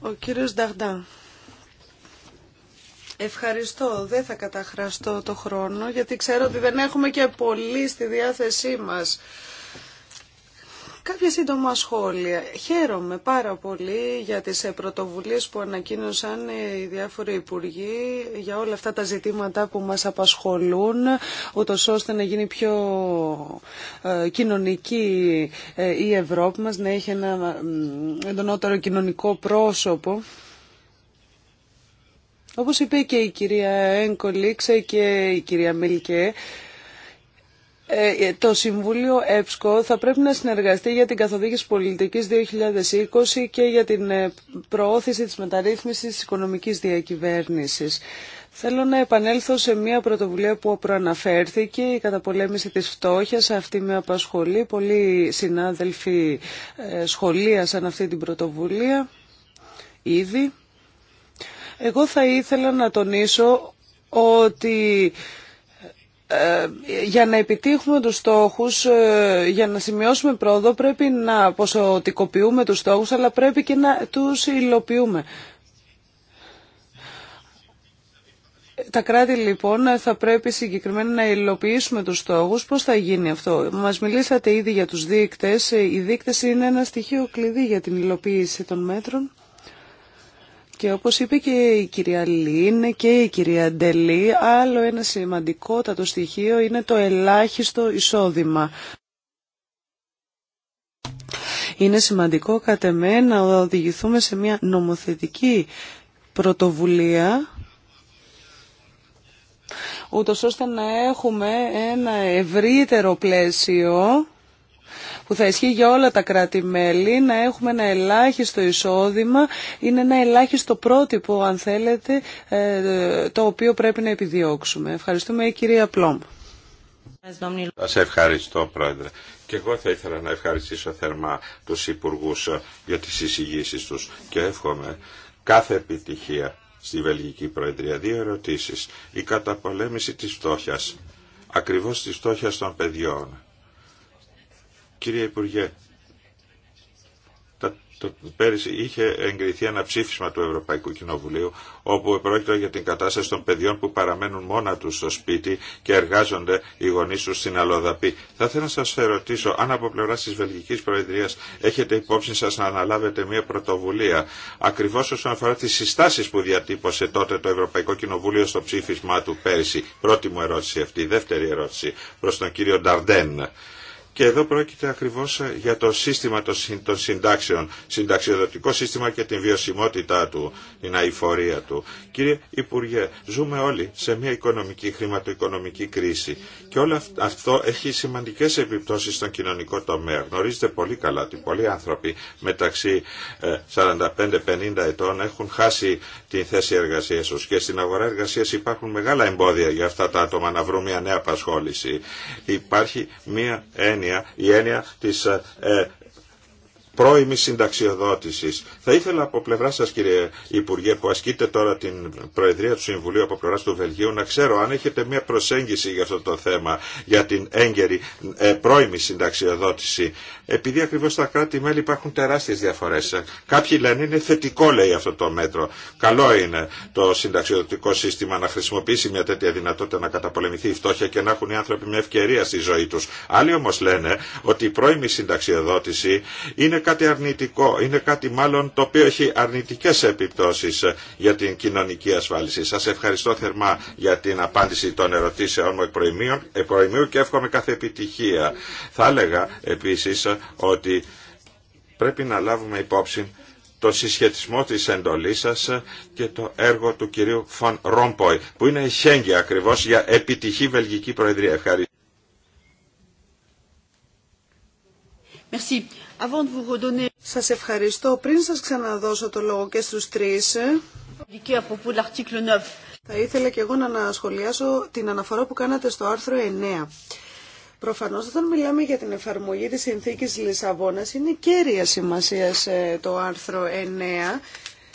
Ο κύριο Νταχντά. Ευχαριστώ. Δεν θα καταχραστώ το χρόνο, γιατί ξέρω ότι δεν έχουμε και πολύ στη διάθεσή μας. Κάποια σύντομα σχόλια. Χαίρομαι πάρα πολύ για τις ε, πρωτοβουλίες που ανακοίνωσαν ε, οι διάφοροι υπουργοί για όλα αυτά τα ζητήματα που μας απασχολούν, ούτω ώστε να γίνει πιο ε, κοινωνική η Ευρώπη μας, να έχει ένα εντονότερο κοινωνικό πρόσωπο. Όπως είπε και η κυρία Ένκολίξε και η κυρία Μιλκέ, ε, το Συμβούλιο ΕΠΣΚΟ θα πρέπει να συνεργαστεί για την καθοδήγηση πολιτικής 2020 και για την ε, προώθηση της μεταρρύθμισης της οικονομικής διακυβέρνησης. Θέλω να επανέλθω σε μια πρωτοβουλία που προαναφέρθηκε, η καταπολέμηση της φτώχειας. Αυτή με απασχολεί. Πολλοί συνάδελφοι ε, σχολίασαν αυτή την πρωτοβουλία ήδη. Εγώ θα ήθελα να τονίσω ότι ε, για να επιτύχουμε τους στόχους, ε, για να σημειώσουμε πρόοδο, πρέπει να ποσοτικοποιούμε τους στόχους, αλλά πρέπει και να τους υλοποιούμε. Τα κράτη λοιπόν θα πρέπει συγκεκριμένα να υλοποιήσουμε τους στόχους. Πώς θα γίνει αυτό. Μας μιλήσατε ήδη για τους δείκτες. Ε, οι δείκτες είναι ένα στοιχείο κλειδί για την υλοποίηση των μέτρων. Και όπως είπε και η κυρία Λίν και η κυρία Ντελή, άλλο ένα σημαντικότατο στοιχείο είναι το ελάχιστο εισόδημα. Είναι σημαντικό κατ' εμέ να οδηγηθούμε σε μια νομοθετική πρωτοβουλία ούτως ώστε να έχουμε ένα ευρύτερο πλαίσιο που θα ισχύει για όλα τα κράτη-μέλη, να έχουμε ένα ελάχιστο εισόδημα, είναι ένα ελάχιστο πρότυπο, αν θέλετε, ε, το οποίο πρέπει να επιδιώξουμε. Ευχαριστούμε, η κυρία Πλόμπ. Σας ευχαριστώ, Πρόεδρε. Και εγώ θα ήθελα να ευχαριστήσω θερμά τους Υπουργού ε, για τις εισηγήσεις τους και εύχομαι κάθε επιτυχία στη Βελγική Προεδρία. Δύο ερωτήσεις. Η καταπολέμηση της φτώχεια. ακριβώς τη φτώχεια των παιδιών Κύριε Υπουργέ, το, πέρυσι είχε εγκριθεί ένα ψήφισμα του Ευρωπαϊκού Κοινοβουλίου όπου πρόκειται για την κατάσταση των παιδιών που παραμένουν μόνα τους στο σπίτι και εργάζονται οι γονείς τους στην Αλοδαπή. Θα ήθελα να σας ερωτήσω αν από πλευρά της Βελγικής Προεδρίας έχετε υπόψη σας να αναλάβετε μια πρωτοβουλία ακριβώς όσον αφορά τις συστάσεις που διατύπωσε τότε το Ευρωπαϊκό Κοινοβούλιο στο ψήφισμά του πέρυσι. Πρώτη μου ερώτηση αυτή. Δεύτερη ερώτηση προς τον κύριο Νταρντέν. Και εδώ πρόκειται ακριβώς ε, για το σύστημα των συντάξεων, συνταξιοδοτικό σύστημα και την βιωσιμότητά του, την αηφορία του. Κύριε Υπουργέ, ζούμε όλοι σε μια οικονομική, χρηματοοικονομική κρίση και όλο αυτό έχει σημαντικές επιπτώσεις στον κοινωνικό τομέα. Γνωρίζετε πολύ καλά ότι πολλοί άνθρωποι μεταξύ 45-50 ε, ετών έχουν χάσει την θέση εργασίας τους και στην αγορά εργασίας υπάρχουν μεγάλα εμπόδια για αυτά τα άτομα να βρουν μια νέα απασχόληση. Υπάρχει μια έννοια, η έννοια της ε, ε πρώιμη συνταξιοδότηση. Θα ήθελα από πλευρά σα, κύριε Υπουργέ, που ασκείτε τώρα την Προεδρία του Συμβουλίου από πλευρά του Βελγίου, να ξέρω αν έχετε μια προσέγγιση για αυτό το θέμα, για την έγκαιρη ε, πρώιμη συνταξιοδότηση. Επειδή ακριβώ στα κράτη-μέλη υπάρχουν τεράστιε διαφορέ. Ε, κάποιοι λένε είναι θετικό, λέει αυτό το μέτρο. Καλό είναι το συνταξιοδοτικό σύστημα να χρησιμοποιήσει μια τέτοια δυνατότητα να καταπολεμηθεί η φτώχεια και να έχουν οι άνθρωποι μια ευκαιρία στη ζωή του. Άλλοι όμω λένε ότι η πρώιμη συνταξιοδότηση είναι κάτι αρνητικό, είναι κάτι μάλλον το οποίο έχει αρνητικές επιπτώσεις για την κοινωνική ασφάλιση. Σας ευχαριστώ θερμά για την απάντηση των ερωτήσεών μου προημίου και εύχομαι κάθε επιτυχία. Θα έλεγα επίσης ότι πρέπει να λάβουμε υπόψη το συσχετισμό της εντολής σας και το έργο του κυρίου Φαν Ρόμποϊ, που είναι η χέγγια ακριβώς για επιτυχή Βελγική Προεδρία. Ευχαριστώ. Merci. Σας ευχαριστώ. Πριν σας ξαναδώσω το λόγο και στους τρεις, θα ήθελα και εγώ να ανασχολιάσω την αναφορά που κάνατε στο άρθρο 9. Προφανώς όταν μιλάμε για την εφαρμογή της συνθήκης Λισαβόνας είναι κέρια σημασία το άρθρο 9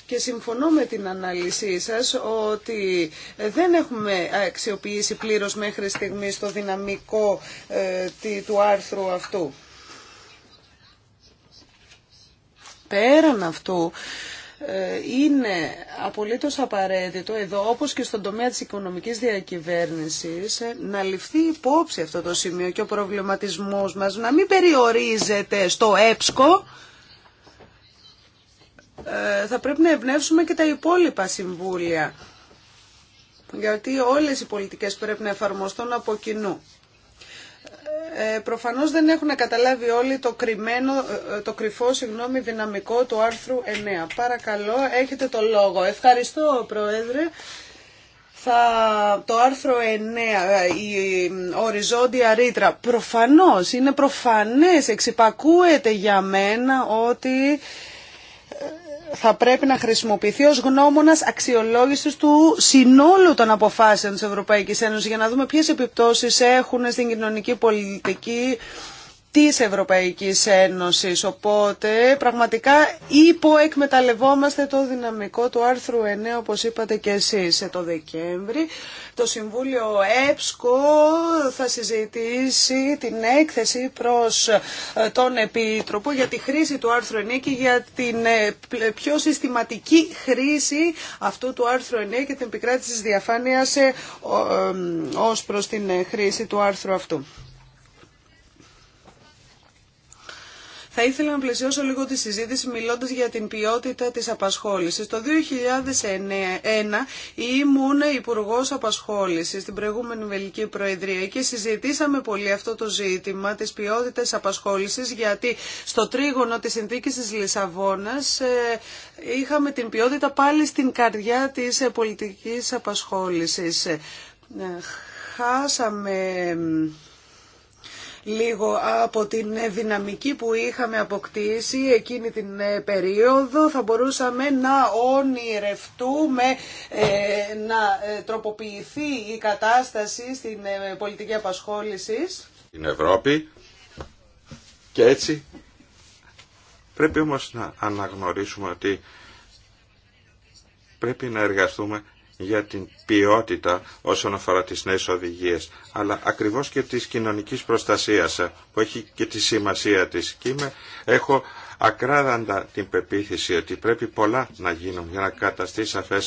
και συμφωνώ με την ανάλυση σας ότι δεν έχουμε αξιοποιήσει πλήρως μέχρι στιγμής το δυναμικό ε, του άρθρου αυτού. πέραν αυτού ε, είναι απολύτως απαραίτητο εδώ όπως και στον τομέα της οικονομικής διακυβέρνησης ε, να ληφθεί υπόψη αυτό το σημείο και ο προβληματισμός μας να μην περιορίζεται στο ΕΠΣΚΟ ε, θα πρέπει να εμπνεύσουμε και τα υπόλοιπα συμβούλια γιατί όλες οι πολιτικές πρέπει να εφαρμοστούν από κοινού. Ε, προφανώς δεν έχουν καταλάβει όλοι το, κρυμμένο, ε, το κρυφό συγγνώμη, δυναμικό του άρθρου 9. Παρακαλώ, έχετε το λόγο. Ευχαριστώ, Πρόεδρε. Θα, το άρθρο 9, ε, η ε, οριζόντια ρήτρα, προφανώς, είναι προφανές, εξυπακούεται για μένα ότι θα πρέπει να χρησιμοποιηθεί ως γνώμονας αξιολόγησης του συνόλου των αποφάσεων της Ευρωπαϊκής Ένωσης για να δούμε ποιες επιπτώσεις έχουν στην κοινωνική πολιτική, της Ευρωπαϊκής Ένωσης. Οπότε πραγματικά υποεκμεταλλευόμαστε το δυναμικό του άρθρου 9 όπως είπατε και εσείς το Δεκέμβρη. Το Συμβούλιο ΕΠΣΚΟ θα συζητήσει την έκθεση προς ε, τον Επίτροπο για τη χρήση του άρθρου 9 και για την ε, πιο συστηματική χρήση αυτού του άρθρου 9 και την επικράτηση της διαφάνειας ε, ως προς την χρήση του άρθρου αυτού. Θα ήθελα να πλαισιώσω λίγο τη συζήτηση μιλώντας για την ποιότητα της απασχόλησης. Το 2001 ήμουν υπουργό Απασχόλησης στην προηγούμενη Βελική Προεδρία και συζητήσαμε πολύ αυτό το ζήτημα της ποιότητας απασχόλησης γιατί στο τρίγωνο της συνθήκης της Λισαβόνας ε, είχαμε την ποιότητα πάλι στην καρδιά της ε, πολιτικής απασχόλησης. Ε, χάσαμε λίγο από την δυναμική που είχαμε αποκτήσει εκείνη την ε, περίοδο. Θα μπορούσαμε να ονειρευτούμε ε, να ε, τροποποιηθεί η κατάσταση στην πολιτική απασχόληση. Στην Ευρώπη και έτσι πρέπει όμως να αναγνωρίσουμε ότι πρέπει να εργαστούμε για την ποιότητα όσον αφορά τις νέες οδηγίες, αλλά ακριβώς και της κοινωνικής προστασίας ε, που έχει και τη σημασία της. Και είμαι, έχω ακράδαντα την πεποίθηση ότι πρέπει πολλά να γίνουν για να καταστεί σαφέ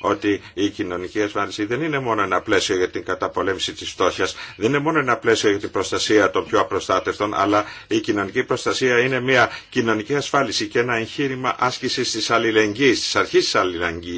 ότι η κοινωνική ασφάλιση δεν είναι μόνο ένα πλαίσιο για την καταπολέμηση της φτώχειας, δεν είναι μόνο ένα πλαίσιο για την προστασία των πιο απροστάτευτων, αλλά η κοινωνική προστασία είναι μια κοινωνική ασφάλιση και ένα εγχείρημα άσκηση τη αλληλεγγύη, τη αρχής τη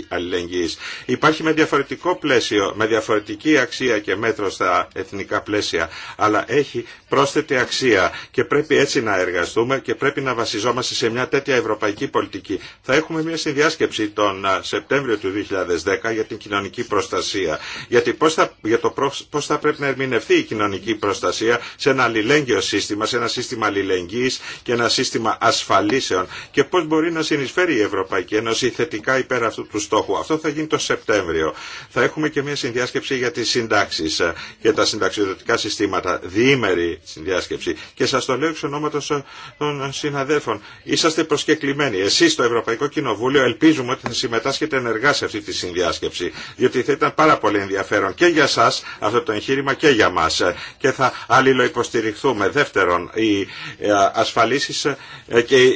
αλληλεγγύη. Υπάρχει με διαφορετικό πλαίσιο, με διαφορετική αξία και μέτρο στα εθνικά πλαίσια, αλλά έχει πρόσθετη αξία και πρέπει έτσι να εργαστούμε και πρέπει να βασιζόμαστε σε μια τέτοια ευρωπαϊκή πολιτική. Θα έχουμε μια συνδιάσκεψη τον ε, Σεπτέμβριο του 2010 για την κοινωνική προστασία. Γιατί πώς θα, για το θα πρέπει να ερμηνευτεί η κοινωνική προστασία σε ένα αλληλέγγυο σύστημα, σε ένα σύστημα αλληλεγγύης και ένα σύστημα ασφαλήσεων και πώς μπορεί να συνεισφέρει η Ευρωπαϊκή Ένωση θετικά υπέρ αυτού του στόχου. Αυτό θα γίνει το Σεπτέμβριο. Θα έχουμε και μια συνδιάσκεψη για τις συντάξεις και ε, τα συνταξιδοτικά συστήματα, διήμερη συνδιάσκεψη. Και σα το λέω εξ ε, των συναδέλφων είσαστε προσκεκλημένοι. Εσεί στο Ευρωπαϊκό Κοινοβούλιο ελπίζουμε ότι θα συμμετάσχετε ενεργά σε αυτή τη συνδιάσκεψη. Διότι θα ήταν πάρα πολύ ενδιαφέρον και για εσά αυτό το εγχείρημα και για μα. Και θα αλληλοϊποστηριχθούμε. Δεύτερον, οι ε, ασφαλίσει ε, και ε,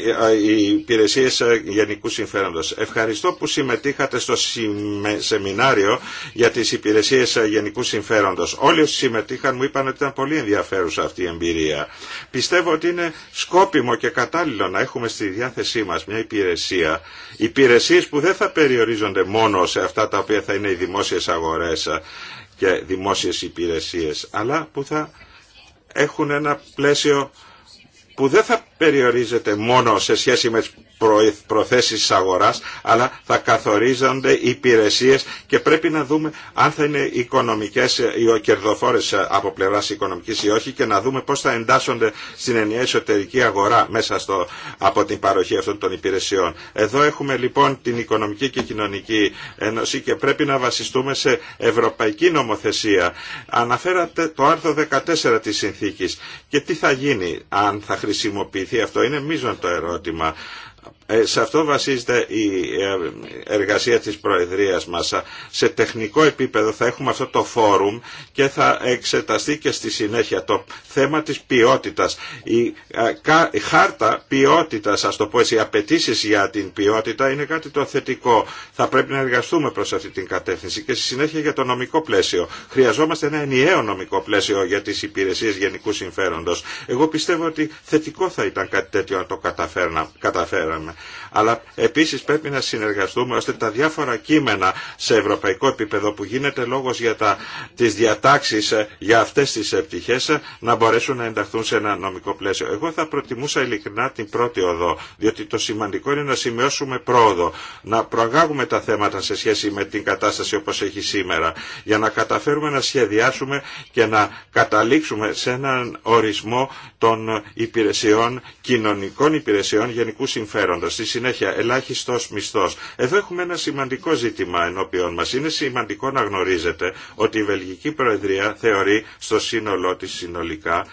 οι υπηρεσίε γενικού συμφέροντο. Ευχαριστώ που συμμετείχατε στο σεμινάριο για τι υπηρεσίε γενικού συμφέροντο. Όλοι όσοι συμμετείχαν μου είπαν ότι ήταν πολύ ενδιαφέρουσα αυτή η εμπειρία. Πιστεύω ότι είναι σκόπιμο και κατάλληλο να έχουμε στη διάθεσή μας μια υπηρεσία, υπηρεσίες που δεν θα περιορίζονται μόνο σε αυτά τα οποία θα είναι οι δημόσιες αγορές και δημόσιες υπηρεσίες, αλλά που θα έχουν ένα πλαίσιο που δεν θα περιορίζεται μόνο σε σχέση με τις προθέσεις της αγοράς, αλλά θα καθορίζονται οι υπηρεσίες και πρέπει να δούμε αν θα είναι οικονομικές ή κερδοφόρες από πλευράς οικονομικής ή όχι και να δούμε πώς θα εντάσσονται στην ενιαία εσωτερική αγορά μέσα στο, από την παροχή αυτών των υπηρεσιών. Εδώ έχουμε λοιπόν την Οικονομική και Κοινωνική Ένωση και πρέπει να βασιστούμε σε ευρωπαϊκή νομοθεσία. Αναφέρατε το άρθρο 14 της συνθήκης και τι θα γίνει αν θα χρησιμοποιηθεί λυθεί αυτό. Είναι μείζον το ερώτημα ε, σε αυτό βασίζεται η ε, εργασία της Προεδρίας μας. Σε τεχνικό επίπεδο θα έχουμε αυτό το φόρουμ και θα εξεταστεί και στη συνέχεια το θέμα της ποιότητας. Η χάρτα ποιότητας, ας το πω έτσι, οι απαιτήσει για την ποιότητα είναι κάτι το θετικό. Θα πρέπει να εργαστούμε προς αυτή την κατεύθυνση και στη συνέχεια για το νομικό πλαίσιο. Χρειαζόμαστε ένα ενιαίο νομικό πλαίσιο για τις υπηρεσίες γενικού συμφέροντος. Εγώ πιστεύω ότι θετικό θα ήταν κάτι τέτοιο να το καταφέραμε αλλά επίσης πρέπει να συνεργαστούμε ώστε τα διάφορα κείμενα σε ευρωπαϊκό επίπεδο που γίνεται λόγος για τα, τις διατάξεις ε, για αυτές τις επιτυχές ε, να μπορέσουν να ενταχθούν σε ένα νομικό πλαίσιο. Εγώ θα προτιμούσα ειλικρινά την πρώτη οδό, διότι το σημαντικό είναι να σημειώσουμε πρόοδο, να προαγάγουμε τα θέματα σε σχέση με την κατάσταση όπως έχει σήμερα, για να καταφέρουμε να σχεδιάσουμε και να καταλήξουμε σε έναν ορισμό των υπηρεσιών, κοινωνικών υπηρεσιών γενικού συμφέροντος Στη συνέχεια, ελάχιστος μισθός. Εδώ έχουμε ένα σημαντικό ζήτημα ενώπιον μας. Είναι σημαντικό να γνωρίζετε ότι η Βελγική Προεδρία θεωρεί στο σύνολό τη συνολικά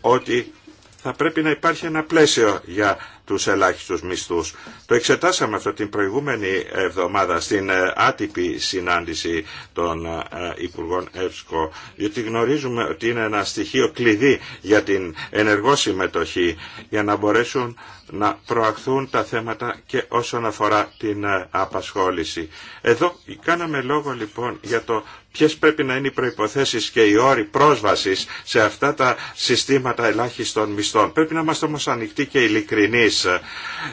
ότι θα πρέπει να υπάρχει ένα πλαίσιο για τους ελάχιστους μισθούς. Το εξετάσαμε αυτό την προηγούμενη εβδομάδα στην ε, άτυπη συνάντηση των ε, Υπουργών Εύσκο διότι γνωρίζουμε ότι είναι ένα στοιχείο κλειδί για την ενεργό συμμετοχή, για να μπορέσουν να προαχθούν τα θέματα και όσον αφορά την ε, απασχόληση. Εδώ κάναμε λόγο λοιπόν για το ποιες πρέπει να είναι οι προϋποθέσεις και οι όροι πρόσβασης σε αυτά τα συστήματα ελάχιστων μισθών. Πρέπει να είμαστε όμως ανοιχτοί και ειλικρινείς.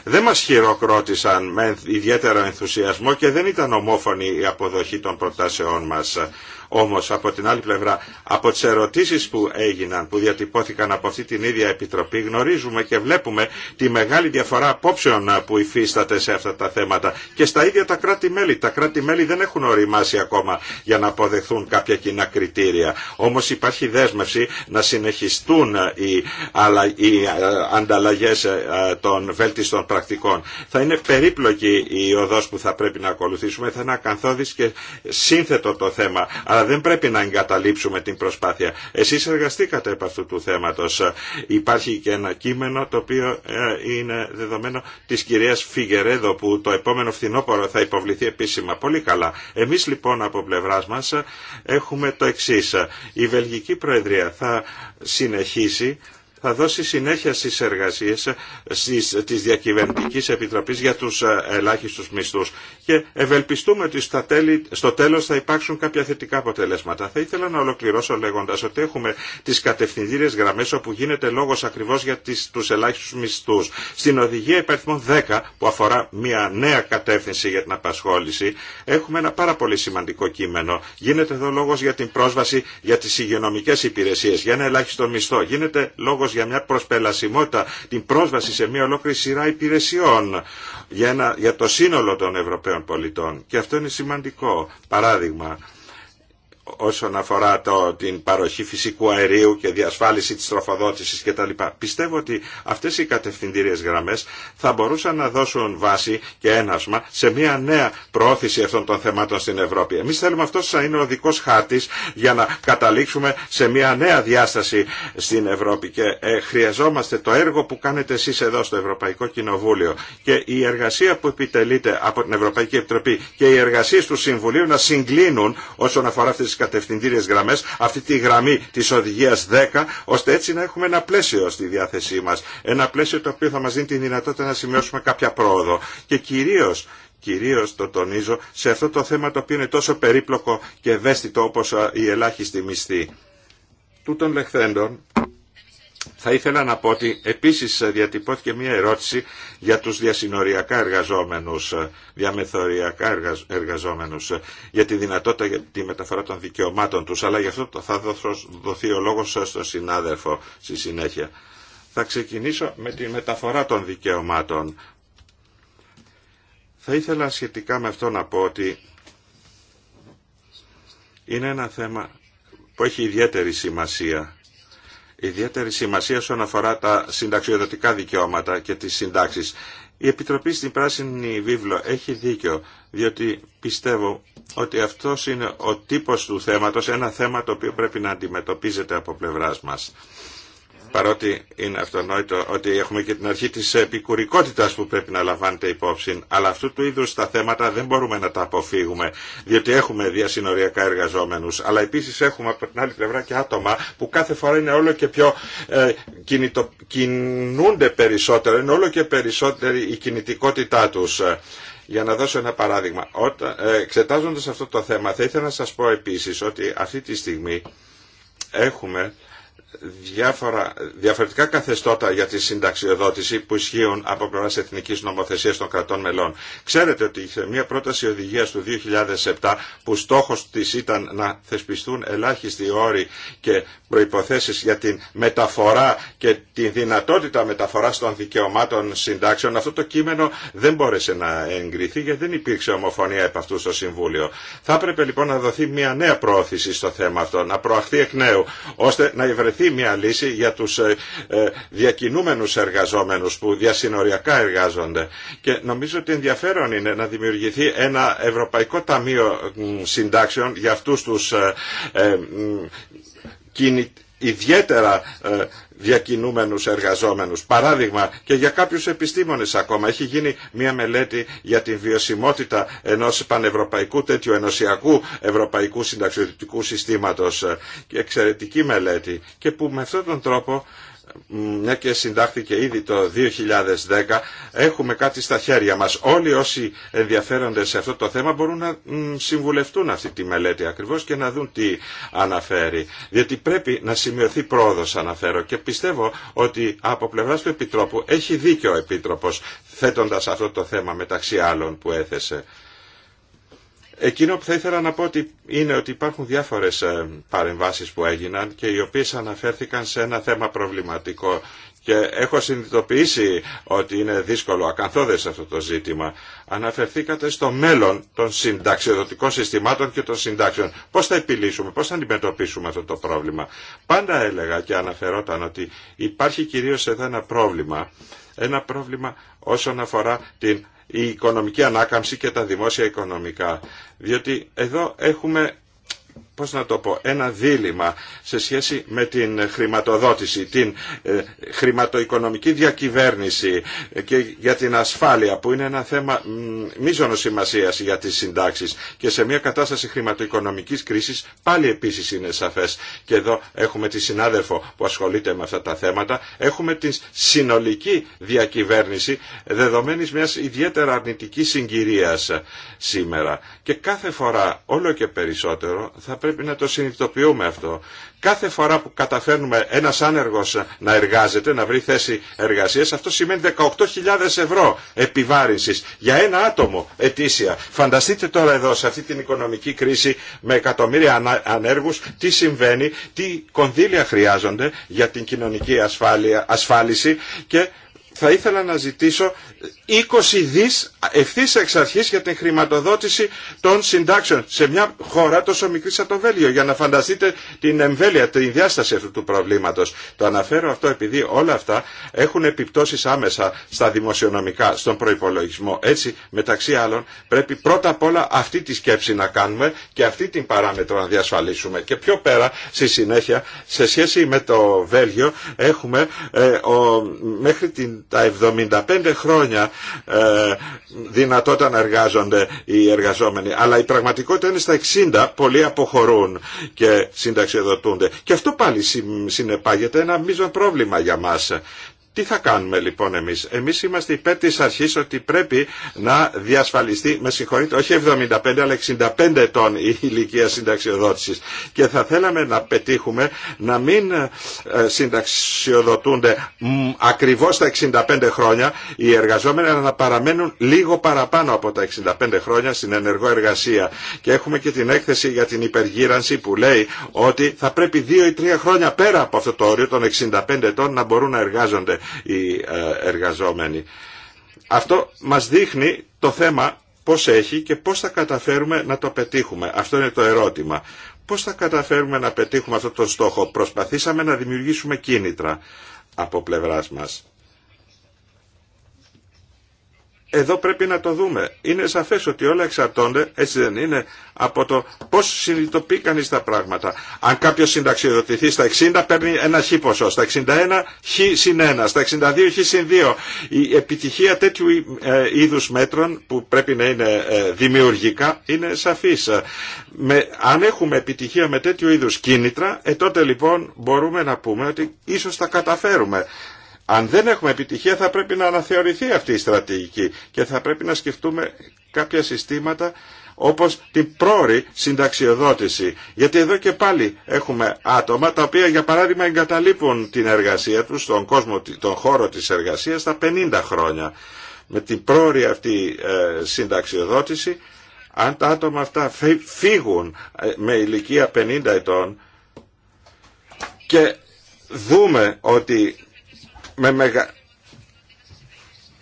Δεν μας χειροκρότησαν με ιδιαίτερο ενθουσιασμό και δεν ήταν ομόφωνη η αποδοχή των προτάσεών μας. Όμως από την άλλη πλευρά από τις ερωτήσεις που έγιναν, που διατυπώθηκαν από αυτή την ίδια Επιτροπή, γνωρίζουμε και βλέπουμε τη μεγάλη διαφορά απόψεων που υφίσταται σε αυτά τα θέματα και στα ίδια τα κράτη-μέλη. Τα κράτη-μέλη δεν έχουν οριμάσει ακόμα για να αποδεχθούν κάποια κοινά κριτήρια. Όμως υπάρχει δέσμευση να συνεχιστούν οι, αλλα... οι ε, ανταλλαγές ε, των βέλτιστων πρακτικών. Θα είναι περίπλοκη η οδός που θα πρέπει να ακολουθήσουμε. Θα είναι ακαθόδης και σύνθετο το θέμα. Αλλά δεν πρέπει να εγκαταλείψουμε την προσπάθεια. Εσείς εργαστήκατε επ' αυτού του θέματος. Υπάρχει και ένα κείμενο το οποίο ε, είναι δεδομένο της κυρίας Φιγερέδο που το επόμενο φθινόπωρο θα υποβληθεί επίσημα. Πολύ καλά. Εμείς λοιπόν από πλευρά μας έχουμε το εξής. Η Βελγική Προεδρία θα συνεχίσει θα δώσει συνέχεια στις εργασίες στις, της Διακυβερνητικής Επιτροπής για τους ε, ελάχιστους μισθούς και ευελπιστούμε ότι στα τέλη, στο τέλος θα υπάρξουν κάποια θετικά αποτελέσματα. Θα ήθελα να ολοκληρώσω λέγοντα ότι έχουμε τις κατευθυντήριες γραμμές όπου γίνεται λόγος ακριβώς για τις, τους ελάχιστους μισθούς. Στην οδηγία υπαριθμών 10 που αφορά μια νέα κατεύθυνση για την απασχόληση έχουμε ένα πάρα πολύ σημαντικό κείμενο. Γίνεται εδώ λόγος για την πρόσβαση για τις υγειονομικές υπηρεσίες, για ένα ελάχιστο μισθό. Γίνεται λόγος για μια προσπελασιμότητα, την πρόσβαση σε μια ολόκληρη σειρά υπηρεσιών για, ένα, για το σύνολο των Ευρωπαίων πολιτών. Και αυτό είναι σημαντικό. Παράδειγμα, όσον αφορά το, την παροχή φυσικού αερίου και διασφάλιση της τροφοδότησης κτλ. Πιστεύω ότι αυτές οι κατευθυντήριες γραμμές θα μπορούσαν να δώσουν βάση και ένασμα σε μια νέα προώθηση αυτών των θεμάτων στην Ευρώπη. Εμείς θέλουμε αυτός να είναι ο δικός χάρτης για να καταλήξουμε σε μια νέα διάσταση στην Ευρώπη και ε, χρειαζόμαστε το έργο που κάνετε εσείς εδώ στο Ευρωπαϊκό Κοινοβούλιο και η εργασία που επιτελείται από την Ευρωπαϊκή Επιτροπή και οι εργασίες του Συμβουλίου να συγκλίνουν όσον αφορά αυτές τις κατευθυντήριες γραμμές, αυτή τη γραμμή της οδηγίας 10, ώστε έτσι να έχουμε ένα πλαίσιο στη διάθεσή μας. Ένα πλαίσιο το οποίο θα μας δίνει τη δυνατότητα να σημειώσουμε κάποια πρόοδο. Και κυρίως κυρίως το τονίζω, σε αυτό το θέμα το οποίο είναι τόσο περίπλοκο και ευαίσθητο όπως η ελάχιστη μισθή. Τούτων λεχθέντων, θα ήθελα να πω ότι επίσης διατυπώθηκε μια ερώτηση για τους διασυνοριακά εργαζόμενους, διαμεθοριακά εργαζόμενους, για τη δυνατότητα για τη μεταφορά των δικαιωμάτων τους, αλλά γι' αυτό θα δοθεί ο λόγος στον συνάδελφο στη συνέχεια. Θα ξεκινήσω με τη μεταφορά των δικαιωμάτων. Θα ήθελα σχετικά με αυτό να πω ότι είναι ένα θέμα που έχει ιδιαίτερη σημασία ιδιαίτερη σημασία όσον αφορά τα συνταξιοδοτικά δικαιώματα και τις συντάξεις. Η Επιτροπή στην Πράσινη Βίβλο έχει δίκιο, διότι πιστεύω ότι αυτό είναι ο τύπος του θέματος, ένα θέμα το οποίο πρέπει να αντιμετωπίζεται από πλευράς μας παρότι είναι αυτονόητο ότι έχουμε και την αρχή της επικουρικότητας που πρέπει να λαμβάνεται υπόψη, αλλά αυτού του είδους τα θέματα δεν μπορούμε να τα αποφύγουμε, διότι έχουμε διασυνοριακά εργαζόμενους, αλλά επίσης έχουμε από την άλλη πλευρά και άτομα που κάθε φορά είναι όλο και πιο ε, κινητο, κινούνται περισσότερο, είναι όλο και περισσότερη η κινητικότητά τους. Για να δώσω ένα παράδειγμα, Όταν, ε, εξετάζοντας αυτό το θέμα θα ήθελα να σας πω επίσης ότι αυτή τη στιγμή έχουμε διάφορα, διαφορετικά καθεστώτα για τη συνταξιοδότηση που ισχύουν από πλευρά εθνική νομοθεσία των κρατών μελών. Ξέρετε ότι είχε μια πρόταση οδηγία του 2007 που στόχο τη ήταν να θεσπιστούν ελάχιστοι όροι και προποθέσει για την μεταφορά και τη δυνατότητα μεταφορά των δικαιωμάτων συντάξεων. Αυτό το κείμενο δεν μπόρεσε να εγκριθεί γιατί δεν υπήρξε ομοφωνία επ' αυτού στο Συμβούλιο. Θα έπρεπε λοιπόν να δοθεί μια νέα πρόθεση στο θέμα αυτό, να προαχθεί εκ νέου, ώστε να ευρεθεί βρεθεί μια λύση για τους ε, ε, διακινούμενους εργαζόμενους που διασυνοριακά εργάζονται. Και νομίζω ότι ενδιαφέρον είναι να δημιουργηθεί ένα Ευρωπαϊκό Ταμείο Συντάξεων για αυτούς τους ε, ιδιαίτερα διακινούμενους εργαζόμενους. Παράδειγμα και για κάποιους επιστήμονες ακόμα. Έχει γίνει μια μελέτη για την βιωσιμότητα ενός πανευρωπαϊκού τέτοιου ενωσιακού ευρωπαϊκού συνταξιωτικού συστήματος. Εξαιρετική μελέτη και που με αυτόν τον τρόπο μια και συντάχθηκε ήδη το 2010, έχουμε κάτι στα χέρια μας. Όλοι όσοι ενδιαφέρονται σε αυτό το θέμα μπορούν να συμβουλευτούν αυτή τη μελέτη ακριβώς και να δουν τι αναφέρει. Διότι πρέπει να σημειωθεί πρόοδος αναφέρω και πιστεύω ότι από πλευράς του Επιτρόπου έχει δίκιο ο Επίτροπος θέτοντας αυτό το θέμα μεταξύ άλλων που έθεσε. Εκείνο που θα ήθελα να πω ότι είναι ότι υπάρχουν διάφορες ε, παρεμβάσεις που έγιναν και οι οποίες αναφέρθηκαν σε ένα θέμα προβληματικό και έχω συνειδητοποιήσει ότι είναι δύσκολο, ακαθόδες αυτό το ζήτημα. Αναφερθήκατε στο μέλλον των συνταξιοδοτικών συστημάτων και των συντάξεων. Πώς θα επιλύσουμε, πώς θα αντιμετωπίσουμε αυτό το πρόβλημα. Πάντα έλεγα και αναφερόταν ότι υπάρχει κυρίως εδώ ένα πρόβλημα. Ένα πρόβλημα όσον αφορά την η οικονομική ανάκαμψη και τα δημόσια οικονομικά. Διότι εδώ έχουμε πώς να το πω, ένα δίλημα σε σχέση με την χρηματοδότηση, την ε, χρηματοοικονομική διακυβέρνηση ε, και για την ασφάλεια που είναι ένα θέμα μίζωνο σημασία για τις συντάξεις και σε μια κατάσταση χρηματοοικονομικής κρίσης πάλι επίσης είναι σαφές και εδώ έχουμε τη συνάδελφο που ασχολείται με αυτά τα θέματα, έχουμε την συνολική διακυβέρνηση δεδομένης μιας ιδιαίτερα αρνητικής συγκυρίας σήμερα και κάθε φορά όλο και περισσότερο θα πρέπει πρέπει να το συνειδητοποιούμε αυτό. Κάθε φορά που καταφέρνουμε ένα άνεργο να εργάζεται, να βρει θέση εργασία, αυτό σημαίνει 18.000 ευρώ επιβάρυνσης για ένα άτομο ετήσια. Φανταστείτε τώρα εδώ σε αυτή την οικονομική κρίση με εκατομμύρια ανέργου τι συμβαίνει, τι κονδύλια χρειάζονται για την κοινωνική ασφάλεια, ασφάλιση και θα ήθελα να ζητήσω 20 δις ευθύς εξ αρχής για την χρηματοδότηση των συντάξεων σε μια χώρα τόσο μικρή σαν το Βέλγιο για να φανταστείτε την εμβέλεια, την διάσταση αυτού του προβλήματος. Το αναφέρω αυτό επειδή όλα αυτά έχουν επιπτώσεις άμεσα στα δημοσιονομικά, στον προϋπολογισμό. Έτσι μεταξύ άλλων πρέπει πρώτα απ' όλα αυτή τη σκέψη να κάνουμε και αυτή την παράμετρο να διασφαλίσουμε. Και πιο πέρα στη συνέχεια σε σχέση με το Βέλγιο έχουμε ε, μέχρι την τα 75 χρόνια ε, δυνατότητα να εργάζονται οι εργαζόμενοι. Αλλά η πραγματικότητα είναι στα 60, πολλοί αποχωρούν και συνταξιοδοτούνται. Και αυτό πάλι συνεπάγεται ένα μείζον πρόβλημα για μας. Τι θα κάνουμε λοιπόν εμείς. Εμείς είμαστε υπέρ της αρχής ότι πρέπει να διασφαλιστεί, με συγχωρείτε, όχι 75 αλλά 65 ετών η ηλικία συνταξιοδότησης. Και θα θέλαμε να πετύχουμε να μην ε, συνταξιοδοτούνται ακριβώ ακριβώς τα 65 χρόνια οι εργαζόμενοι αλλά να παραμένουν λίγο παραπάνω από τα 65 χρόνια στην ενεργό εργασία. Και έχουμε και την έκθεση για την υπεργύρανση που λέει ότι θα πρέπει 2 ή 3 χρόνια πέρα από αυτό το όριο των 65 ετών να μπορούν να εργάζονται οι ε, εργαζόμενοι. Αυτό μας δείχνει το θέμα πώς έχει και πώς θα καταφέρουμε να το πετύχουμε. Αυτό είναι το ερώτημα. Πώς θα καταφέρουμε να πετύχουμε αυτό τον στόχο. Προσπαθήσαμε να δημιουργήσουμε κίνητρα από πλευράς μας. Εδώ πρέπει να το δούμε. Είναι σαφές ότι όλα εξαρτώνται, έτσι δεν είναι, από το πώς συνειδητοποιεί κανεί τα πράγματα. Αν κάποιο συνταξιοδοτηθεί στα 60 παίρνει ένα χ ποσό, στα 61 χ συν 1, στα 62 χ συν 2. Η επιτυχία τέτοιου ε, είδους μέτρων που πρέπει να είναι ε, δημιουργικά είναι σαφής. Με, αν έχουμε επιτυχία με τέτοιου είδους κίνητρα, ε, τότε λοιπόν μπορούμε να πούμε ότι ίσως τα καταφέρουμε. Αν δεν έχουμε επιτυχία θα πρέπει να αναθεωρηθεί αυτή η στρατηγική και θα πρέπει να σκεφτούμε κάποια συστήματα όπως την πρόορη συνταξιοδότηση. Γιατί εδώ και πάλι έχουμε άτομα τα οποία για παράδειγμα εγκαταλείπουν την εργασία τους, τον, κόσμο, τον χώρο της εργασίας στα 50 χρόνια. Με την πρόορη αυτή ε, συνταξιοδότηση, αν τα άτομα αυτά φύγουν ε, με ηλικία 50 ετών και δούμε ότι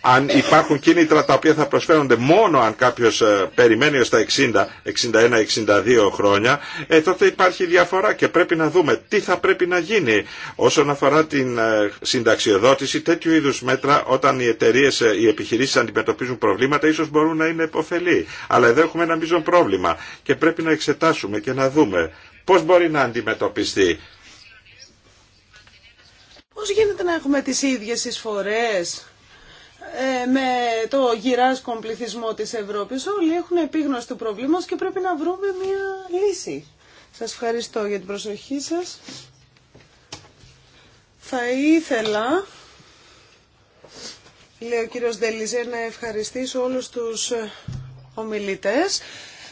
αν υπάρχουν κίνητρα τα οποία θα προσφέρονται μόνο αν κάποιος ε, περιμένει ως τα 60, 61, 62 χρόνια, ε, τότε υπάρχει διαφορά και πρέπει να δούμε τι θα πρέπει να γίνει όσον αφορά την ε, συνταξιοδότηση. Τέτοιου είδους μέτρα όταν οι εταιρείε, ε, οι επιχειρήσεις αντιμετωπίζουν προβλήματα ίσως μπορούν να είναι υποφελή Αλλά εδώ έχουμε ένα μείζον πρόβλημα και πρέπει να εξετάσουμε και να δούμε πώς μπορεί να αντιμετωπιστεί Πώς γίνεται να έχουμε τις ίδιες εισφορές ε, με το γυράσκον πληθυσμό της Ευρώπης. Όλοι έχουν επίγνωση του προβλήματος και πρέπει να βρούμε μια λύση. Σας ευχαριστώ για την προσοχή σας. Θα ήθελα, λέει ο κύριος Δελιζέ, να ευχαριστήσω όλους τους ε, ομιλητές.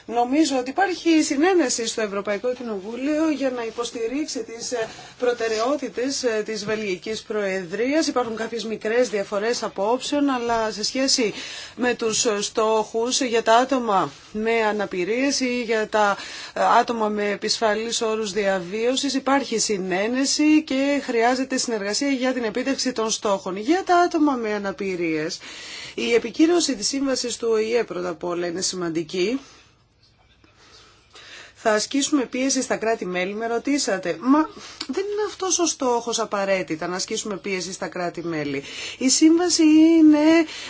Νομίζω ότι υπάρχει συνένεση στο Ευρωπαϊκό Κοινοβούλιο για να υποστηρίξει τις ε, προτεραιότητες ε, της Βελγικής Προεδρίας. Υπάρχουν κάποιες μικρές διαφορές απόψεων, αλλά σε σχέση με τους στόχους για τα άτομα με αναπηρίες ή για τα ε, άτομα με επισφαλείς όρους διαβίωσης υπάρχει συνένεση και χρειάζεται συνεργασία για την επίτευξη των στόχων. Για τα άτομα με αναπηρίες, η επικύρωση της σύμβασης του ΟΗΕ πρώτα απ' όλα είναι σημαντική θα ασκήσουμε πίεση στα κράτη-μέλη. Με ρωτήσατε, μα δεν είναι αυτός ο στόχος απαραίτητα να ασκήσουμε πίεση στα κράτη-μέλη. Η σύμβαση είναι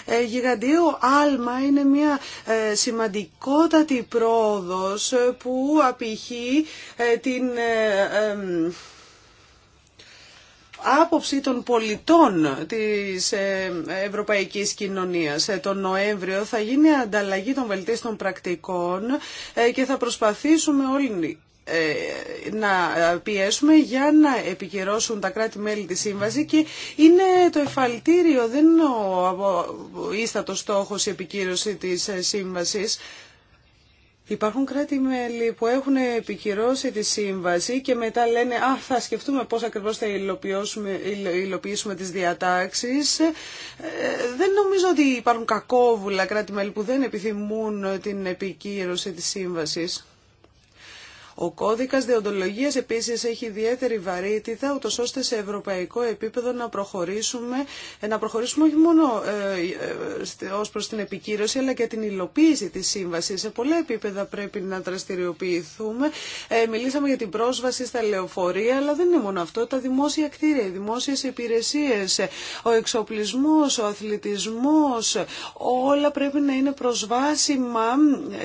ε, γιγαντιαίο άλμα, είναι μια ε, σημαντικότατη πρόοδος ε, που απηχεί την άποψη των πολιτών της ε, ευρωπαϊκής κοινωνίας. Ε, τον Νοέμβριο θα γίνει ανταλλαγή των βελτίστων πρακτικών ε, και θα προσπαθήσουμε όλοι να πιέσουμε για να επικυρώσουν τα κράτη-μέλη τη σύμβαση και είναι το εφαλτήριο, δεν είναι ο ίστατος στόχος η επικύρωση της σύμβασης. Υπάρχουν κράτη-μέλη που έχουν επικυρώσει τη σύμβαση και μετά λένε «Α, θα σκεφτούμε πώς ακριβώς θα υλοποιήσουμε, τις διατάξεις». Ε, δεν νομίζω ότι υπάρχουν κακόβουλα κράτη-μέλη που δεν επιθυμούν την επικύρωση της σύμβασης. Ο κώδικα διοντολογία επίση έχει ιδιαίτερη βαρύτητα, ούτω ώστε σε ευρωπαϊκό επίπεδο να προχωρήσουμε, ε, να προχωρήσουμε όχι μόνο ε, ε, ως προς την επικύρωση, αλλά και την υλοποίηση τη σύμβαση. Σε πολλά επίπεδα πρέπει να δραστηριοποιηθούμε. Ε, μιλήσαμε για την πρόσβαση στα λεωφορεία, αλλά δεν είναι μόνο αυτό. Τα δημόσια κτίρια, οι δημόσιες υπηρεσίε, ο εξοπλισμό, ο αθλητισμό. όλα πρέπει να είναι προσβάσιμα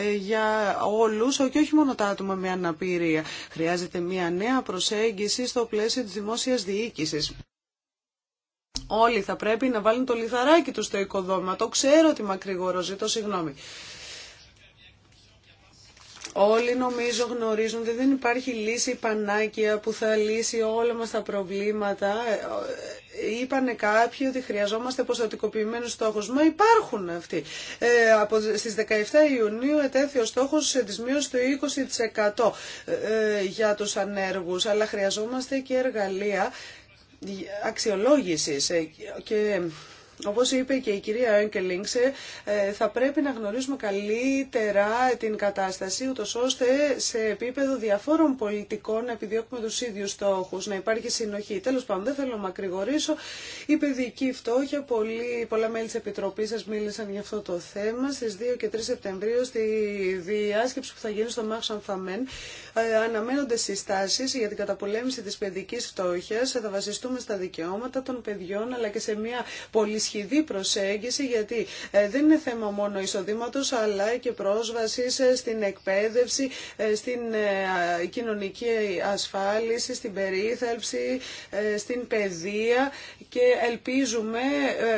ε, για όλου, και όχι μόνο τα άτομα με αναπτύξη Χρειάζεται μια νέα προσέγγιση στο πλαίσιο της δημόσιας διοίκησης. Όλοι θα πρέπει να βάλουν το λιθαράκι του στο οικοδόμημα. Το ξέρω ότι μακρηγορώ, ζητώ συγγνώμη. Όλοι νομίζω γνωρίζουν ότι δεν υπάρχει λύση πανάκια που θα λύσει όλα μας τα προβλήματα. Είπανε κάποιοι ότι χρειαζόμαστε ποσοτικοποιημένους στόχους. Μα υπάρχουν αυτοί. Ε, από, στις 17 Ιουνίου ετέθη ο στόχος της μείωση του 20% ε, ε, για τους ανέργους. Αλλά χρειαζόμαστε και εργαλεία ε, αξιολόγησης ε, και Όπω είπε και η κυρία Ένκελίνξε, ε, θα πρέπει να γνωρίσουμε καλύτερα την κατάσταση, ούτω ώστε σε επίπεδο διαφόρων πολιτικών να επιδιώκουμε του ίδιου στόχου, να υπάρχει συνοχή. Τέλο πάντων, δεν θέλω να μακρηγορήσω. Η παιδική φτώχεια, πολλά μέλη τη επιτροπή σα μίλησαν για αυτό το θέμα. Στι 2 και 3 Σεπτεμβρίου στη διάσκεψη που θα γίνει στο Μάξον Φαμέν, ε, αναμένονται συστάσει για την καταπολέμηση τη παιδική φτώχεια, Θα βασιστούμε στα δικαιώματα των παιδιών αλλά και σε μια πολυσχηδή προσέγγιση γιατί ε, δεν είναι θέμα μόνο εισοδήματο, αλλά και πρόσβαση στην εκπαίδευση, ε, στην κοινωνική ασφάλιση, στην περίθαλψη, στην παιδεία και ελπίζουμε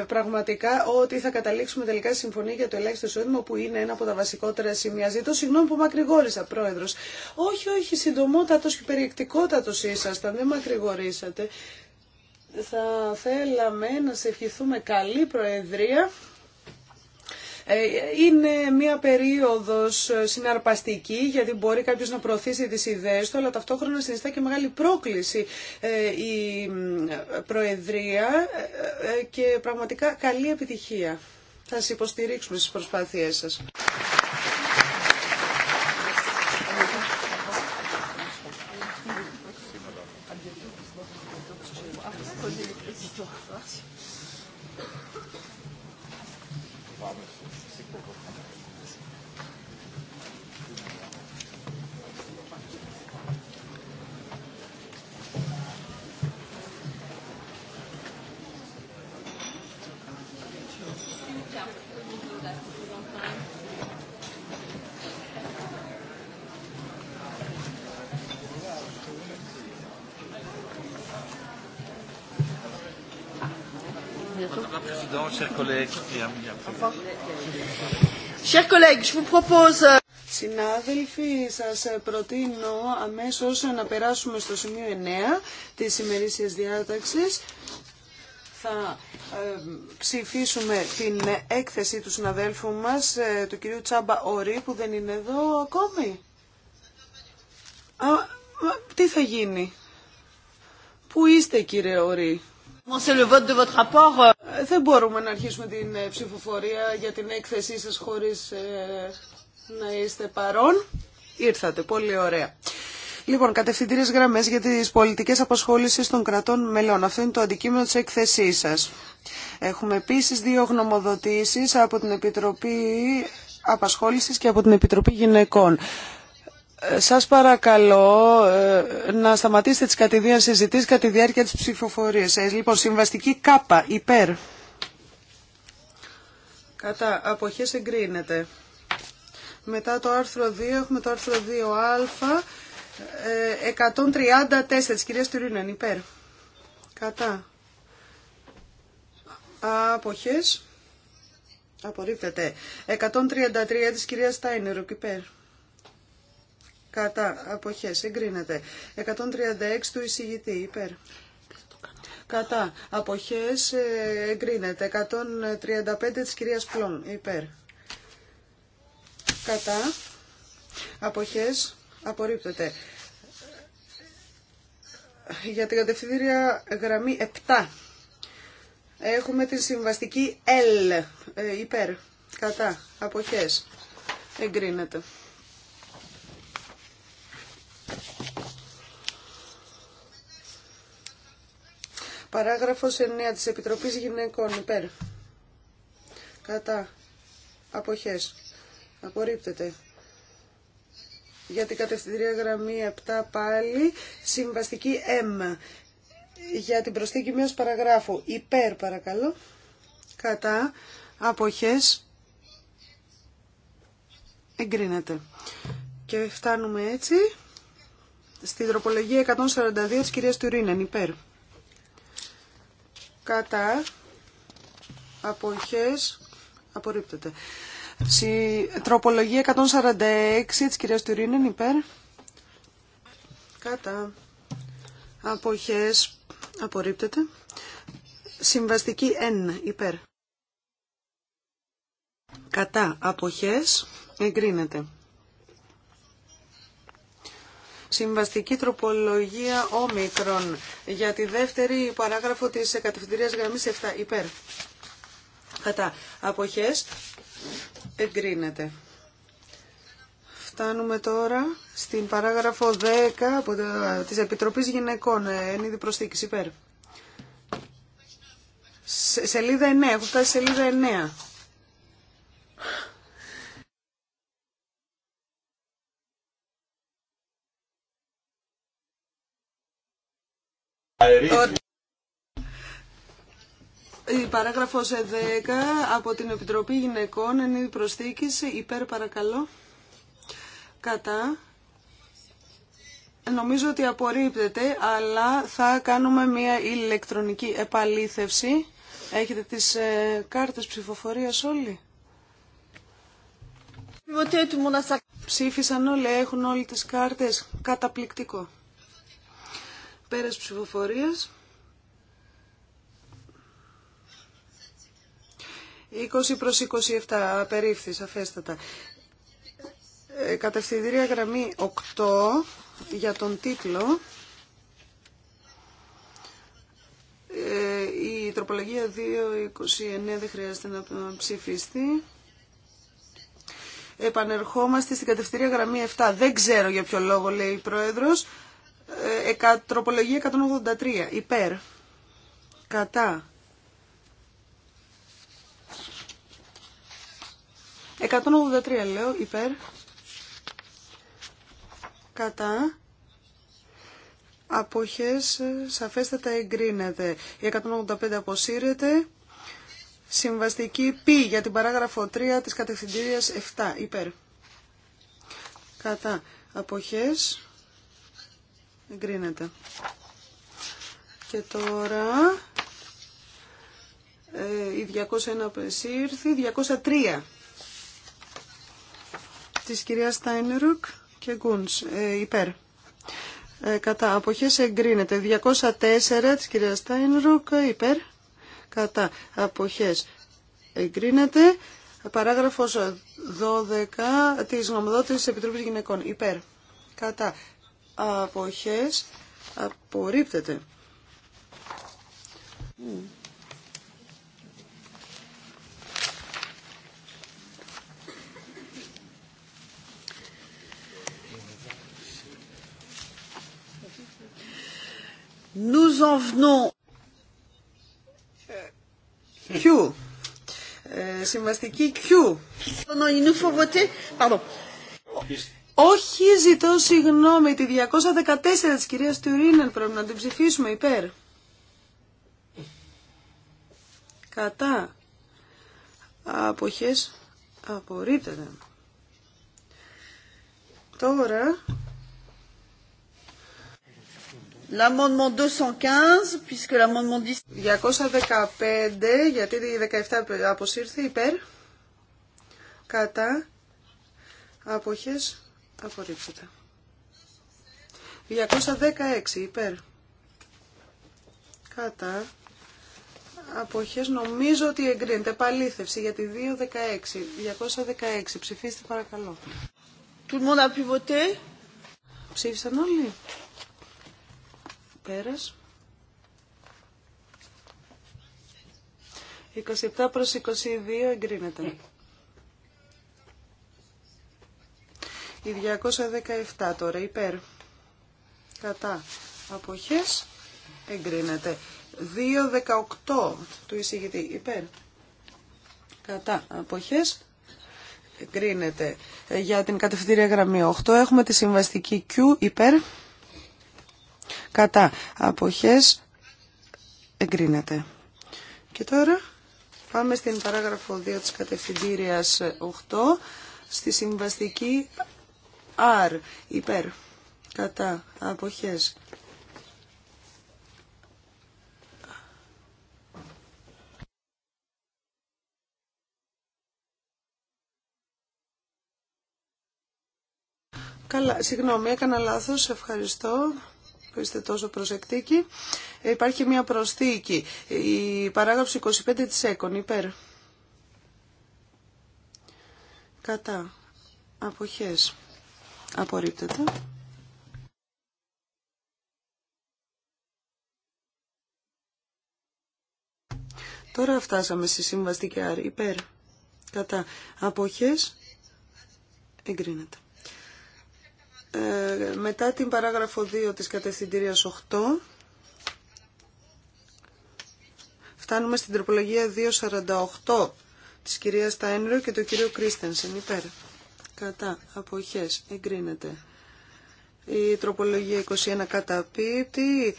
πραγματικά ότι θα καταλήξουμε τελικά συμφωνία για το ελάχιστο εισόδημα που είναι ένα από τα βασικότερα σημεία. Ζητώ συγγνώμη που μακρηγόρησα, Πρόεδρος. Όχι όχι, όχι, συντομότατος και περιεκτικότατος ήσασταν, δεν μακρηγορήσατε. Θα θέλαμε να σε ευχηθούμε καλή Προεδρία. Ε, είναι μία περίοδος συναρπαστική γιατί μπορεί κάποιος να προωθήσει τις ιδέες του αλλά ταυτόχρονα συνιστά και μεγάλη πρόκληση ε, η Προεδρία ε, και πραγματικά καλή επιτυχία. Θα σας υποστηρίξουμε στις προσπάθειές σας. Συνάδελφοι, σας προτείνω αμέσως να περάσουμε στο σημείο 9 της ημερήσιας διάταξης. Θα ε, ψηφίσουμε την έκθεση του συναδέλφου μας, ε, του κυρίου Τσάμπα Ορή, που δεν είναι εδώ ακόμη. Α, τι θα γίνει. Πού είστε κύριε Ορή. le vote de votre euh, δεν μπορούμε να αρχίσουμε την ε, ψηφοφορία για την έκθεσή σας χωρίς ε, να είστε παρόν. Ήρθατε, πολύ ωραία. Λοιπόν, κατευθυντήριες γραμμές για τις πολιτικές απασχόλησεις των κρατών μελών. Αυτό είναι το αντικείμενο της έκθεσής σας. Έχουμε επίσης δύο γνωμοδοτήσεις από την Επιτροπή Απασχόλησης και από την Επιτροπή Γυναικών. Ε, σας παρακαλώ ε, να σταματήσετε τις κατηδίαν συζητήσεις κατά τη διάρκεια της ψηφοφορίας. Ε, λοιπόν, συμβαστική κάπα υπέρ. Κατά αποχές εγκρίνεται. Μετά το άρθρο 2 έχουμε το άρθρο 2α. 134 της κυρίας Τουρίναν υπέρ. Κατά. Αποχές. Απορρίπτεται. 133 της κυρίας Στάινερου, υπέρ κατά αποχές εγκρίνεται 136 του εισηγητή υπέρ κατά αποχές ε, εγκρίνεται 135 της κυρίας Πλόν υπέρ κατά αποχές απορρίπτεται για την κατευθυντήρια γραμμή 7 έχουμε την συμβαστική L ε, υπέρ κατά αποχές εγκρίνεται Παράγραφος 9 της Επιτροπής Γυναικών υπέρ. Κατά. Αποχές. Απορρίπτεται. Για την κατευθυντήρια γραμμή 7 πάλι. Συμβαστική M. Για την προσθήκη μιας παραγράφου. Υπέρ παρακαλώ. Κατά. Αποχές. Εγκρίνεται. Και φτάνουμε έτσι στην τροπολογία 142 της κυρίας Τουρίνεν. Υπέρ κατά αποχές απορρίπτεται. Συ, τροπολογία 146 της κυρίας Τουρίνεν υπέρ κατά αποχές απορρίπτεται. Συμβαστική 1 υπέρ. Κατά αποχές εγκρίνεται. Συμβαστική τροπολογία όμικρον για τη δεύτερη παράγραφο της κατευθυντηρίας γραμμής 7 υπέρ. Κατά αποχές εγκρίνεται. Φτάνουμε τώρα στην παράγραφο 10 από το, της Επιτροπής Γυναικών, ένιδη ε, προσθήκης υπέρ. Σε, σελίδα 9, έχω φτάσει σελίδα 9. η παράγραφος 10 από την Επιτροπή Γυναικών είναι η προσθήκηση υπέρ παρακαλώ κατά νομίζω ότι απορρίπτεται αλλά θα κάνουμε μια ηλεκτρονική επαλήθευση έχετε τις ε, κάρτες ψηφοφορίας όλοι ψήφισαν όλοι έχουν όλοι τις κάρτες καταπληκτικό Πέρας ψηφοφορίας. 20 προς 27, απερίφθη, αφέστατα. Ε, κατευθυντήρια γραμμή 8 για τον τίτλο. Ε, η τροπολογία 2.29 δεν χρειάζεται να ψηφιστεί. Επανερχόμαστε στην κατευθυντήρια γραμμή 7. Δεν ξέρω για ποιο λόγο λέει η Πρόεδρος. Ε, εκα, τροπολογία 183 υπέρ κατά 183 λέω υπέρ κατά αποχές ε, σαφέστατα εγκρίνεται η 185 αποσύρεται συμβαστική π για την παράγραφο 3 της κατευθυντήριας 7 υπέρ κατά αποχές Εγκρίνεται. Και τώρα ε, η 201 ήρθε, 203 της κυρίας Στάινρουκ και Γκούνς, ε, ε, ε, υπέρ. κατά αποχές εγκρίνεται. 204 της κυρίας Στάινρουκ, υπέρ. Κατά αποχές εγκρίνεται. Παράγραφος 12 της νομοδότησης Επιτροπής Γυναικών, υπέρ. Κατά αποχές απορρίπτεται. Nous en venons. Q. Ε, συμβαστική Q. Non, il nous faut voter. Pardon. Όχι ζητώ συγγνώμη, τη 214 της κυρίας Τουρίνεν πρέπει να την ψηφίσουμε υπέρ. Κατά. Αποχές απορρίπτεται. Τώρα... L'amendement 215, puisque l'amendement 215, γιατί η 17 αποσύρθη, υπέρ, κατά, αποχές, Απορρίψετε. 216 υπέρ. Κατά. Αποχές νομίζω ότι εγκρίνεται. Παλήθευση για τη 216. 216. Ψηφίστε παρακαλώ. Tout le monde a Ψήφισαν όλοι. Πέρας. 27 προς 22 εγκρίνεται. Η 217 τώρα υπέρ κατά αποχές εγκρίνεται. 2.18 του εισηγητή υπέρ κατά αποχές εγκρίνεται. Για την κατευθυντήρια γραμμή 8 έχουμε τη συμβαστική Q υπέρ κατά αποχές εγκρίνεται. Και τώρα πάμε στην παράγραφο 2 της κατευθυντήριας 8 στη συμβαστική Αρ, υπέρ κατά αποχές Καλά, συγγνώμη, έκανα λάθος, ευχαριστώ που είστε τόσο προσεκτικοί. Ε, υπάρχει μια προσθήκη, η παράγραψη 25 της ΕΚΟΝ, υπέρ. Κατά. Αποχές. Απορρίπτεται. Τώρα φτάσαμε στη συμβαστική άρη. Υπέρ. Κατά. Αποχές. Εγκρίνεται. Ε, μετά την παράγραφο 2 της κατευθυντήριας 8 φτάνουμε στην τροπολογία 248 της κυρίας Τάινρο και του κυρίου Κρίστενσεν. Υπέρ κατά αποχές εγκρίνεται. Η τροπολογία 21 καταπίπτει,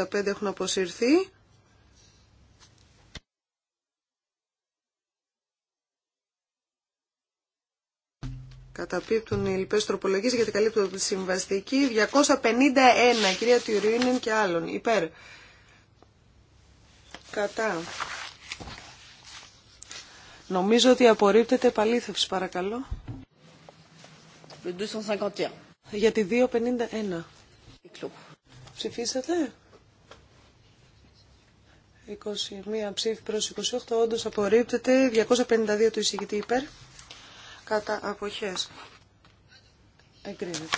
242-245 έχουν αποσυρθεί. Καταπίπτουν οι λοιπές τροπολογίες γιατί καλύπτουν τη συμβαστική. 251, κυρία Τιουρίνιν και άλλων, υπέρ. Κατά Νομίζω ότι απορρίπτεται επαλήθευση, παρακαλώ. 251. Για τη 251. Ψηφίσατε. 21 ψήφι προς 28, όντως απορρίπτεται. 252 του εισηγητή υπέρ. Κατά αποχές. Εγκρίνεται.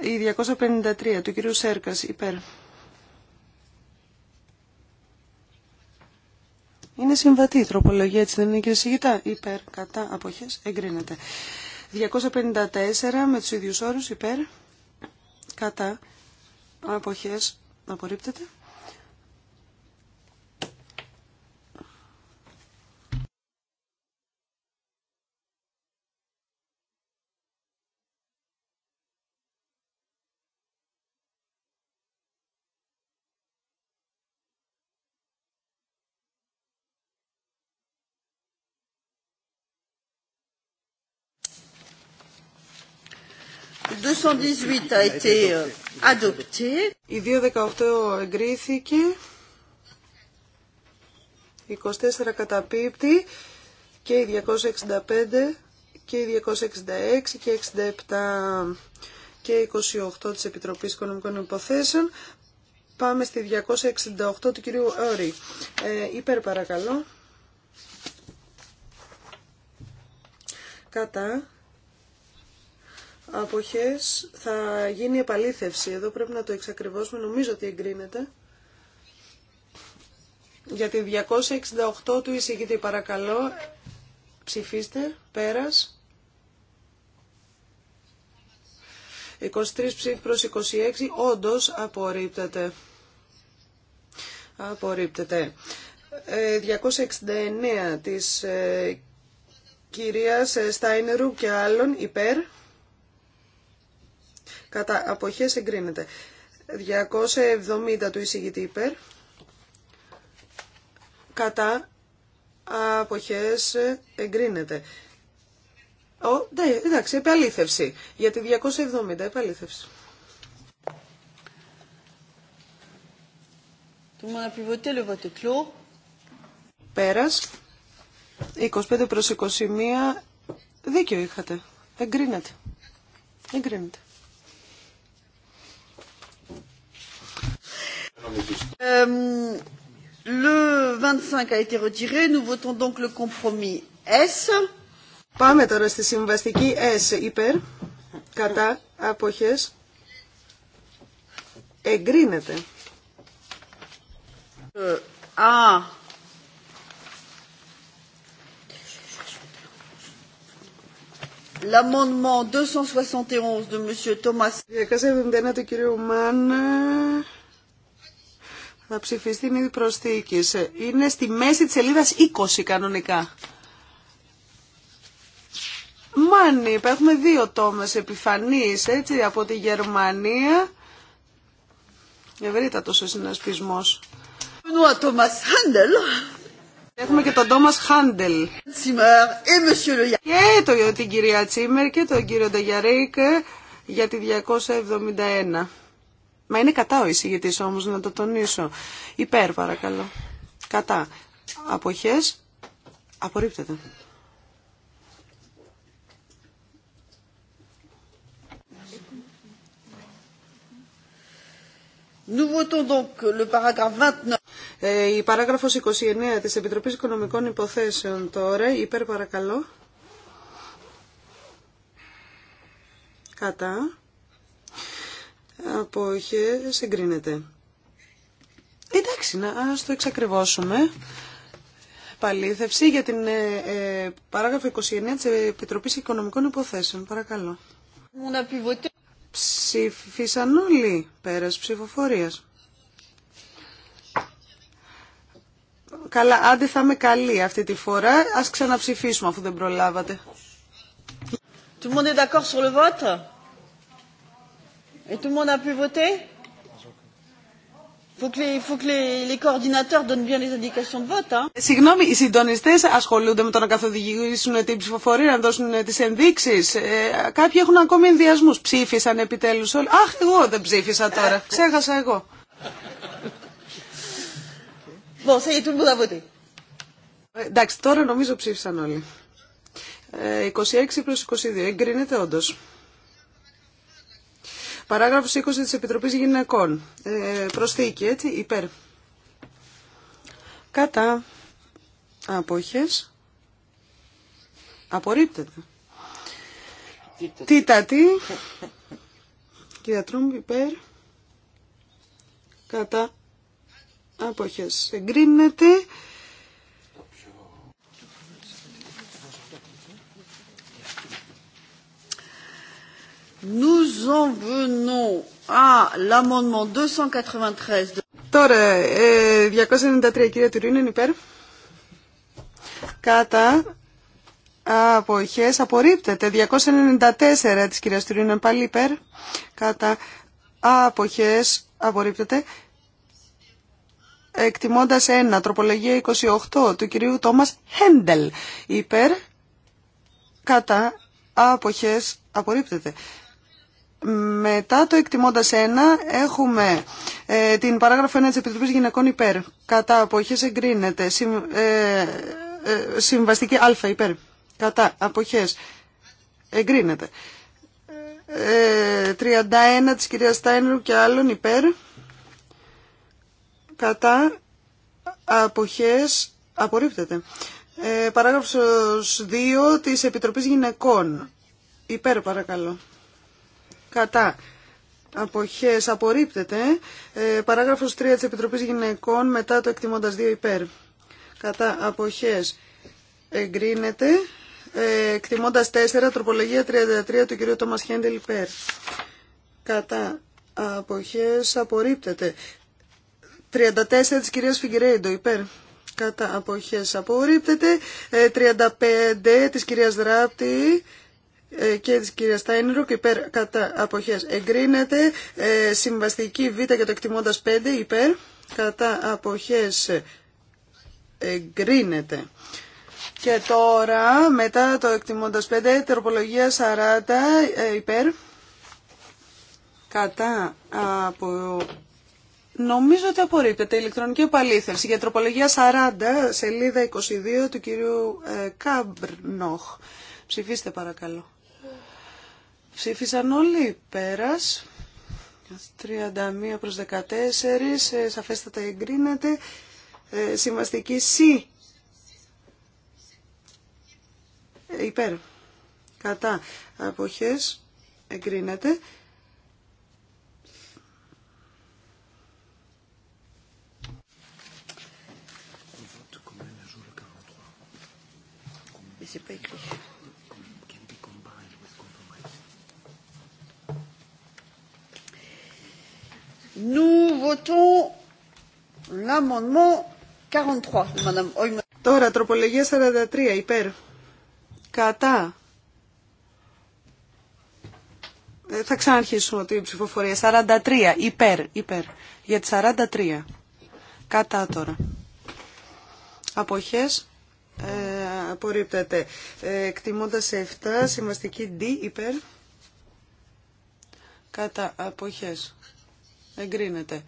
Η 253 του κυρίου Σέρκας υπέρ. Είναι συμβατή η τροπολογία, έτσι δεν είναι κύριε Σιγητά. Υπέρ, κατά, αποχές, εγκρίνεται. 254 με τους ίδιους όρους, υπέρ, κατά, αποχές, απορρίπτεται. 218 euh, Η 218 εγκρίθηκε. 24 καταπίπτει και η 265 και η 266 και 67 και 28 της Επιτροπής Οικονομικών Υποθέσεων. Πάμε στη 268 του κυρίου Ωρί. Ε, υπέρ παρακαλώ. Κατά αποχές θα γίνει επαλήθευση. Εδώ πρέπει να το εξακριβώσουμε. Νομίζω ότι εγκρίνεται. Για τη 268 του εισηγείται. παρακαλώ ψηφίστε. Πέρας. 23 ψήφι προς 26 όντως απορρίπτεται. Απορρίπτεται. 269 ε, της ε, κυρίας ε, Στάινερου και άλλων υπέρ κατά αποχές εγκρίνεται. 270 του εισηγητή υπέρ, κατά αποχές εγκρίνεται. Ο, ναι, εντάξει, επαλήθευση. Γιατί 270, επαλήθευση. Tout le a pu Πέρας, 25 προς 21, δίκιο είχατε. Εγκρίνεται. Εγκρίνεται. Le 25 a été retiré. Nous votons donc le compromis S. Πάμε τώρα στη συμβαστική S υπέρ, κατά, αποχές, εγκρίνεται. Α. L'amendement 271 de M. Thomas θα ψηφιστεί μη προσθήκης. Είναι στη μέση της σελίδας 20 κανονικά. Μάνι, έχουμε δύο τόμες επιφανείς, έτσι, από τη Γερμανία. Ευρύτατος ο συνασπισμός. Έχουμε και τον Τόμας Χάντελ. Και το, την κυρία Τσίμερ και τον κύριο Νταγιαρέικ για τη 271. Μα είναι κατά ο εισηγητής όμως να το τονίσω. Υπέρ παρακαλώ. Κατά. Αποχές. Απορρίπτεται. Nous votons donc le paragraphe 29. Ε, η παράγραφος 29 της Επιτροπής Οικονομικών Υποθέσεων τώρα, υπέρ παρακαλώ. Κατά είχε συγκρίνεται. Εντάξει, να ας το εξακριβώσουμε. Παλήθευση για την ε, ε παράγραφο 29 της Επιτροπής Οικονομικών Υποθέσεων. Παρακαλώ. Ψήφισαν όλοι πέρας ψηφοφορίας. Καλά, άντε θα είμαι καλή αυτή τη φορά. Ας ξαναψηφίσουμε αφού δεν προλάβατε. Tout le monde est d'accord sur le vote Et tout le monde a pu voter Συγγνώμη, οι συντονιστέ ασχολούνται με το να καθοδηγήσουν την ψηφοφορία, να δώσουν τι ενδείξει. Ε, κάποιοι έχουν ακόμη ενδιασμού. Ψήφισαν επιτέλου όλοι. Αχ, εγώ δεν ψήφισα τώρα. Ξέχασα εγώ. εντάξει, τώρα νομίζω ψήφισαν όλοι. 26 ε, προς 22. Εγκρίνεται όντως. Παράγραφος 20 της Επιτροπής Γυναικών. Ε, προσθήκη, έτσι, υπέρ. Κατά απόχε. απορρίπτεται. Τίτα τι. Κυρία Τρούμπ, υπέρ. Κατά αποχές εγκρίνεται. Nous 293. Τώρα, 293, ε, κυρία Τουρίνεν, υπέρ. Κατά αποχές απορρίπτεται. 294 της κυρίας Τουρίνεν, πάλι υπέρ. Κατά αποχές απορρίπτεται. Εκτιμώντας ένα τροπολογία 28 του κυρίου Τόμας Χέντελ. Υπέρ. Κατά αποχές απορρίπτεται. Μετά το εκτιμώντα 1 έχουμε ε, την παράγραφο 1 της Επιτροπής Γυναικών υπέρ. Κατά αποχές εγκρίνεται. Ε, ε, συμβαστική α υπέρ. Κατά αποχές εγκρίνεται. 31 ε, της κυρία Στάινρου και άλλων υπέρ. Κατά αποχές απορρίπτεται. παράγραφος 2 της Επιτροπής Γυναικών. Υπέρ παρακαλώ κατά. Αποχές απορρίπτεται. Ε, παράγραφος 3 της Επιτροπής Γυναικών μετά το εκτιμώντας 2 υπέρ. Κατά αποχές εγκρίνεται. Ε, εκτιμώντας 4 τροπολογία 33 του κ. Τόμας Χέντελ υπέρ. Κατά αποχές απορρίπτεται. 34 της κυρίας Φιγκρέιντο υπέρ. Κατά αποχές απορρίπτεται. 35 ε, της κυρίας Δράπτη ε, και της κυρία Στάινρουκ υπέρ κατά αποχές εγκρίνεται ε, συμβαστική β για το εκτιμώντας 5 υπέρ κατά αποχές εγκρίνεται και τώρα μετά το εκτιμώντας 5 τροπολογία 40 ε, υπέρ κατά από Νομίζω ότι απορρίπτεται η ηλεκτρονική επαλήθευση για τροπολογία 40, σελίδα 22 του κυρίου Κάμπρνοχ. Ψηφίστε παρακαλώ. Ψήφισαν όλοι πέρας. 31 προς 14, ε, σαφέστατα εγκρίνεται. Ε, συμβαστική C. Ε, υπέρ. Κατά. Αποχές εγκρίνεται. 43 Madame Τώρα, τροπολογία 43, υπέρ. Κατά. Ε, θα ότι την ψηφοφορία. 43, υπέρ, υπέρ. Για 43. Κατά τώρα. Αποχές. Ε, απορρίπτεται. Ε, εκτιμώντας 7, συμβαστική D, υπέρ. Κατά αποχές. Εγκρίνεται.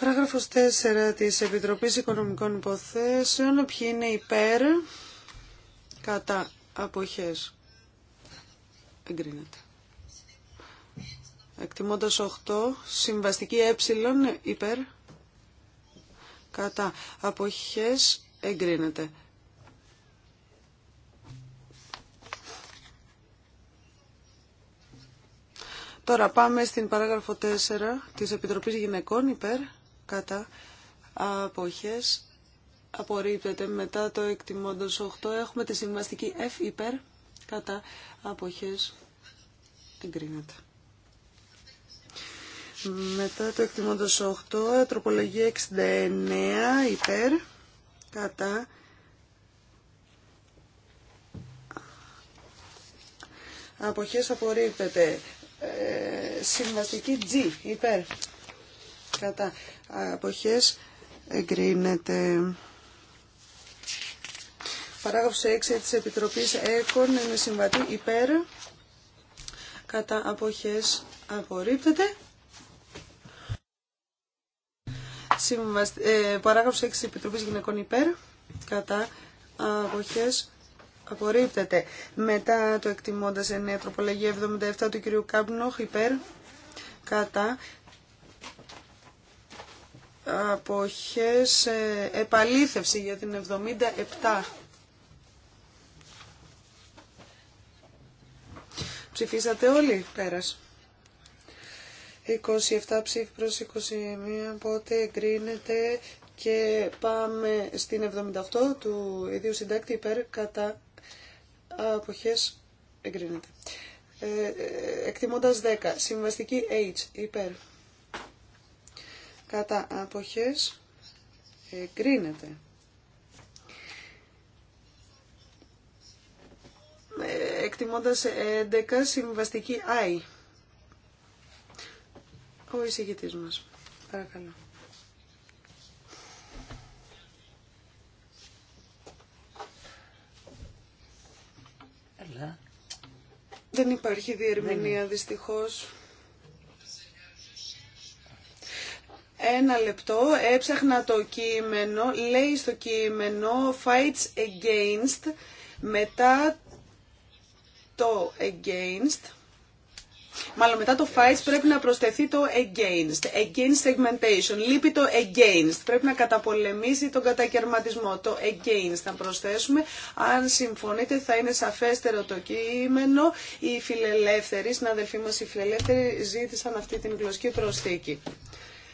Παράγραφος 4 της Επιτροπής Οικονομικών Υποθέσεων. Ποιοι είναι υπέρ κατά αποχές. Εγκρίνεται. Εκτιμώντας 8, συμβαστική ε υπέρ κατά αποχές εγκρίνεται. Τώρα πάμε στην παράγραφο 4 της Επιτροπής Γυναικών υπέρ κατά αποχές απορρίπτεται μετά το εκτιμώντος 8 έχουμε τη συμβαστική F υπέρ κατά αποχές εγκρίνεται. Μετά το εκτιμώντος 8, τροπολογία 69, υπέρ, κατά. Αποχές απορρίπτεται συμβαστική G υπέρ κατά αποχές εγκρίνεται. Παράγραφος 6 της Επιτροπής ΕΚΟΝ είναι συμβατή υπέρ κατά αποχές απορρίπτεται. Συμβασ... Ε, 6 της Επιτροπής Γυναικών υπέρ κατά αποχές απορρίπτεται. Μετά το εκτιμώντας νέα τροπολογία 77 του κυρίου Κάμπνοχ, υπέρ, κατά, αποχές, ε, επαλήθευση για την 77. Ψηφίσατε όλοι, πέρας. 27 ψήφι προς 21, οπότε εγκρίνεται και πάμε στην 78 του ιδίου συντάκτη υπέρ κατά αποχές εγκρίνεται. Ε, ε εκτιμώντας 10. Συμβαστική H υπέρ. Κατά αποχές εγκρίνεται. Ε, εκτιμώντας 11. Συμβαστική I. Ο εισηγητής μας. Παρακαλώ. Δεν υπάρχει διερμηνία δυστυχώς. Ένα λεπτό, έψαχνα το κείμενο, λέει στο κείμενο fights against, μετά το against, Μάλλον μετά το fights πρέπει να προσθεθεί το against. Against segmentation. Λείπει το against. Πρέπει να καταπολεμήσει τον κατακαιρματισμό. Το against θα προσθέσουμε. Αν συμφωνείτε θα είναι σαφέστερο το κείμενο. Οι φιλελεύθεροι, συναδελφοί μας οι φιλελεύθεροι ζήτησαν αυτή την γλωσσική προσθήκη.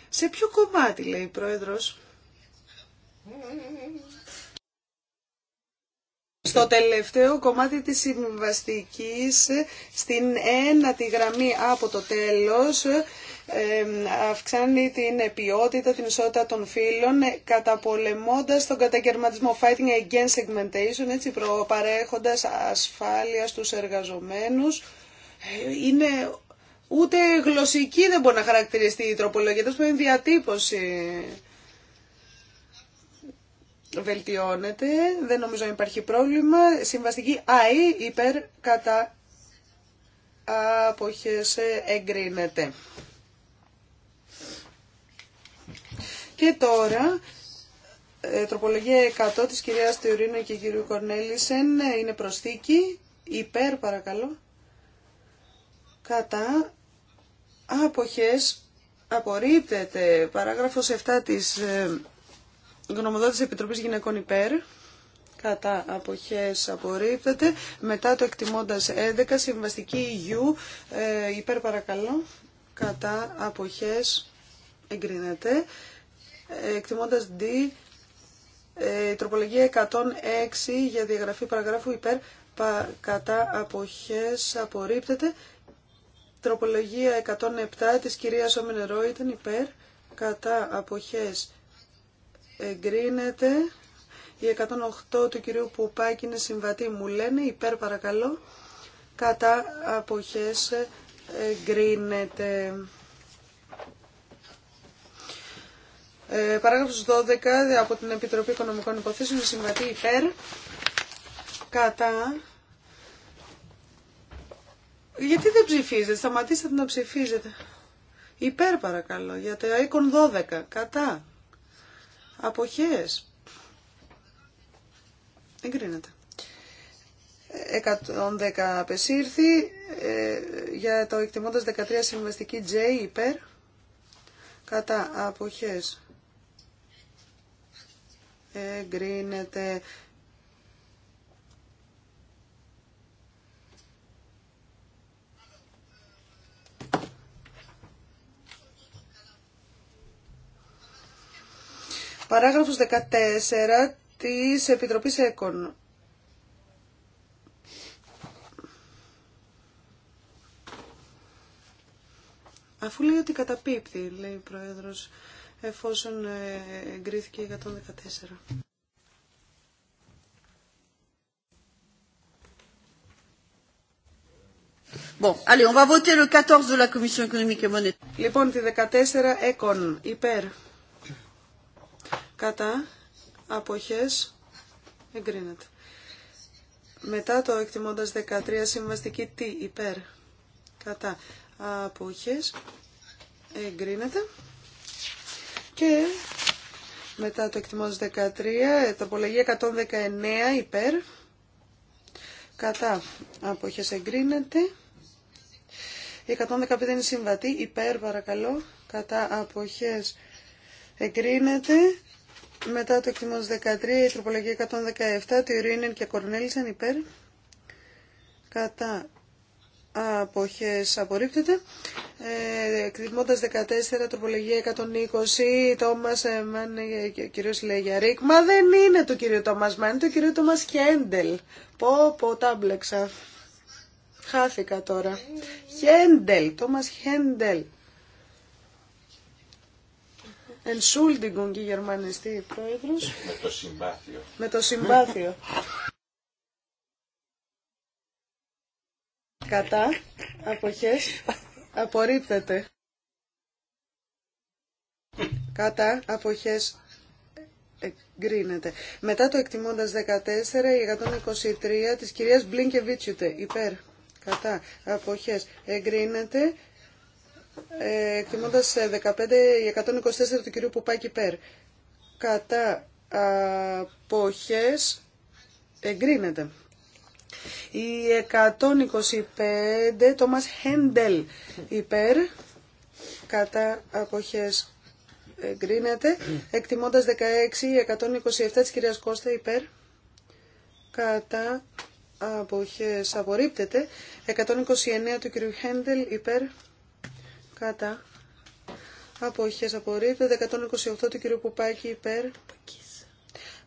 Σε ποιο κομμάτι λέει η Πρόεδρος. Στο τελευταίο κομμάτι της συμβαστικής, στην ένατη γραμμή από το τέλος, αυξάνει την ποιότητα, την ισότητα των φύλων, ε, καταπολεμώντας τον κατακαιρματισμό fighting against segmentation, έτσι προπαρέχοντας ασφάλεια στους εργαζομένους. Ε, είναι ούτε γλωσσική δεν μπορεί να χαρακτηριστεί η τροπολογία, τόσο είναι διατύπωση βελτιώνεται, δεν νομίζω να υπάρχει πρόβλημα. Συμβαστική ΑΗ υπέρ κατά αποχές εγκρίνεται. Και τώρα, ε, τροπολογία 100 της κυρίας Τιουρίνου και κύριου Κορνέλησεν ε, είναι προσθήκη, υπέρ παρακαλώ, κατά αποχές απορρίπτεται. Παράγραφος 7 της ε, τη Επιτροπή Γυναικών Υπέρ. Κατά αποχές απορρίπτεται. Μετά το εκτιμώντας 11, συμβαστική ΥΓΙΟΥ ε, υπέρ παρακαλώ. Κατά αποχές εγκρίνεται. Ε, εκτιμώντας D, ε, τροπολογία 106 για διαγραφή παραγράφου υπέρ πα, κατά αποχές απορρίπτεται. Τροπολογία 107 της κυρίας Όμινε Ρόιτεν υπέρ κατά αποχές εγκρίνεται. Η 108 του κυρίου Πουπάκη είναι συμβατή μου λένε, υπέρ παρακαλώ, κατά αποχές εγκρίνεται. Ε, παράγραφος 12 από την Επιτροπή Οικονομικών Υποθέσεων συμβατή υπέρ, κατά... Γιατί δεν ψηφίζετε, σταματήστε να ψηφίζετε. Υπέρ παρακαλώ, για το 12, κατά. Αποχές. Εγκρίνεται. 110 απεσύρθη ε, για το εκτιμώντας 13 συμβαστική J υπέρ κατά αποχές εγκρίνεται Παράγραφος 14 της Επιτροπής ΕΚΟΝ. Αφού λέει ότι καταπίπτει, λέει ο Πρόεδρος, εφόσον ε, εγκρίθηκε η 114. Bon, allez, on va voter le 14 de la Commission économique et monétaire. Λοιπόν, τη 14 έκον, υπέρ κατά αποχές εγκρίνεται. Μετά το εκτιμώντας 13 συμβαστική τι υπέρ κατά αποχές εγκρίνεται. Και μετά το εκτιμώντας 13 τοπολογία 119 υπέρ κατά αποχές εγκρίνεται. Η 115 είναι συμβατή υπέρ παρακαλώ κατά αποχές εγκρίνεται. Μετά το κοιμός 13, η τροπολογία 117, τη και Κορνέλισεν υπέρ. Κατά αποχές απορρίπτεται. Ε, 14, τροπολογία 120, Τόμας ε, Μαν, ε, κύριος Λέγια Ρίκ. Μα δεν είναι το κύριο Τόμας Μαν, είναι το κύριο Τόμας Χέντελ. Πω, πω, τα μπλέξα. Χάθηκα τώρα. Χέντελ, Τόμας Χέντελ. Ενσούλτιγκουν και Γερμανιστή πρόεδρο. Με το συμπάθειο. Με το συμπάθειο. Κατά. αποχέ. Απορρίπτεται. Κατά. αποχέ. Εγκρίνεται. Μετά το εκτιμώντα 14, η 123 τη κυρία Μπλίνκεβίτσιουτε. Υπέρ. Κατά. Αποχές. Εγκρίνεται. Ε, εκτιμώντας 15 ή 124 του κυρίου Πουπάκη Περ. Κατά αποχές εγκρίνεται. Η 125 Τόμας Χέντελ υπέρ κατά αποχές εγκρίνεται. Εκτιμώντας 16 ή 127 της κυρίας Κώστα υπέρ κατά αποχές απορρίπτεται. 129 του κυρίου Χέντελ υπέρ κατά αποχές απορρίπτεται 128 του κύριου Πουπάκη υπέρ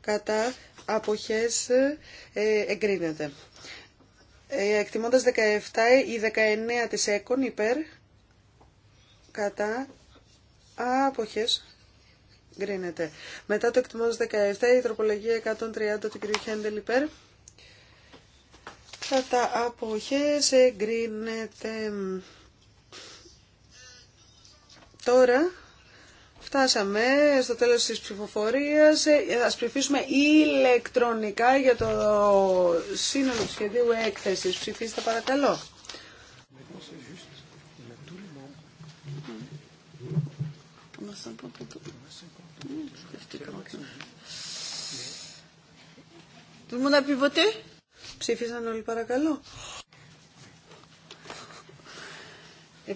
κατά αποχές ε, εγκρίνεται ε, εκτιμώντας 17 ή 19 της έκον υπέρ κατά αποχές εγκρίνεται μετά το εκτιμώντας 17 η τροπολογία 130 του κύριου Χέντελ υπέρ κατά αποχές εγκρίνεται Τώρα φτάσαμε στο τέλος της ψηφοφορίας. Θα ε, ψηφίσουμε ηλεκτρονικά για το σύνολο του σχεδίου έκθεσης. Ψηφίστε παρακαλώ. Tout le monde Ψήφισαν όλοι παρακαλώ. Ε,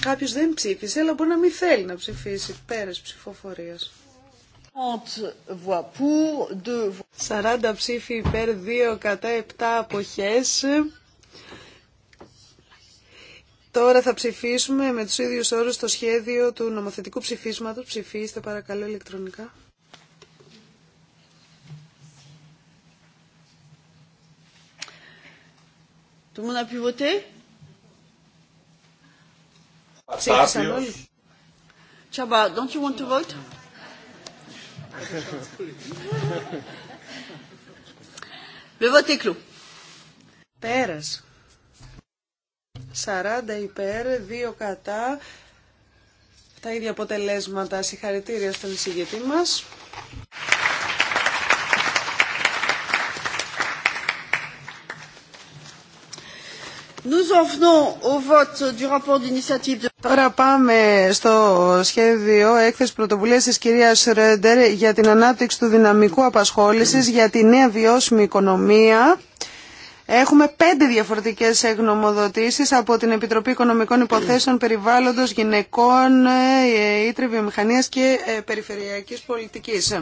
Κάποιο δεν ψήφισε, αλλά μπορεί να μην θέλει να ψηφίσει. Πέρα ψηφοφορία. 40 ψήφοι υπέρ, 2 κατά 7 αποχέ. Τώρα θα ψηφίσουμε με του ίδιου όρου το σχέδιο του νομοθετικού ψήφισματο. Ψηφίστε παρακαλώ ηλεκτρονικά. Tout le monde a Ψήφισαν όλοι. Τσαμπά, don't you want to vote? Le vote est clos. Πέρας. 40 υπέρ, 2 κατά. Τα ίδια αποτελέσματα. Συγχαρητήρια στον εισηγητή μας. Nous en venons au vote du rapport d'initiative de Τώρα πάμε στο σχέδιο έκθεση πρωτοβουλία τη κυρία Ρέντερ για την ανάπτυξη του δυναμικού απασχόλησης για τη νέα βιώσιμη οικονομία. Έχουμε πέντε διαφορετικές εγγνωμοδοτήσεις από την Επιτροπή Οικονομικών Υποθέσεων περιβάλλοντο, Γυναικών, ε, Ήτρε Βιομηχανία και ε, Περιφερειακής Πολιτικής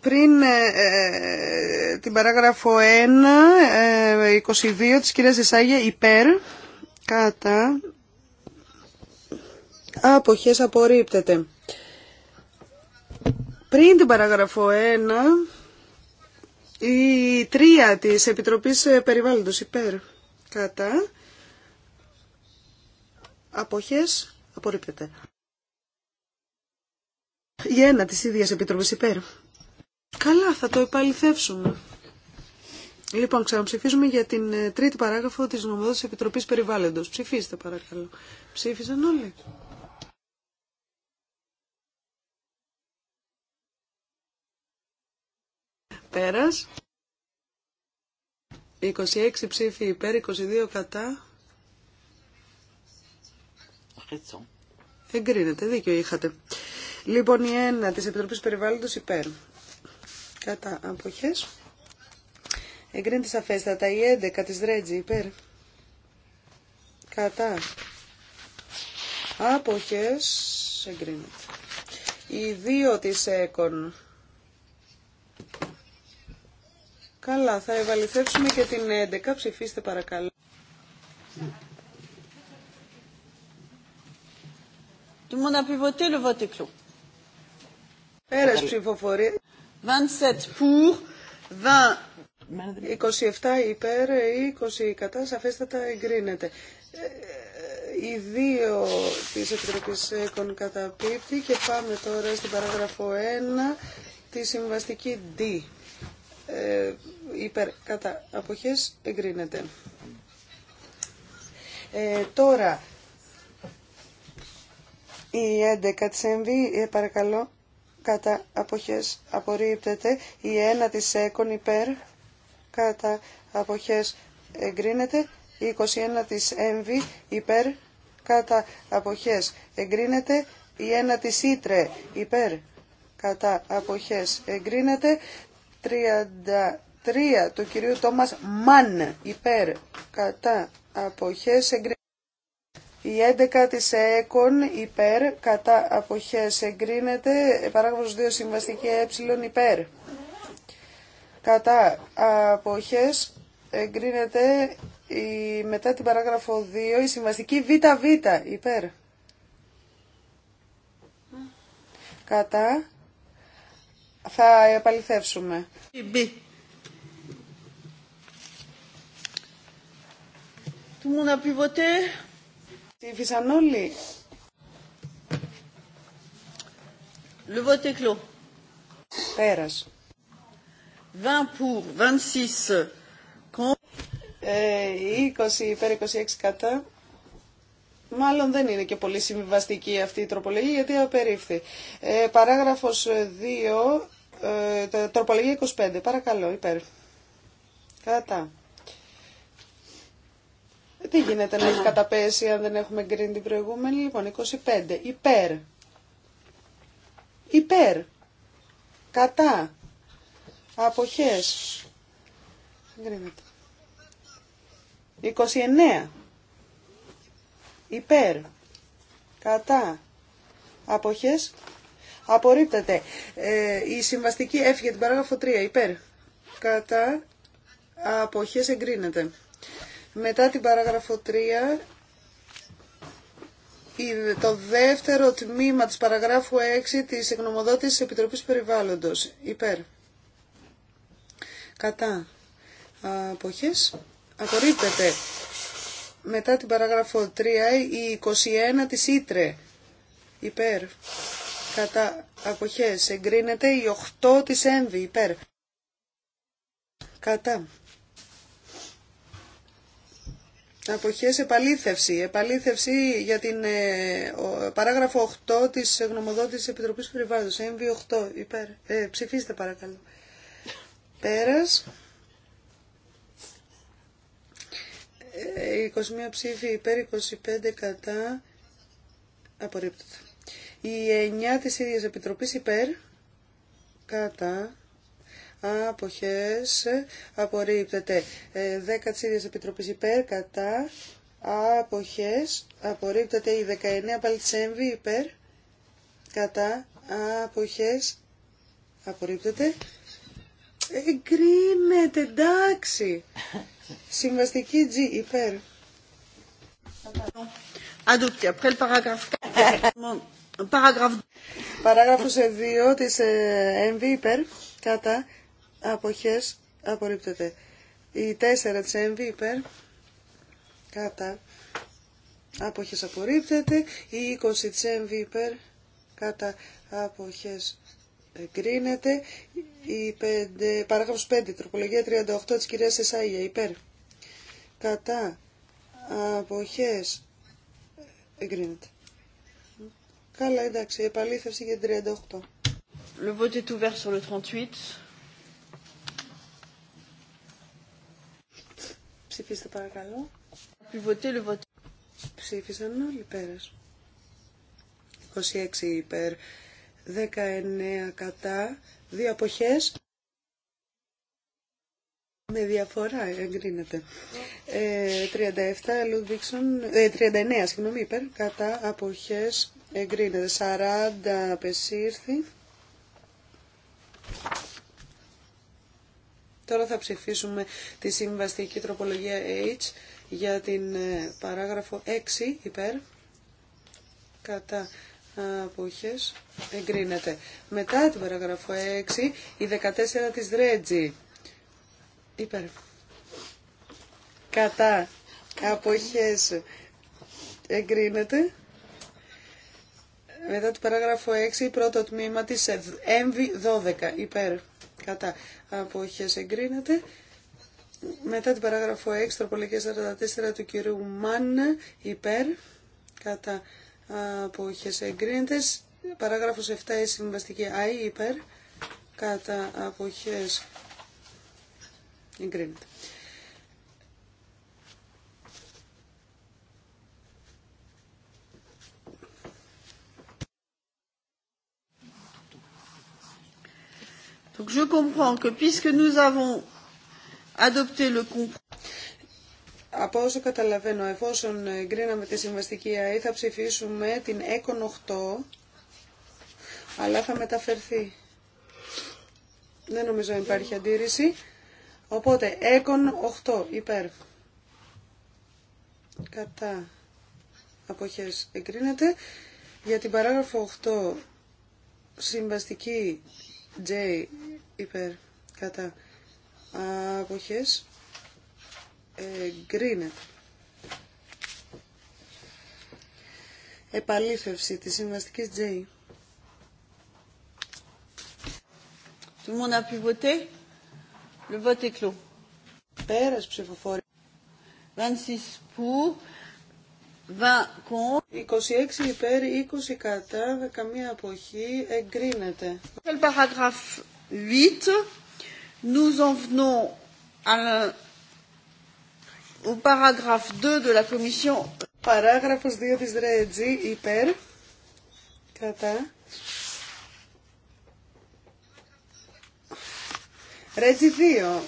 πριν ε, ε, την παράγραφο 1, 22 ε, της κυρίας Ζησάγια, υπέρ, κατά, άποχες απορρίπτεται. Πριν την παράγραφο 1, η 3 της Επιτροπής Περιβάλλοντος, υπέρ, κατά, άποχες απορρίπτεται. Η 1 της ίδιας Επιτροπής υπέρ Καλά, θα το επαληθεύσουμε. Λοιπόν, ξαναψηφίζουμε για την ε, τρίτη παράγραφο της νομοδότησης Επιτροπής Περιβάλλοντος. Ψηφίστε παρακαλώ. Ψήφισαν όλοι. Πέρας. 26 ψήφοι υπέρ, 22 κατά. Εγκρίνεται, δίκιο είχατε. Λοιπόν, η ένα της Επιτροπής Περιβάλλοντος υπέρ κατά αποχές. Εγκρίνεται σαφέστατα η 11 της Ρέτζη υπέρ κατά αποχές εγκρίνεται. Η 2 της ΕΚΟΝ. Καλά, θα ευαληθεύσουμε και την 11. Ψηφίστε παρακαλώ. Tout Πέρας ψηφοφορία. 27 pour, 20 υπέρ, 20 κατά, σαφέστατα εγκρίνεται. Ε, ε, οι δύο της Επιτροπής έχουν καταπίπτει και πάμε τώρα στην παράγραφο 1, τη συμβαστική D. Ε, υπέρ, κατά, αποχές, εγκρίνεται. Ε, τώρα, η 11 Τσέμβη, παρακαλώ, κατά αποχές απορρίπτεται, η 1 της έκον υπέρ κατά αποχές εγκρίνεται, η 21 της έμβη υπέρ κατά αποχές εγκρίνεται, η 1 της ήτρε υπέρ κατά αποχές εγκρίνεται, 33 του κυρίου Τόμας Μαν υπέρ κατά αποχές εγκρίνεται. Η 11 της ΕΚΟΝ υπέρ, κατά αποχές εγκρίνεται, παράγραφος 2 συμβαστική ε υπέρ. Κατά αποχές εγκρίνεται η, μετά την παράγραφο 2 η συμβαστική ΒΒ υπέρ. Κατά θα επαληθεύσουμε. Tout le monde a pu voter. Ψήφισαν όλοι. Le Πέρας. 20 pour, 26 contre. Ε, υπέρ 26 κατά. Μάλλον δεν είναι και πολύ συμβιβαστική αυτή η τροπολογία γιατί απερίφθη. Ε, παράγραφος 2, ε, τροπολογία 25. Παρακαλώ, υπέρ. Κατά. Δεν γίνεται να έχει καταπέσει αν δεν έχουμε γκριν την προηγούμενη. Λοιπόν, 25. Υπέρ. Υπέρ. Κατά. Αποχές. 29. Υπέρ. Κατά. Αποχές. Απορρίπτεται. Ε, η συμβαστική έφυγε την παράγραφο 3. Υπέρ. Κατά. Αποχές εγκρίνεται. Μετά την παράγραφο 3, το δεύτερο τμήμα της παραγράφου 6 της εκνομοδότησης Επιτροπής Περιβάλλοντος. Υπέρ. Κατά. Αποχές. Απορρίπτεται. Μετά την παραγράφο 3 η 21 της Ήτρε. Υπέρ. Κατά. Αποχές. Εγκρίνεται η 8 της Έμβη. Υπέρ. Κατά. Αποχές επαλήθευση. Επαλήθευση για την ε, παράγραφο 8 της γνωμοδότησης Επιτροπής Περιβάλλοντος. MV8. Υπέρ. Ε, ψηφίστε παρακαλώ. Πέρας. 21 ε, ψήφοι υπέρ, 25 κατά. Απορρίπτεται. Η 9 της ίδιας Επιτροπής υπέρ. Κατά αποχές απορρίπτεται. 10 ε, της επιτροπή υπέρ κατά αποχές απορρίπτεται. Η 19 πάλι υπέρ κατά αποχές απορρίπτεται. Εγκρίνεται, εντάξει. Συμβαστική G, υπέρ. Adopté après le paragraphe Παράγραφος 2 της ε, MV υπέρ κατά αποχές απορρίπτεται. Η 4 της υπέρ κατά αποχές απορρίπτεται. Η 20 της υπέρ κατά αποχές εγκρίνεται. Η 5, παράγραφος 5, τροπολογία 38 της κυρίας Εσάγια υπέρ κατά αποχές εγκρίνεται. Καλά, εντάξει, επαλήθευση για 38. Le vote est ouvert sur le 38. Ψηφίστε παρακαλώ. Ψήφισαν όλοι πέρας. 26 υπέρ, 19 κατά, δύο αποχές. Με διαφορά εγκρίνεται. Ε, 37 Λουδίξον, 39 συγγνώμη υπέρ, κατά αποχές εγκρίνεται. 40 απεσύρθη. Τώρα θα ψηφίσουμε τη συμβαστική τροπολογία H για την ε, παράγραφο 6 υπέρ κατά αποχές εγκρίνεται. Μετά την παράγραφο 6 η 14 της Ρέτζη υπέρ κατά αποχές εγκρίνεται. Μετά την παράγραφο 6 η πρώτο τμήμα της ΕΜΒ 12 υπέρ κατά αποχές εγκρίνεται. Μετά την παράγραφο 6, τροπολογία 44 του κυρίου Μάν, υπέρ, κατά αποχές εγκρίνεται. Παράγραφος 7, η συμβαστική ΑΗ, υπέρ, κατά αποχές εγκρίνεται. Donc je comprends que puisque nous avons adopté le από όσο καταλαβαίνω, εφόσον εγκρίναμε τη συμβαστική ΑΕ, θα ψηφίσουμε την ΕΚΟΝ 8, αλλά θα μεταφερθεί. Δεν νομίζω υπάρχει αντίρρηση. Οπότε, ΕΚΟΝ 8, υπέρ. Κατά αποχές εγκρίνεται. Για την παράγραφο 8, συμβαστική J υπέρ κατά αποχές εγκρίνεται. Επαλήθευση της συμβαστικής J. Tout le monde a pu voter. Le vote est clos. Πέρας ψηφοφόρη. 26 pour, 26 υπέρ, 20 κατά, καμία αποχή, εγκρίνεται. Στο παράγραφ 8, nous en venons à au paragraphe 2 de la commission. Παράγραφος 2 της Ρέτζη, υπέρ, κατά. Ρέτζη 2,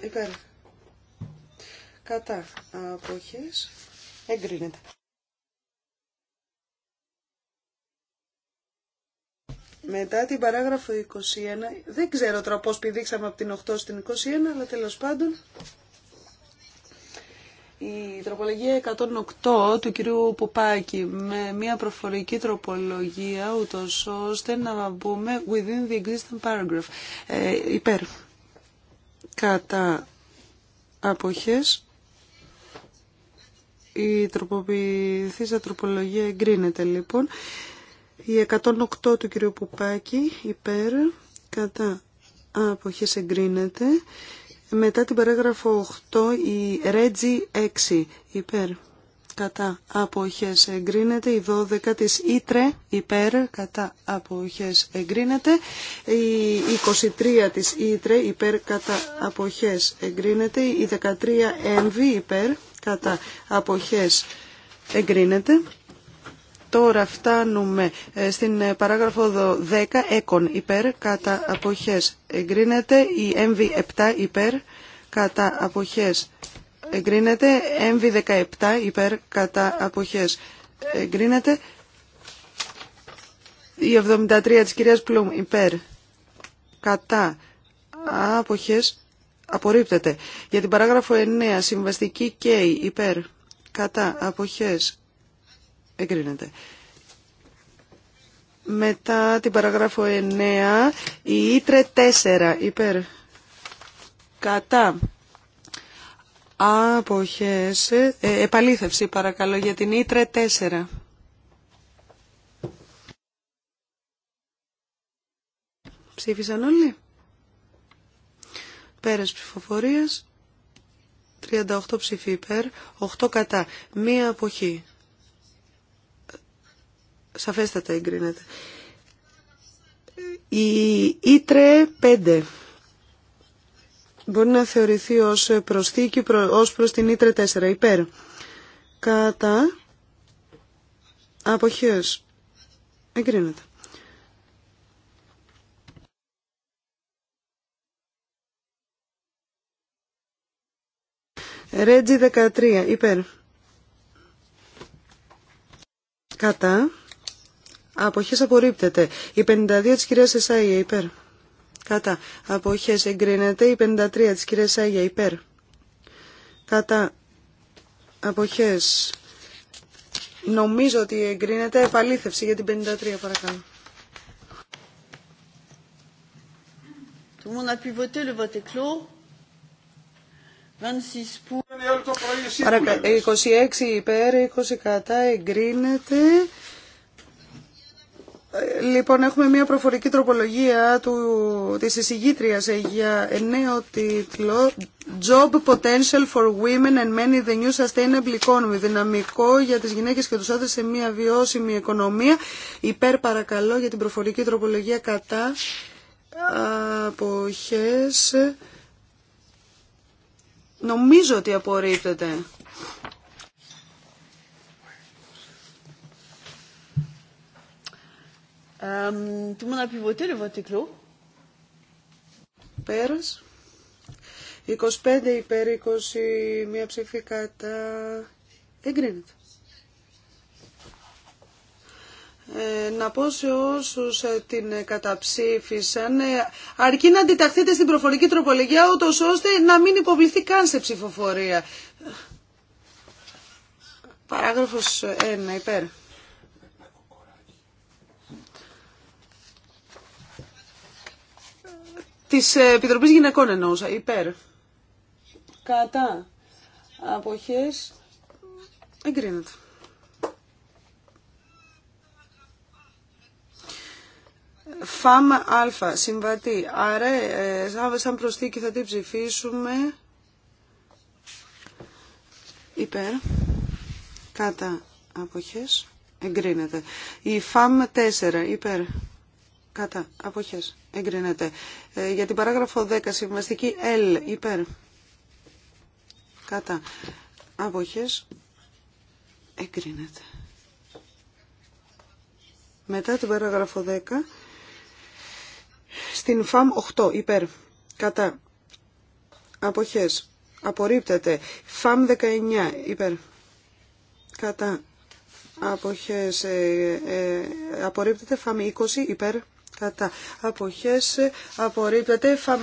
υπέρ, κατά, αποχής. Εγκρίνεται. Μετά την παράγραφο 21, δεν ξέρω τώρα πώς πηδήξαμε από την 8 στην 21, αλλά τέλος πάντων η τροπολογία 108 του κυρίου Πουπάκη με μια προφορική τροπολογία ούτως ώστε να μπούμε within the existing paragraph. Ε, υπέρ. Κατά αποχές η τροποποιηθήσα τροπολογία εγκρίνεται λοιπόν. Η 108 του κυρίου Πουπάκη υπέρ κατά αποχές εγκρίνεται. Μετά την παράγραφο 8 η Ρέτζι 6 υπέρ κατά αποχές εγκρίνεται, η 12 της Ήτρε υπέρ κατά αποχές εγκρίνεται, η 23 της Ήτρε υπέρ κατά αποχές εγκρίνεται, η 13 Έμβη υπέρ κατά αποχές εγκρίνεται. Τώρα φτάνουμε ε, στην ε, παράγραφο 10, έκον υπέρ, κατά αποχές εγκρίνεται, η MV7 υπέρ, κατά αποχές εγκρίνεται, MV17 υπέρ, κατά αποχές εγκρίνεται, η 73 της κυρίας Πλουμ υπέρ, κατά αποχές απορρίπτεται. Για την παράγραφο 9, συμβαστική και υπέρ, κατά, αποχές, εγκρίνεται. Μετά την παράγραφο 9, η ήτρε 4, υπέρ, κατά, αποχές, ε, ε, επαλήθευση παρακαλώ για την ήτρε 4. Ψήφισαν όλοι. Πέρες ψηφοφορίας. 38 ψηφί υπέρ, 8 κατά, μία αποχή. Σαφέστατα εγκρίνεται. Η Ήτρε 5 μπορεί να θεωρηθεί ως προσθήκη ως προς την Ήτρε 4 υπέρ. Κατά αποχές. Εγκρίνεται. Ρέτζι 13 υπέρ. Κατά. Αποχές απορρίπτεται. Η 52 της κυρίας Εσάγια υπέρ. Κατά. Αποχές εγκρίνεται. Η 53 της κυρίας Εσάγια υπέρ. Κατά. Αποχές. Νομίζω ότι εγκρίνεται επαλήθευση για την 53 παρακαλώ. Tout le monde a pu voter, le vote est clos. 26 υπέρ, 20 κατά, εγκρίνεται. Ε, λοιπόν, έχουμε μια προφορική τροπολογία του, της εισηγήτριας για νέο τίτλο Job Potential for Women and Men in the New Sustainable Economy Δυναμικό για τις γυναίκες και τους άντρες σε μια βιώσιμη οικονομία Υπέρ παρακαλώ για την προφορική τροπολογία κατά αποχές Νομίζω ότι απορρίπτεται. Tout le monde a Πέρας. 25 υπέρ, 21 ψήφοι κατά. Εγκρίνεται. Ε, να πω σε όσους ε, την καταψήφισαν, ε, αρκεί να αντιταχθείτε στην προφορική τροπολογία, ούτως ώστε να μην υποβληθεί καν σε ψηφοφορία. Παράγραφος 1, υπέρ. Της Επιτροπής Γυναικών εννοούσα, υπέρ. Κατά. Αποχές. Εγκρίνεται. Φάμα Α, συμβατή. Άρα, ε, σαν προσθήκη θα την ψηφίσουμε. Υπέρ. Κατά αποχές. Εγκρίνεται. Η ΦΑΜ 4. Υπέρ. Κατά αποχές. Εγκρίνεται. Ε, για την παράγραφο 10, συμβαστική L. Υπέρ. Κατά αποχές. Εγκρίνεται. Μετά την παράγραφο 10, στην ΦΑΜ 8 υπέρ κατά αποχές απορρίπτεται. ΦΑΜ 19 υπέρ κατά αποχές ε, ε απορρίπτεται. ΦΑΜ 20 υπέρ κατά αποχές απορρίπτεται. ΦΑΜ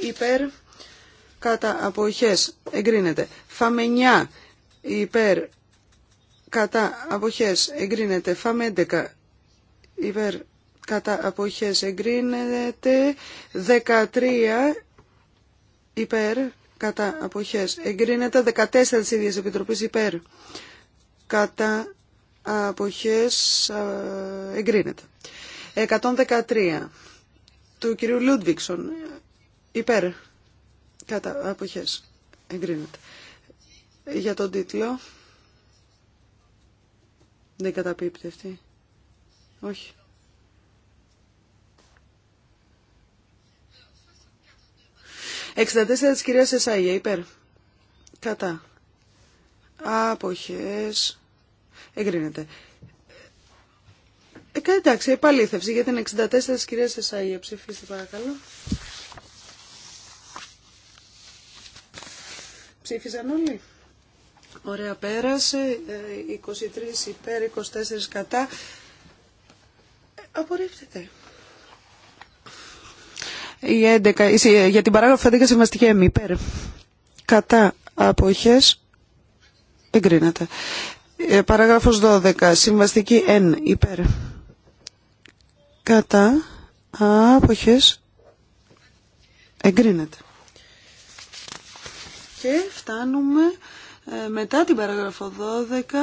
6 υπέρ κατά αποχές εγκρίνεται. ΦΑΜ 9 υπέρ κατά αποχές εγκρίνεται. ΦΑΜ 11 υπέρ κατά αποχές εγκρίνεται 13 υπέρ κατά αποχές εγκρίνεται 14 της ίδιας επιτροπής υπέρ κατά αποχές εγκρίνεται 113 του κυρίου Λούντβικσον υπέρ κατά αποχές εγκρίνεται για τον τίτλο δεν καταπίπτει αυτή όχι 64 της κυρίας Εσάγια, υπέρ. Κατά. Αποχές. Εγκρίνεται. Ε, εντάξει, επαλήθευση για την 64 της κυρίας Εσάγια. Ψηφίστε παρακαλώ. Ψήφισαν όλοι. Ωραία, πέρασε. 23 ε, υπέρ, 24 κατά. Ε, Απορρίφτεται. Η για την παράγραφο 11 συμβαστική ΕΜ υπέρ. Κατά αποχές εγκρίνεται. Ε, παράγραφος 12. Συμβαστική εν υπέρ. Κατά άποχες εγκρίνεται. Και φτάνουμε ε, μετά την παράγραφο 12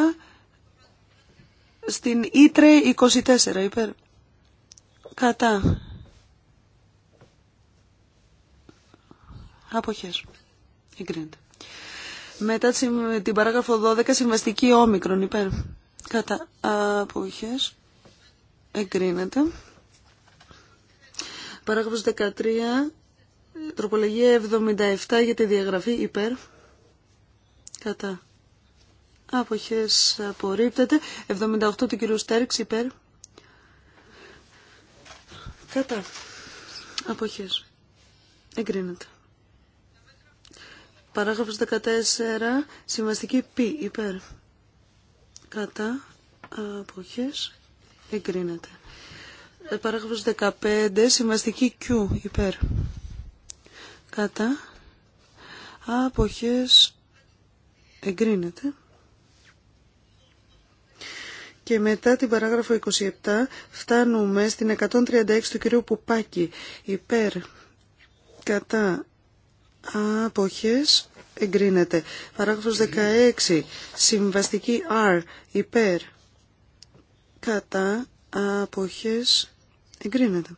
στην Ήτρε 24 υπέρ. Κατά Αποχές. Εγκρίνεται. Μετά την παράγραφο 12, συμβαστική όμικρον υπέρ. Κατά αποχές. Εγκρίνεται. Παράγραφο 13, τροπολογία 77 για τη διαγραφή υπέρ. Κατά αποχές απορρίπτεται. 78 του κυρίου Στέρξ υπέρ. Κατά αποχές. Εγκρίνεται. Παράγραφος 14, σημαστική π, υπέρ. Κατά αποχές εγκρίνεται. Ε, παράγραφος 15, σημαστική Q, υπέρ. Κατά αποχές εγκρίνεται. Και μετά την παράγραφο 27 φτάνουμε στην 136 του κυρίου Πουπάκη. Υπέρ κατά αποχές εγκρίνεται. Παράγραφος 16. Συμβαστική R υπέρ κατά αποχές εγκρίνεται.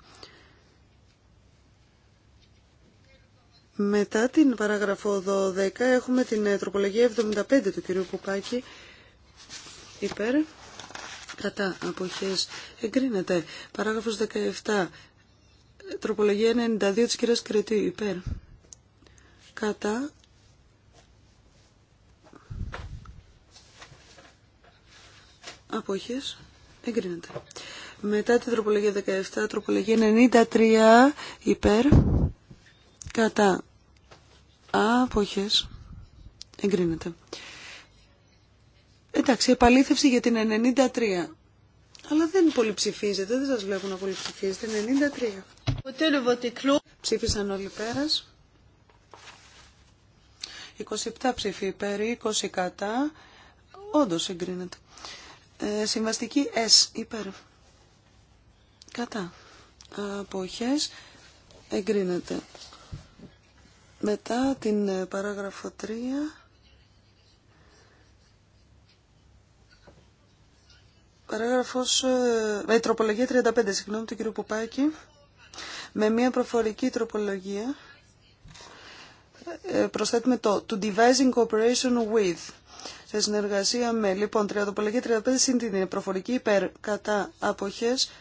Μετά την παράγραφο 12 έχουμε την ε, τροπολογία 75 του κυρίου Κουπάκη. υπέρ κατά αποχές εγκρίνεται. Παράγραφος 17. Τροπολογία 92 της κυρίας Κρετή υπέρ κατά απόχες εγκρίνεται. Μετά την τροπολογία 17, τροπολογία 93 υπέρ κατά απόχες εγκρίνεται. Εντάξει, επαλήθευση για την 93. Αλλά δεν πολυψηφίζεται, δεν σας βλέπω να πολυψηφίζετε. 93. Ψήφισαν όλοι πέρας. 27 ψήφοι υπέρ, 20 κατά. Όντως εγκρίνεται. Ε, S υπέρ. Κατά. Αποχές εγκρίνεται. Μετά την ε, παράγραφο 3... Παράγραφος, ε, τροπολογία 35, συγγνώμη, του κ. Πουπάκη, με μια προφορική τροπολογία ε, προσθέτουμε το to devise in cooperation with. Σε συνεργασία με, λοιπόν, 35 συν προφορική υπέρ κατά αποχές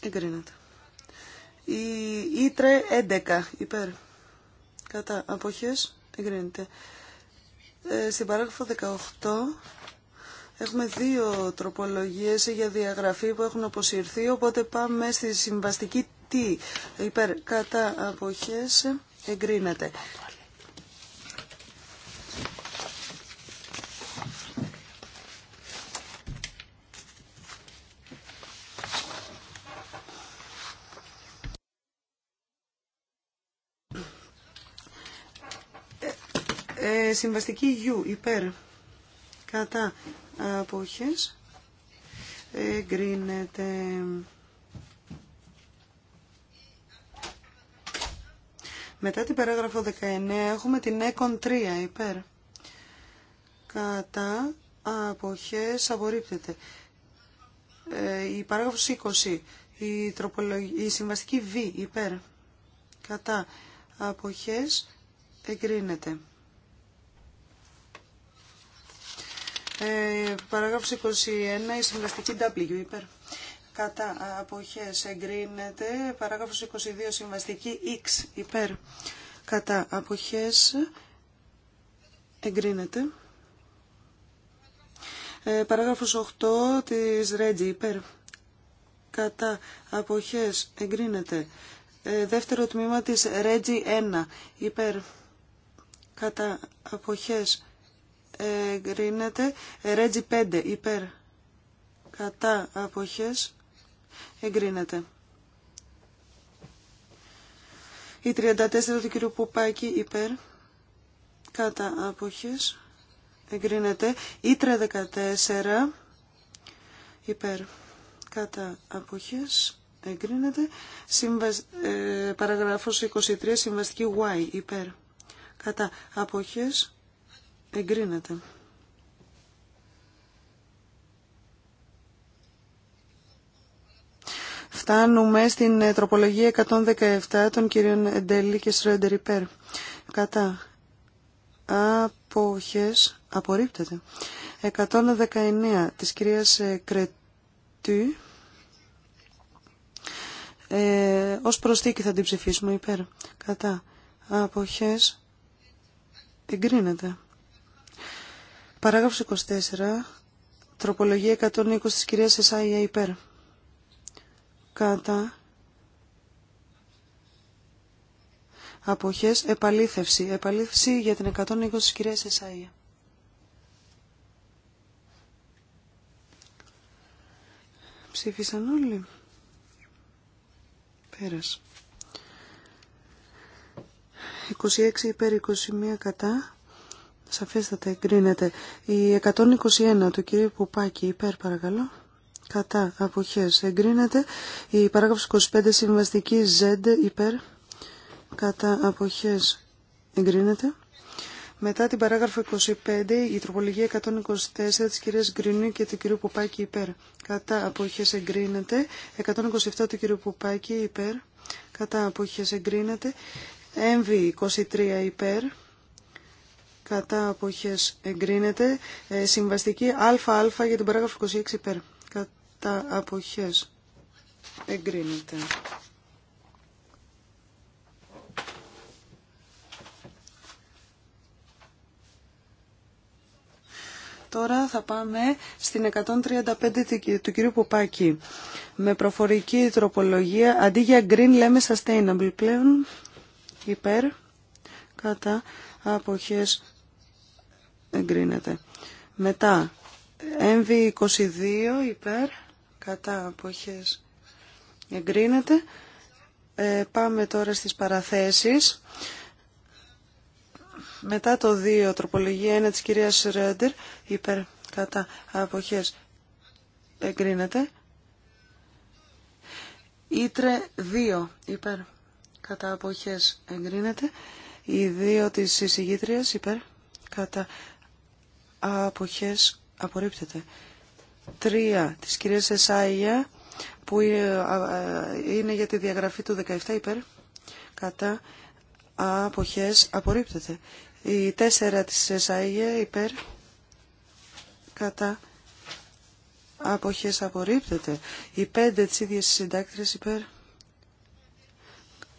εγκρίνεται. Η Ήτρε 11 υπέρ κατά αποχές εγκρίνεται. Ε, στην παράγραφο 18 έχουμε δύο τροπολογίες για διαγραφή που έχουν αποσυρθεί, οπότε πάμε στη συμβαστική τι υπέρ κατά αποχές εγκρίνεται. Ε, ε, συμβαστική γιου υπέρ κατά αποχές εγκρίνεται Μετά την παράγραφο 19 έχουμε την έκον 3 υπέρ. Κατά αποχές απορρίπτεται. Ε, η παράγραφος 20. Η, η συμβαστική Β υπέρ. Κατά αποχές εγκρίνεται. Ε, παράγραφος 21. Η συμβαστική W υπέρ κατά αποχές εγκρίνεται. Παράγραφος 22 συμβαστική X υπέρ κατά αποχές εγκρίνεται. Ε, παράγραφος 8 της Ρέτζη υπέρ κατά αποχές εγκρίνεται. Ε, δεύτερο τμήμα της Ρέτζη 1 υπέρ κατά αποχές εγκρίνεται. Ρέτζη ε, 5 υπέρ κατά αποχές εγκρίνεται. Η 34 του κ. Πουπάκη υπέρ κατά άποχες εγκρίνεται. Η 34. υπέρ κατά άποχες εγκρίνεται. Συμβασ... Ε, παραγράφος 23 συμβαστική Y υπέρ κατά άποχες εγκρίνεται. φτάνουμε στην ε, τροπολογία 117 των κυρίων Εντελή και Σρέντερ υπέρ. Κατά. Αποχές. Απορρίπτεται. 119 της κυρίας ε, Κρετού. Ε, ως προσθήκη θα την ψηφίσουμε υπέρ. Κατά. Αποχές. Εγκρίνεται. Παράγραφος 24. Τροπολογία 120 της κυρίας Εσάια υπέρ κατά αποχές επαλήθευση. Επαλήθευση για την 120 κυρία Σεσαΐα. Ψήφισαν όλοι. Πέρασε. 26 υπέρ 21 κατά. Σαφέστατα εγκρίνεται. Η 121 του κυρίου Πουπάκη υπέρ παρακαλώ κατά αποχές εγκρίνεται η παράγραφος 25 συμβαστική Z υπέρ κατά αποχές εγκρίνεται μετά την παράγραφο 25 η τροπολογία 124 της κυρίας Γκρινού και του κυρίου Πουπάκη υπέρ κατά αποχές εγκρίνεται 127 του κυρίου Πουπάκη υπέρ κατά αποχές εγκρίνεται έμβη 23 υπέρ κατά αποχές εγκρίνεται ε, συμβαστική ΑΑ για την παράγραφο 26 υπέρ τα αποχές εγκρίνεται. Τώρα θα πάμε στην 135 του κύριου Πουπάκη. Με προφορική τροπολογία, αντί για green λέμε sustainable πλέον, υπέρ, κατά, αποχές, εγκρίνεται. Μετά, MV22 υπέρ, κατά αποχές εγκρίνεται. Ε, πάμε τώρα στις παραθέσεις. Μετά το 2, τροπολογία 1 της κυρίας Σρέντερ, υπέρ κατά αποχές εγκρίνεται. Ήτρε 2, υπέρ κατά αποχές εγκρίνεται. Οι 2 της εισηγήτριας, υπέρ κατά αποχές απορρίπτεται. 3 της κυρίας Εσάια που είναι για τη διαγραφή του 17 υπέρ κατά αποχές απορρίπτεται. Η 4 της Εσάια υπέρ κατά αποχές απορρίπτεται. Η 5 της ίδιας συντάκτρες υπέρ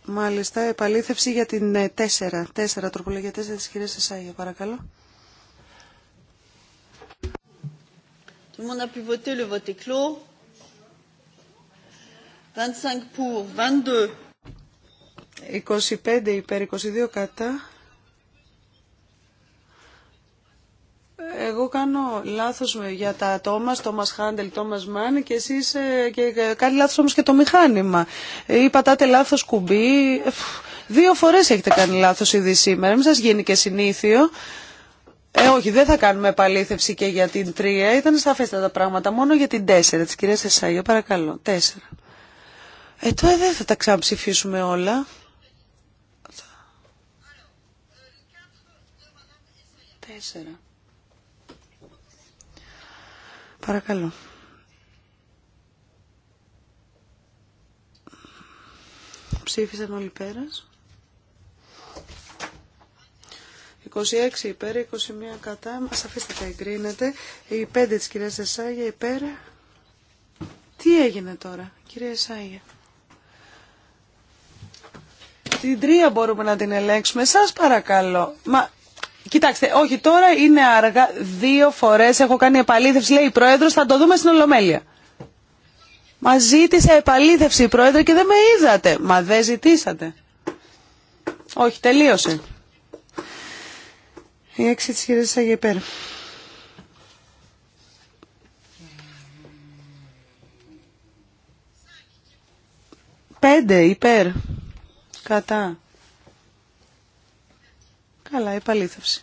Μάλιστα, επαλήθευση για την 4. Ε, 4 τροπολογία 4 της κυρίας Εσάγια, παρακαλώ. Tout le monde a pu voter, le vote est clos. 25 pour, 22. 25 υπέρ, 22 κατά. Εγώ κάνω λάθος για τα Τόμας, Τόμας Χάντελ, Τόμας Μάν και εσείς ε, και ε, κάνει λάθος όμως και το μηχάνημα. Ε, ή πατάτε λάθος κουμπί. Δύο φορές έχετε κάνει λάθος ήδη σήμερα. Μην σας γίνει και συνήθιο. Ε, όχι, δεν θα κάνουμε επαλήθευση και για την τρία, Ήταν σαφέστατα τα πράγματα. Μόνο για την τέσσερα, της κυρίας Εσάγιο. Παρακαλώ. τέσσερα. Ε, τώρα δεν θα τα ξαναψηφίσουμε όλα. Τέσσερα. Παρακαλώ. Ψήφισαν όλοι πέρας. 26 υπέρ, 21 κατά, τα εγκρίνετε Η 5 της κυρίας Εσάγια υπέρ. Τι έγινε τώρα, κυρία Εσάγια Την τρία μπορούμε να την ελέγξουμε, σας παρακαλώ. Μα Κοιτάξτε, όχι τώρα είναι αργά. Δύο φορέ έχω κάνει επαλήθευση, λέει η Πρόεδρο, θα το δούμε στην Ολομέλεια. Μα ζήτησε επαλήθευση η Πρόεδρε και δεν με είδατε. Μα δεν ζητήσατε. Όχι, τελείωσε. Η έξι της Πέντε υπέρ. Κατά. Καλά, επαλήθευση.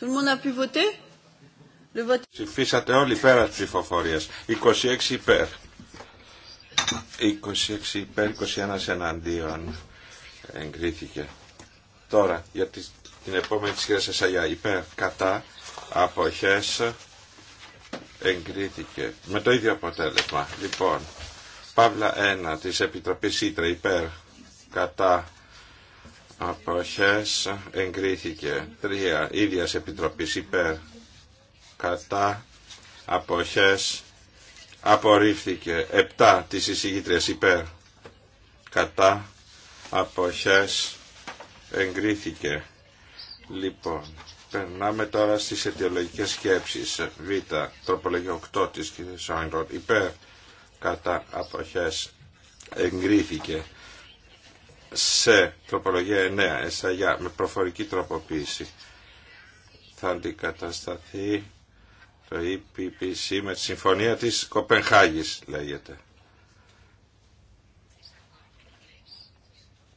Tout Ψηφίσατε όλοι πέρα τη 26 υπέρ. 26 υπέρ 21 εναντίον εγκρίθηκε. Τώρα για την επόμενη της κυρίας Εσαγιά υπέρ κατά αποχές εγκρίθηκε με το ίδιο αποτέλεσμα. Λοιπόν, Παύλα 1 της Επιτροπής Ήτρα υπέρ κατά αποχές εγκρίθηκε. 3 ίδιας Επιτροπής υπέρ κατά αποχές απορρίφθηκε 7 της εισηγήτριας υπέρ κατά αποχές εγκρίθηκε λοιπόν περνάμε τώρα στις αιτιολογικές σκέψεις β τροπολογία 8 της κ. Άγκρον υπέρ κατά αποχές εγκρίθηκε σε τροπολογία 9 εσαγιά με προφορική τροποποίηση θα αντικατασταθεί το EPPC με τη συμφωνία της Κοπενχάγης λέγεται.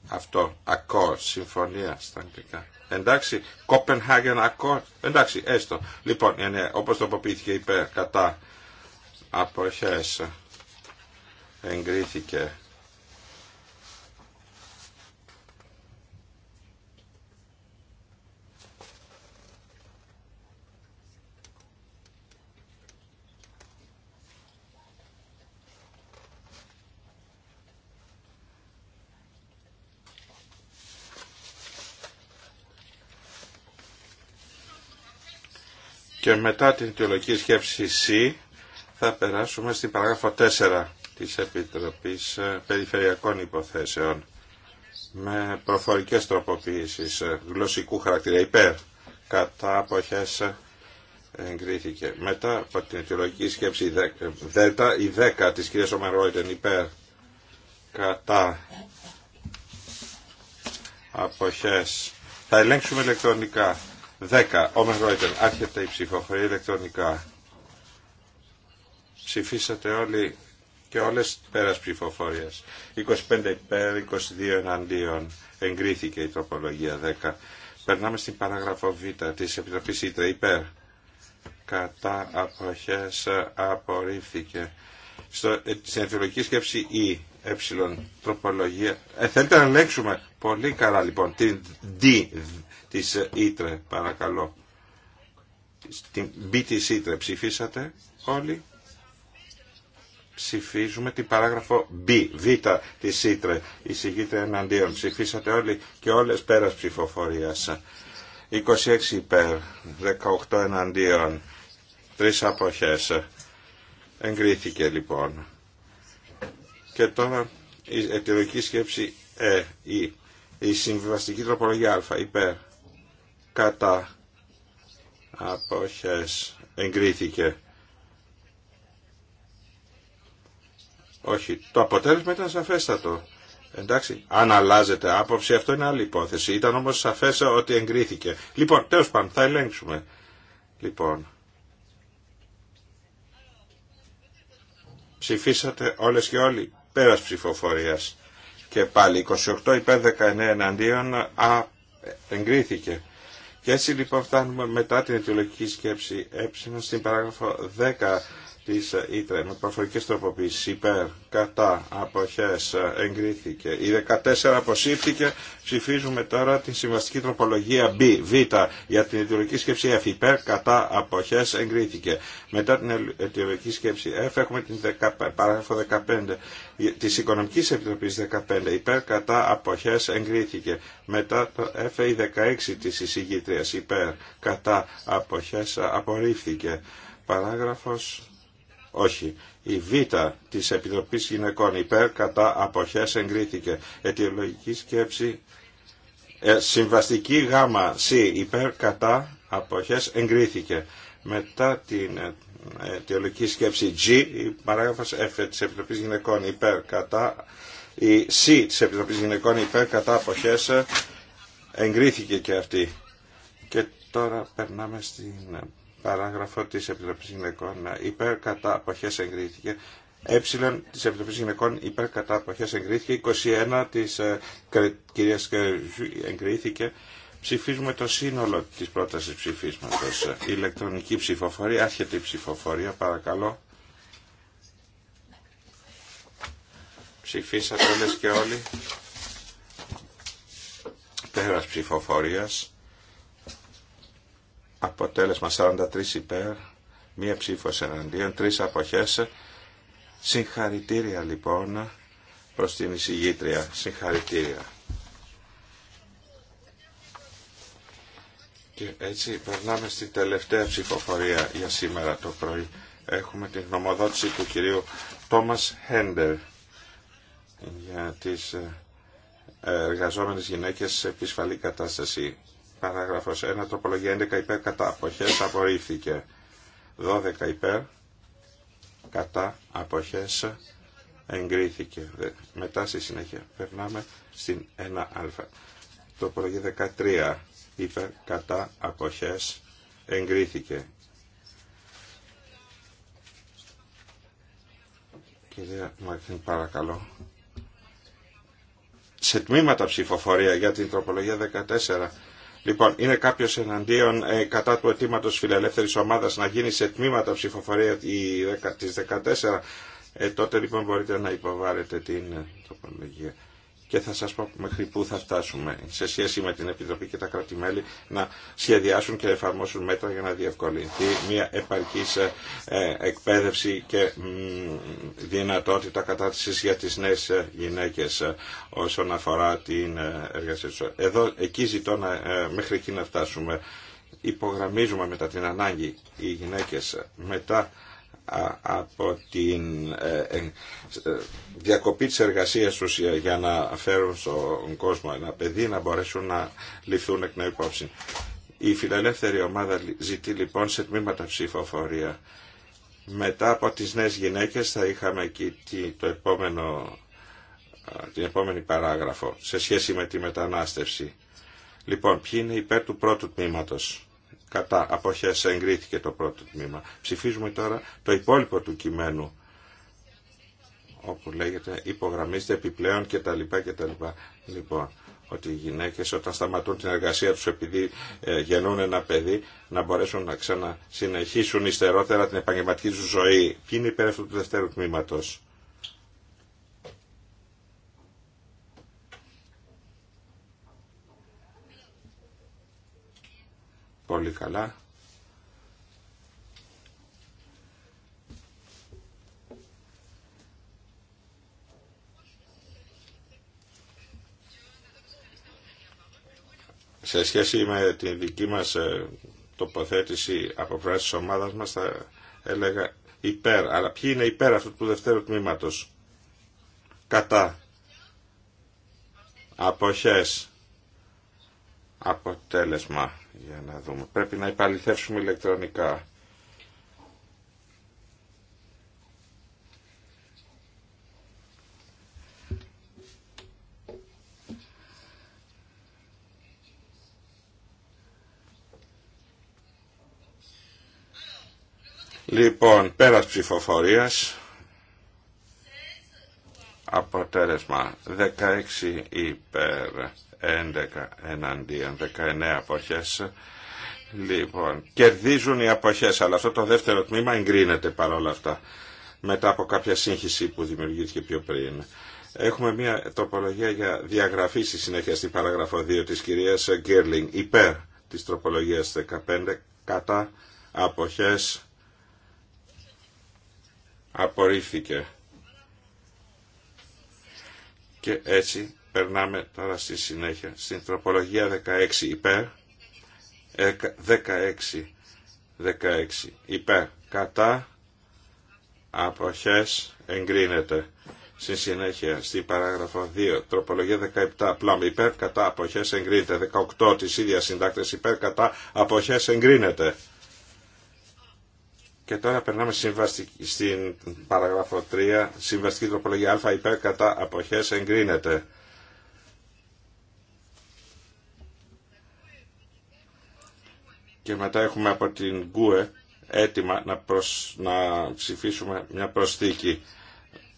Αυτό, accord, συμφωνία στα αγγλικά. Εντάξει, Copenhagen Accord, εντάξει, έστω. Λοιπόν, είναι, ναι, όπως τοποποιήθηκε υπέρ, κατά, αποχές, εγκρίθηκε. Και μετά την αιτιολογική σκέψη C θα περάσουμε στην παράγραφο 4 της Επιτροπής ε, Περιφερειακών Υποθέσεων με προφορικές τροποποίησεις ε, γλωσσικού χαρακτήρα υπέρ κατά αποχές ε, εγκρίθηκε. Μετά από την αιτιολογική σκέψη ΔΕΤΑ, η 10 της κυρίας Ομερόιτεν υπέρ κατά αποχές. Θα ελέγξουμε ηλεκτρονικά. 10. Ρόιτερ, Άρχεται η ψηφοφορία ηλεκτρονικά. Ψηφίσατε όλοι και όλες πέρας ψηφοφορίας. 25 υπέρ, 22 εναντίον. Εγκρίθηκε η τροπολογία 10. Περνάμε στην παράγραφο Β της Επιτροπής Ήτρε. Υπέρ. Κατά αποχές απορρίφθηκε. Στο, ε, στην αιτιολογική σκέψη Ι, ε, τροπολογία. Ε, θέλετε να ελέγξουμε. Πολύ καλά λοιπόν. Την D, της Ήτρε, παρακαλώ. Στην B της Ήτρε ψηφίσατε όλοι. Ψηφίζουμε την παράγραφο B, Β της Ήτρε. Εισηγείται εναντίον. Ψηφίσατε όλοι και όλες πέρας ψηφοφορίας. 26 υπέρ, 18 εναντίον, 3 αποχές. Εγκρίθηκε λοιπόν. Και τώρα η αιτιολογική σκέψη ε, η, η συμβιβαστική τροπολογία α, υπέρ, κατά απόχες εγκρίθηκε. Όχι, το αποτέλεσμα ήταν σαφέστατο. Εντάξει, αν αλλάζεται άποψη, αυτό είναι άλλη υπόθεση. Ήταν όμως σαφές ότι εγκρίθηκε. Λοιπόν, τέλος πάντων, θα ελέγξουμε. Λοιπόν, ψηφίσατε όλες και όλοι πέρας ψηφοφορίας. Και πάλι 28 υπέρ 19 εναντίον α, εγκρίθηκε. Και έτσι λοιπόν φτάνουμε μετά την αιτιολογική σκέψη ε στην παράγραφο 10 Τη Ήτρε με προφορικές τροποποίησεις υπέρ, κατά, αποχές, εγκρίθηκε. Η 14 αποσύρθηκε, ψηφίζουμε τώρα την συμβαστική τροπολογία B, Β, για την αιτιολογική σκέψη F, υπέρ, κατά, αποχές, εγκρίθηκε. Μετά την αιτιολογική σκέψη F έχουμε την 15, παράγραφο 15 της Οικονομικής Επιτροπής 15, υπέρ, κατά, αποχές, εγκρίθηκε. Μετά το f 16 τη εισηγήτριας, υπέρ, κατά, αποχές, απορρίφθηκε. Παράγραφος όχι. Η Β της επιτροπή Γυναικών υπέρ κατά αποχές εγκρίθηκε. Αιτιολογική σκέψη. Ε, συμβαστική Γ. Σ. Υπέρ κατά αποχές εγκρίθηκε. Μετά την ε, αιτιολογική σκέψη G, η παράγραφος F της Επιτροπής Γυναικών υπέρ κατά η C της Επιτροπής Γυναικών υπέρ κατά αποχές ε, εγκρίθηκε και αυτή. Και τώρα περνάμε στην παράγραφο τη Επιτροπή Γυναικών υπέρ κατά αποχέ εγκρίθηκε. Ε τη επιτροπή Γυναικών υπέρ κατά αποχέ εγκρίθηκε. 21 τη ε, κυρίας εγκρίθηκε. Ψηφίζουμε το σύνολο της πρόταση ψηφίσματος. Ε, ηλεκτρονική ψηφοφορία, άρχεται η ψηφοφορία, παρακαλώ. Ψηφίσατε όλες και όλοι. Πέρας ψηφοφορία αποτέλεσμα 43 υπέρ, μία ψήφος εναντίον, τρεις αποχές. Συγχαρητήρια λοιπόν προς την εισηγήτρια. Συγχαρητήρια. Και έτσι περνάμε στη τελευταία ψηφοφορία για σήμερα το πρωί. Έχουμε την γνωμοδότηση του κυρίου Τόμας Χέντερ για τις ε, εργαζόμενες γυναίκες σε επισφαλή κατάσταση. Παράγραφος 1. Τροπολογία 11 υπέρ κατά αποχές απορρίφθηκε. 12 υπέρ κατά αποχές εγκρίθηκε. Μετά στη συνέχεια περνάμε στην 1α. Τροπολογία 13 υπέρ κατά αποχές εγκρίθηκε. Κυρία Μαρτίν, παρακαλώ. Σε τμήματα ψηφοφορία για την τροπολογία 14 Λοιπόν, είναι κάποιο εναντίον ε, κατά του αιτήματο φιλελεύθερη ομάδα να γίνει σε τμήματα ψηφοφορία τη 14. Ε, τότε λοιπόν μπορείτε να υποβάλλετε την τροπολογία και θα σας πω μέχρι πού θα φτάσουμε σε σχέση με την Επιτροπή και τα κρατημέλη να σχεδιάσουν και εφαρμόσουν μέτρα για να διευκολυνθεί μια επαρκής ε, ε, εκπαίδευση και δυνατότητα κατάρτισης για τις νέες ε, γυναίκες όσον αφορά την εργασία τους. Εδώ, εκεί ζητώ να, μέχρι εκεί να φτάσουμε υπογραμμίζουμε μετά την ανάγκη οι γυναίκες μετά από την ε, ε, διακοπή της εργασίας τους για να φέρουν στον κόσμο ένα παιδί να μπορέσουν να ληφθούν εκ νέου υπόψη. Η φιλελεύθερη ομάδα ζητεί λοιπόν σε τμήματα ψηφοφορία. Μετά από τις νέες γυναίκες θα είχαμε εκεί το επόμενο, την επόμενη παράγραφο σε σχέση με τη μετανάστευση. Λοιπόν, ποιοι είναι υπέρ του πρώτου τμήματος κατά αποχές εγκρίθηκε το πρώτο τμήμα. Ψηφίζουμε τώρα το υπόλοιπο του κειμένου όπου λέγεται υπογραμμίστε επιπλέον κτλ. λοιπά. Λοιπόν, ότι οι γυναίκες όταν σταματούν την εργασία τους επειδή ε, γεννούν ένα παιδί να μπορέσουν να ξανασυνεχίσουν ιστερότερα την επαγγελματική τους ζωή. Ποιοι είναι υπέρ αυτού του δευτέρου τμήματος. πολύ καλά. Σε σχέση με την δική μας ε, τοποθέτηση από πλευρά της ομάδας μας θα έλεγα υπέρ. Αλλά ποιοι είναι υπέρ αυτού του δευτέρου τμήματος. Κατά. Αποχές. Αποτέλεσμα για να δούμε. Πρέπει να υπαλληθεύσουμε ηλεκτρονικά. Λοιπόν, πέρας ψηφοφορίας, αποτέλεσμα 16 υπέρ. 11 εναντίον 19 αποχές. Λοιπόν, κερδίζουν οι αποχές, αλλά αυτό το δεύτερο τμήμα εγκρίνεται παρόλα αυτά, μετά από κάποια σύγχυση που δημιουργήθηκε πιο πριν. Έχουμε μια τροπολογία για διαγραφή στη συνέχεια στην παράγραφο 2 της κυρίας Γκέρλινγκ, υπέρ της τροπολογίας 15, κατά αποχές απορρίφθηκε. Και έτσι Περνάμε τώρα στη συνέχεια. Στην τροπολογία 16 υπέρ. 16. Ε, 16 υπέρ. Κατά. Αποχές εγκρίνεται. Στη συνέχεια, στην παράγραφο 2, τροπολογία 17, πλάμ υπέρ κατά αποχές εγκρίνεται. 18 της ίδιας συντάκτες υπέρ κατά αποχές εγκρίνεται. Και τώρα περνάμε στην παράγραφο 3, συμβαστική τροπολογία α υπέρ κατά αποχές εγκρίνεται. Και μετά έχουμε από την ΚΟΕ έτοιμα να, να ψηφίσουμε μια προσθήκη.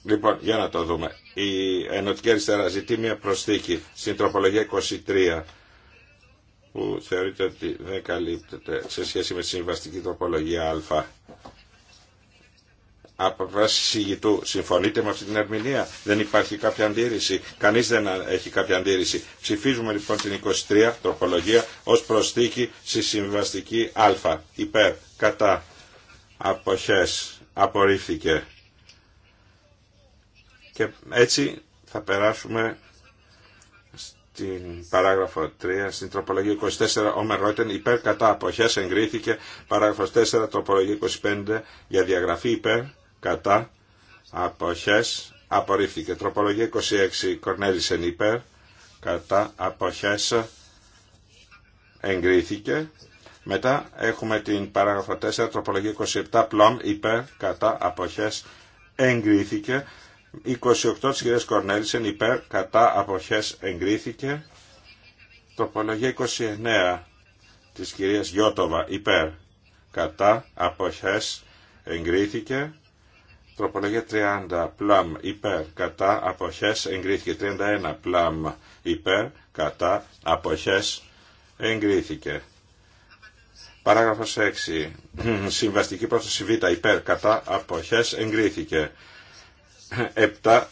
Λοιπόν, για να το δούμε. Η Ενωτική Αριστερά ζητεί μια προσθήκη στην τροπολογία 23 που θεωρείται ότι δεν καλύπτεται σε σχέση με τη συμβαστική τροπολογία Α από πλευρά συμφωνείτε με αυτή την ερμηνεία. Δεν υπάρχει κάποια αντίρρηση. Κανεί δεν έχει κάποια αντίρρηση. Ψηφίζουμε λοιπόν την 23 τροπολογία ω προσθήκη στη συμβαστική Α. Υπέρ. Κατά. Αποχέ. Απορρίφθηκε. Και έτσι θα περάσουμε στην παράγραφο 3, στην τροπολογία 24, ο υπέρ κατά αποχές εγκρίθηκε, παράγραφος 4, τροπολογία 25, για διαγραφή υπέρ κατά, αποχές, απορρίφθηκε. Τροπολογία 26, Κορνέλισεν υπέρ, κατά, αποχές, εγκρίθηκε. Μετά έχουμε την παράγραφο 4, τροπολογία 27, πλόμ, υπέρ, κατά, αποχές, εγκρίθηκε. 28 της κυρίας Κορνέλισεν υπέρ, κατά, αποχές, εγκρίθηκε. Τροπολογία 29 της κυρίας Γιώτοβα υπέρ, κατά, αποχές, εγκρίθηκε. Τροπολογία 30 πλάμ υπέρ κατά αποχές εγκρίθηκε. 31 πλάμ υπέρ κατά αποχές εγκρίθηκε. Παράγραφος 6. Συμβαστική πρόταση Β υπέρ κατά αποχές εγκρίθηκε. 7.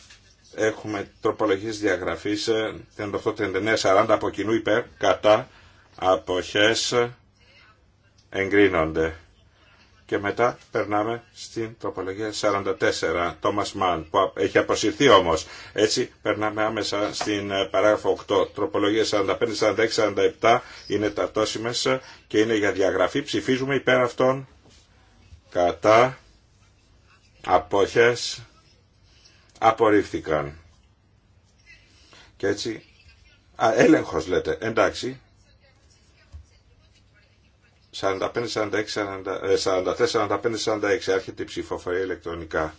Έχουμε τροπολογίες διαγραφής 38-39-40 ε, από κοινού υπέρ κατά αποχές εγκρίνονται. Και μετά περνάμε στην τροπολογία 44, Thomas Mann, που έχει αποσυρθεί όμως. Έτσι περνάμε άμεσα στην ε, παράγραφο 8. Τροπολογία 45, 46, 47 είναι τα τόσιμες και είναι για διαγραφή. Ψηφίζουμε υπέρ αυτών κατά απόχες απορρίφθηκαν. Και έτσι, α, έλεγχος λέτε, εντάξει, 46, 44, 45, 46. Άρχεται η ψηφοφορία ηλεκτρονικά.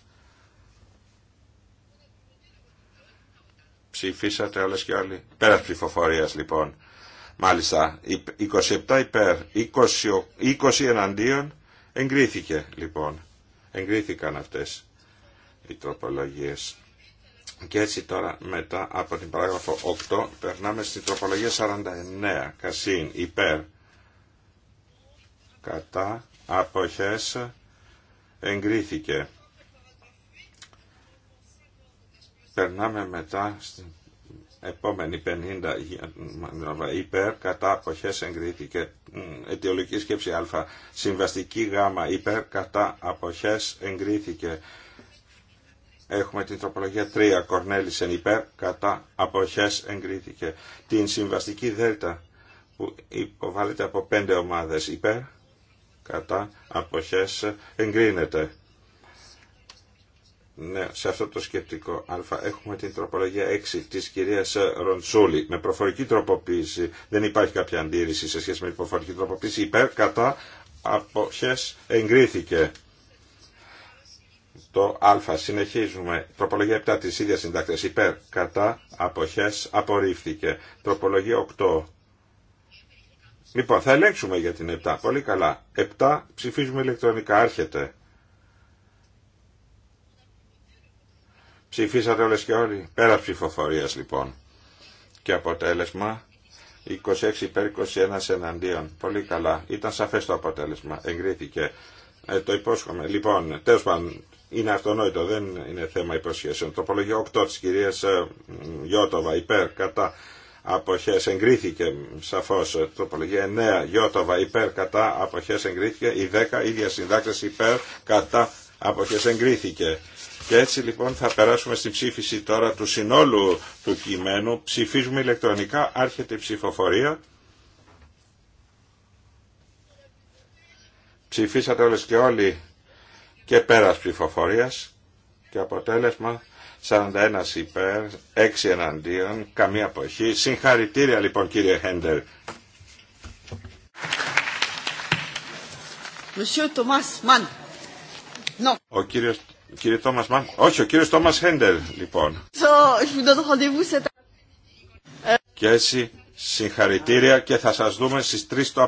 Ψηφίσατε όλες και όλοι. Πέρα ψηφοφορίας λοιπόν. Μάλιστα, 27 υπέρ, 20, 20 εναντίον, εγκρίθηκε λοιπόν. Εγκρίθηκαν αυτές οι τροπολογίες. Και έτσι τώρα μετά από την παράγραφο 8 περνάμε στην τροπολογία 49. Κασίν υπέρ κατά αποχές εγκρίθηκε. Περνάμε μετά στην επόμενη 50 υπέρ κατά αποχές εγκρίθηκε. Αιτιολογική σκέψη α. Συμβαστική γ υπέρ κατά αποχές εγκρίθηκε. Έχουμε την τροπολογία 3, Κορνέλησεν υπέρ, κατά, αποχές εγκρίθηκε. Την συμβαστική δέλτα που υποβάλλεται από 5 ομάδες υπέρ, κατά αποχές εγκρίνεται. Ναι, σε αυτό το σκεπτικό α έχουμε την τροπολογία 6 της κυρίας Ροντσούλη με προφορική τροποποίηση. Δεν υπάρχει κάποια αντίρρηση σε σχέση με την προφορική τροποποίηση. Υπέρ κατά αποχές εγκρίθηκε. Το α συνεχίζουμε. Τροπολογία 7 της ίδιας συντάκτης υπέρ κατά αποχές απορρίφθηκε. Τροπολογία 8 Λοιπόν, θα ελέγξουμε για την 7. Πολύ καλά. 7 ψηφίζουμε ηλεκτρονικά. Άρχεται. Ψηφίσατε όλες και όλοι. Πέρα ψηφοφορίας λοιπόν. Και αποτέλεσμα 26 υπέρ 21 εναντίον. Πολύ καλά. Ήταν σαφές το αποτέλεσμα. Εγκρίθηκε. Ε, το υπόσχομαι. Λοιπόν, τέλος πάντων, είναι αυτονόητο, δεν είναι θέμα υποσχέσεων. Τροπολογία 8 της κυρίας ε, Γιώτοβα, υπέρ, κατά αποχές εγκρίθηκε σαφώς τροπολογία 9 Γιώτοβα υπέρ κατά αποχές εγκρίθηκε η 10 ίδια συντάξεις υπέρ κατά αποχές εγκρίθηκε και έτσι λοιπόν θα περάσουμε στην ψήφιση τώρα του συνόλου του κειμένου ψηφίζουμε ηλεκτρονικά άρχεται η ψηφοφορία ψηφίσατε όλες και όλοι και πέρας ψηφοφορίας και αποτέλεσμα 41 υπέρ, 6 εναντίον, καμία αποχή. Συγχαρητήρια λοιπόν κύριε Χέντερ. Ο κύριος, κύριε Τόμας Μαν, όχι ο κύριος Τόμας Χέντερ λοιπόν. και έτσι συγχαρητήρια και θα σας δούμε στις 3 το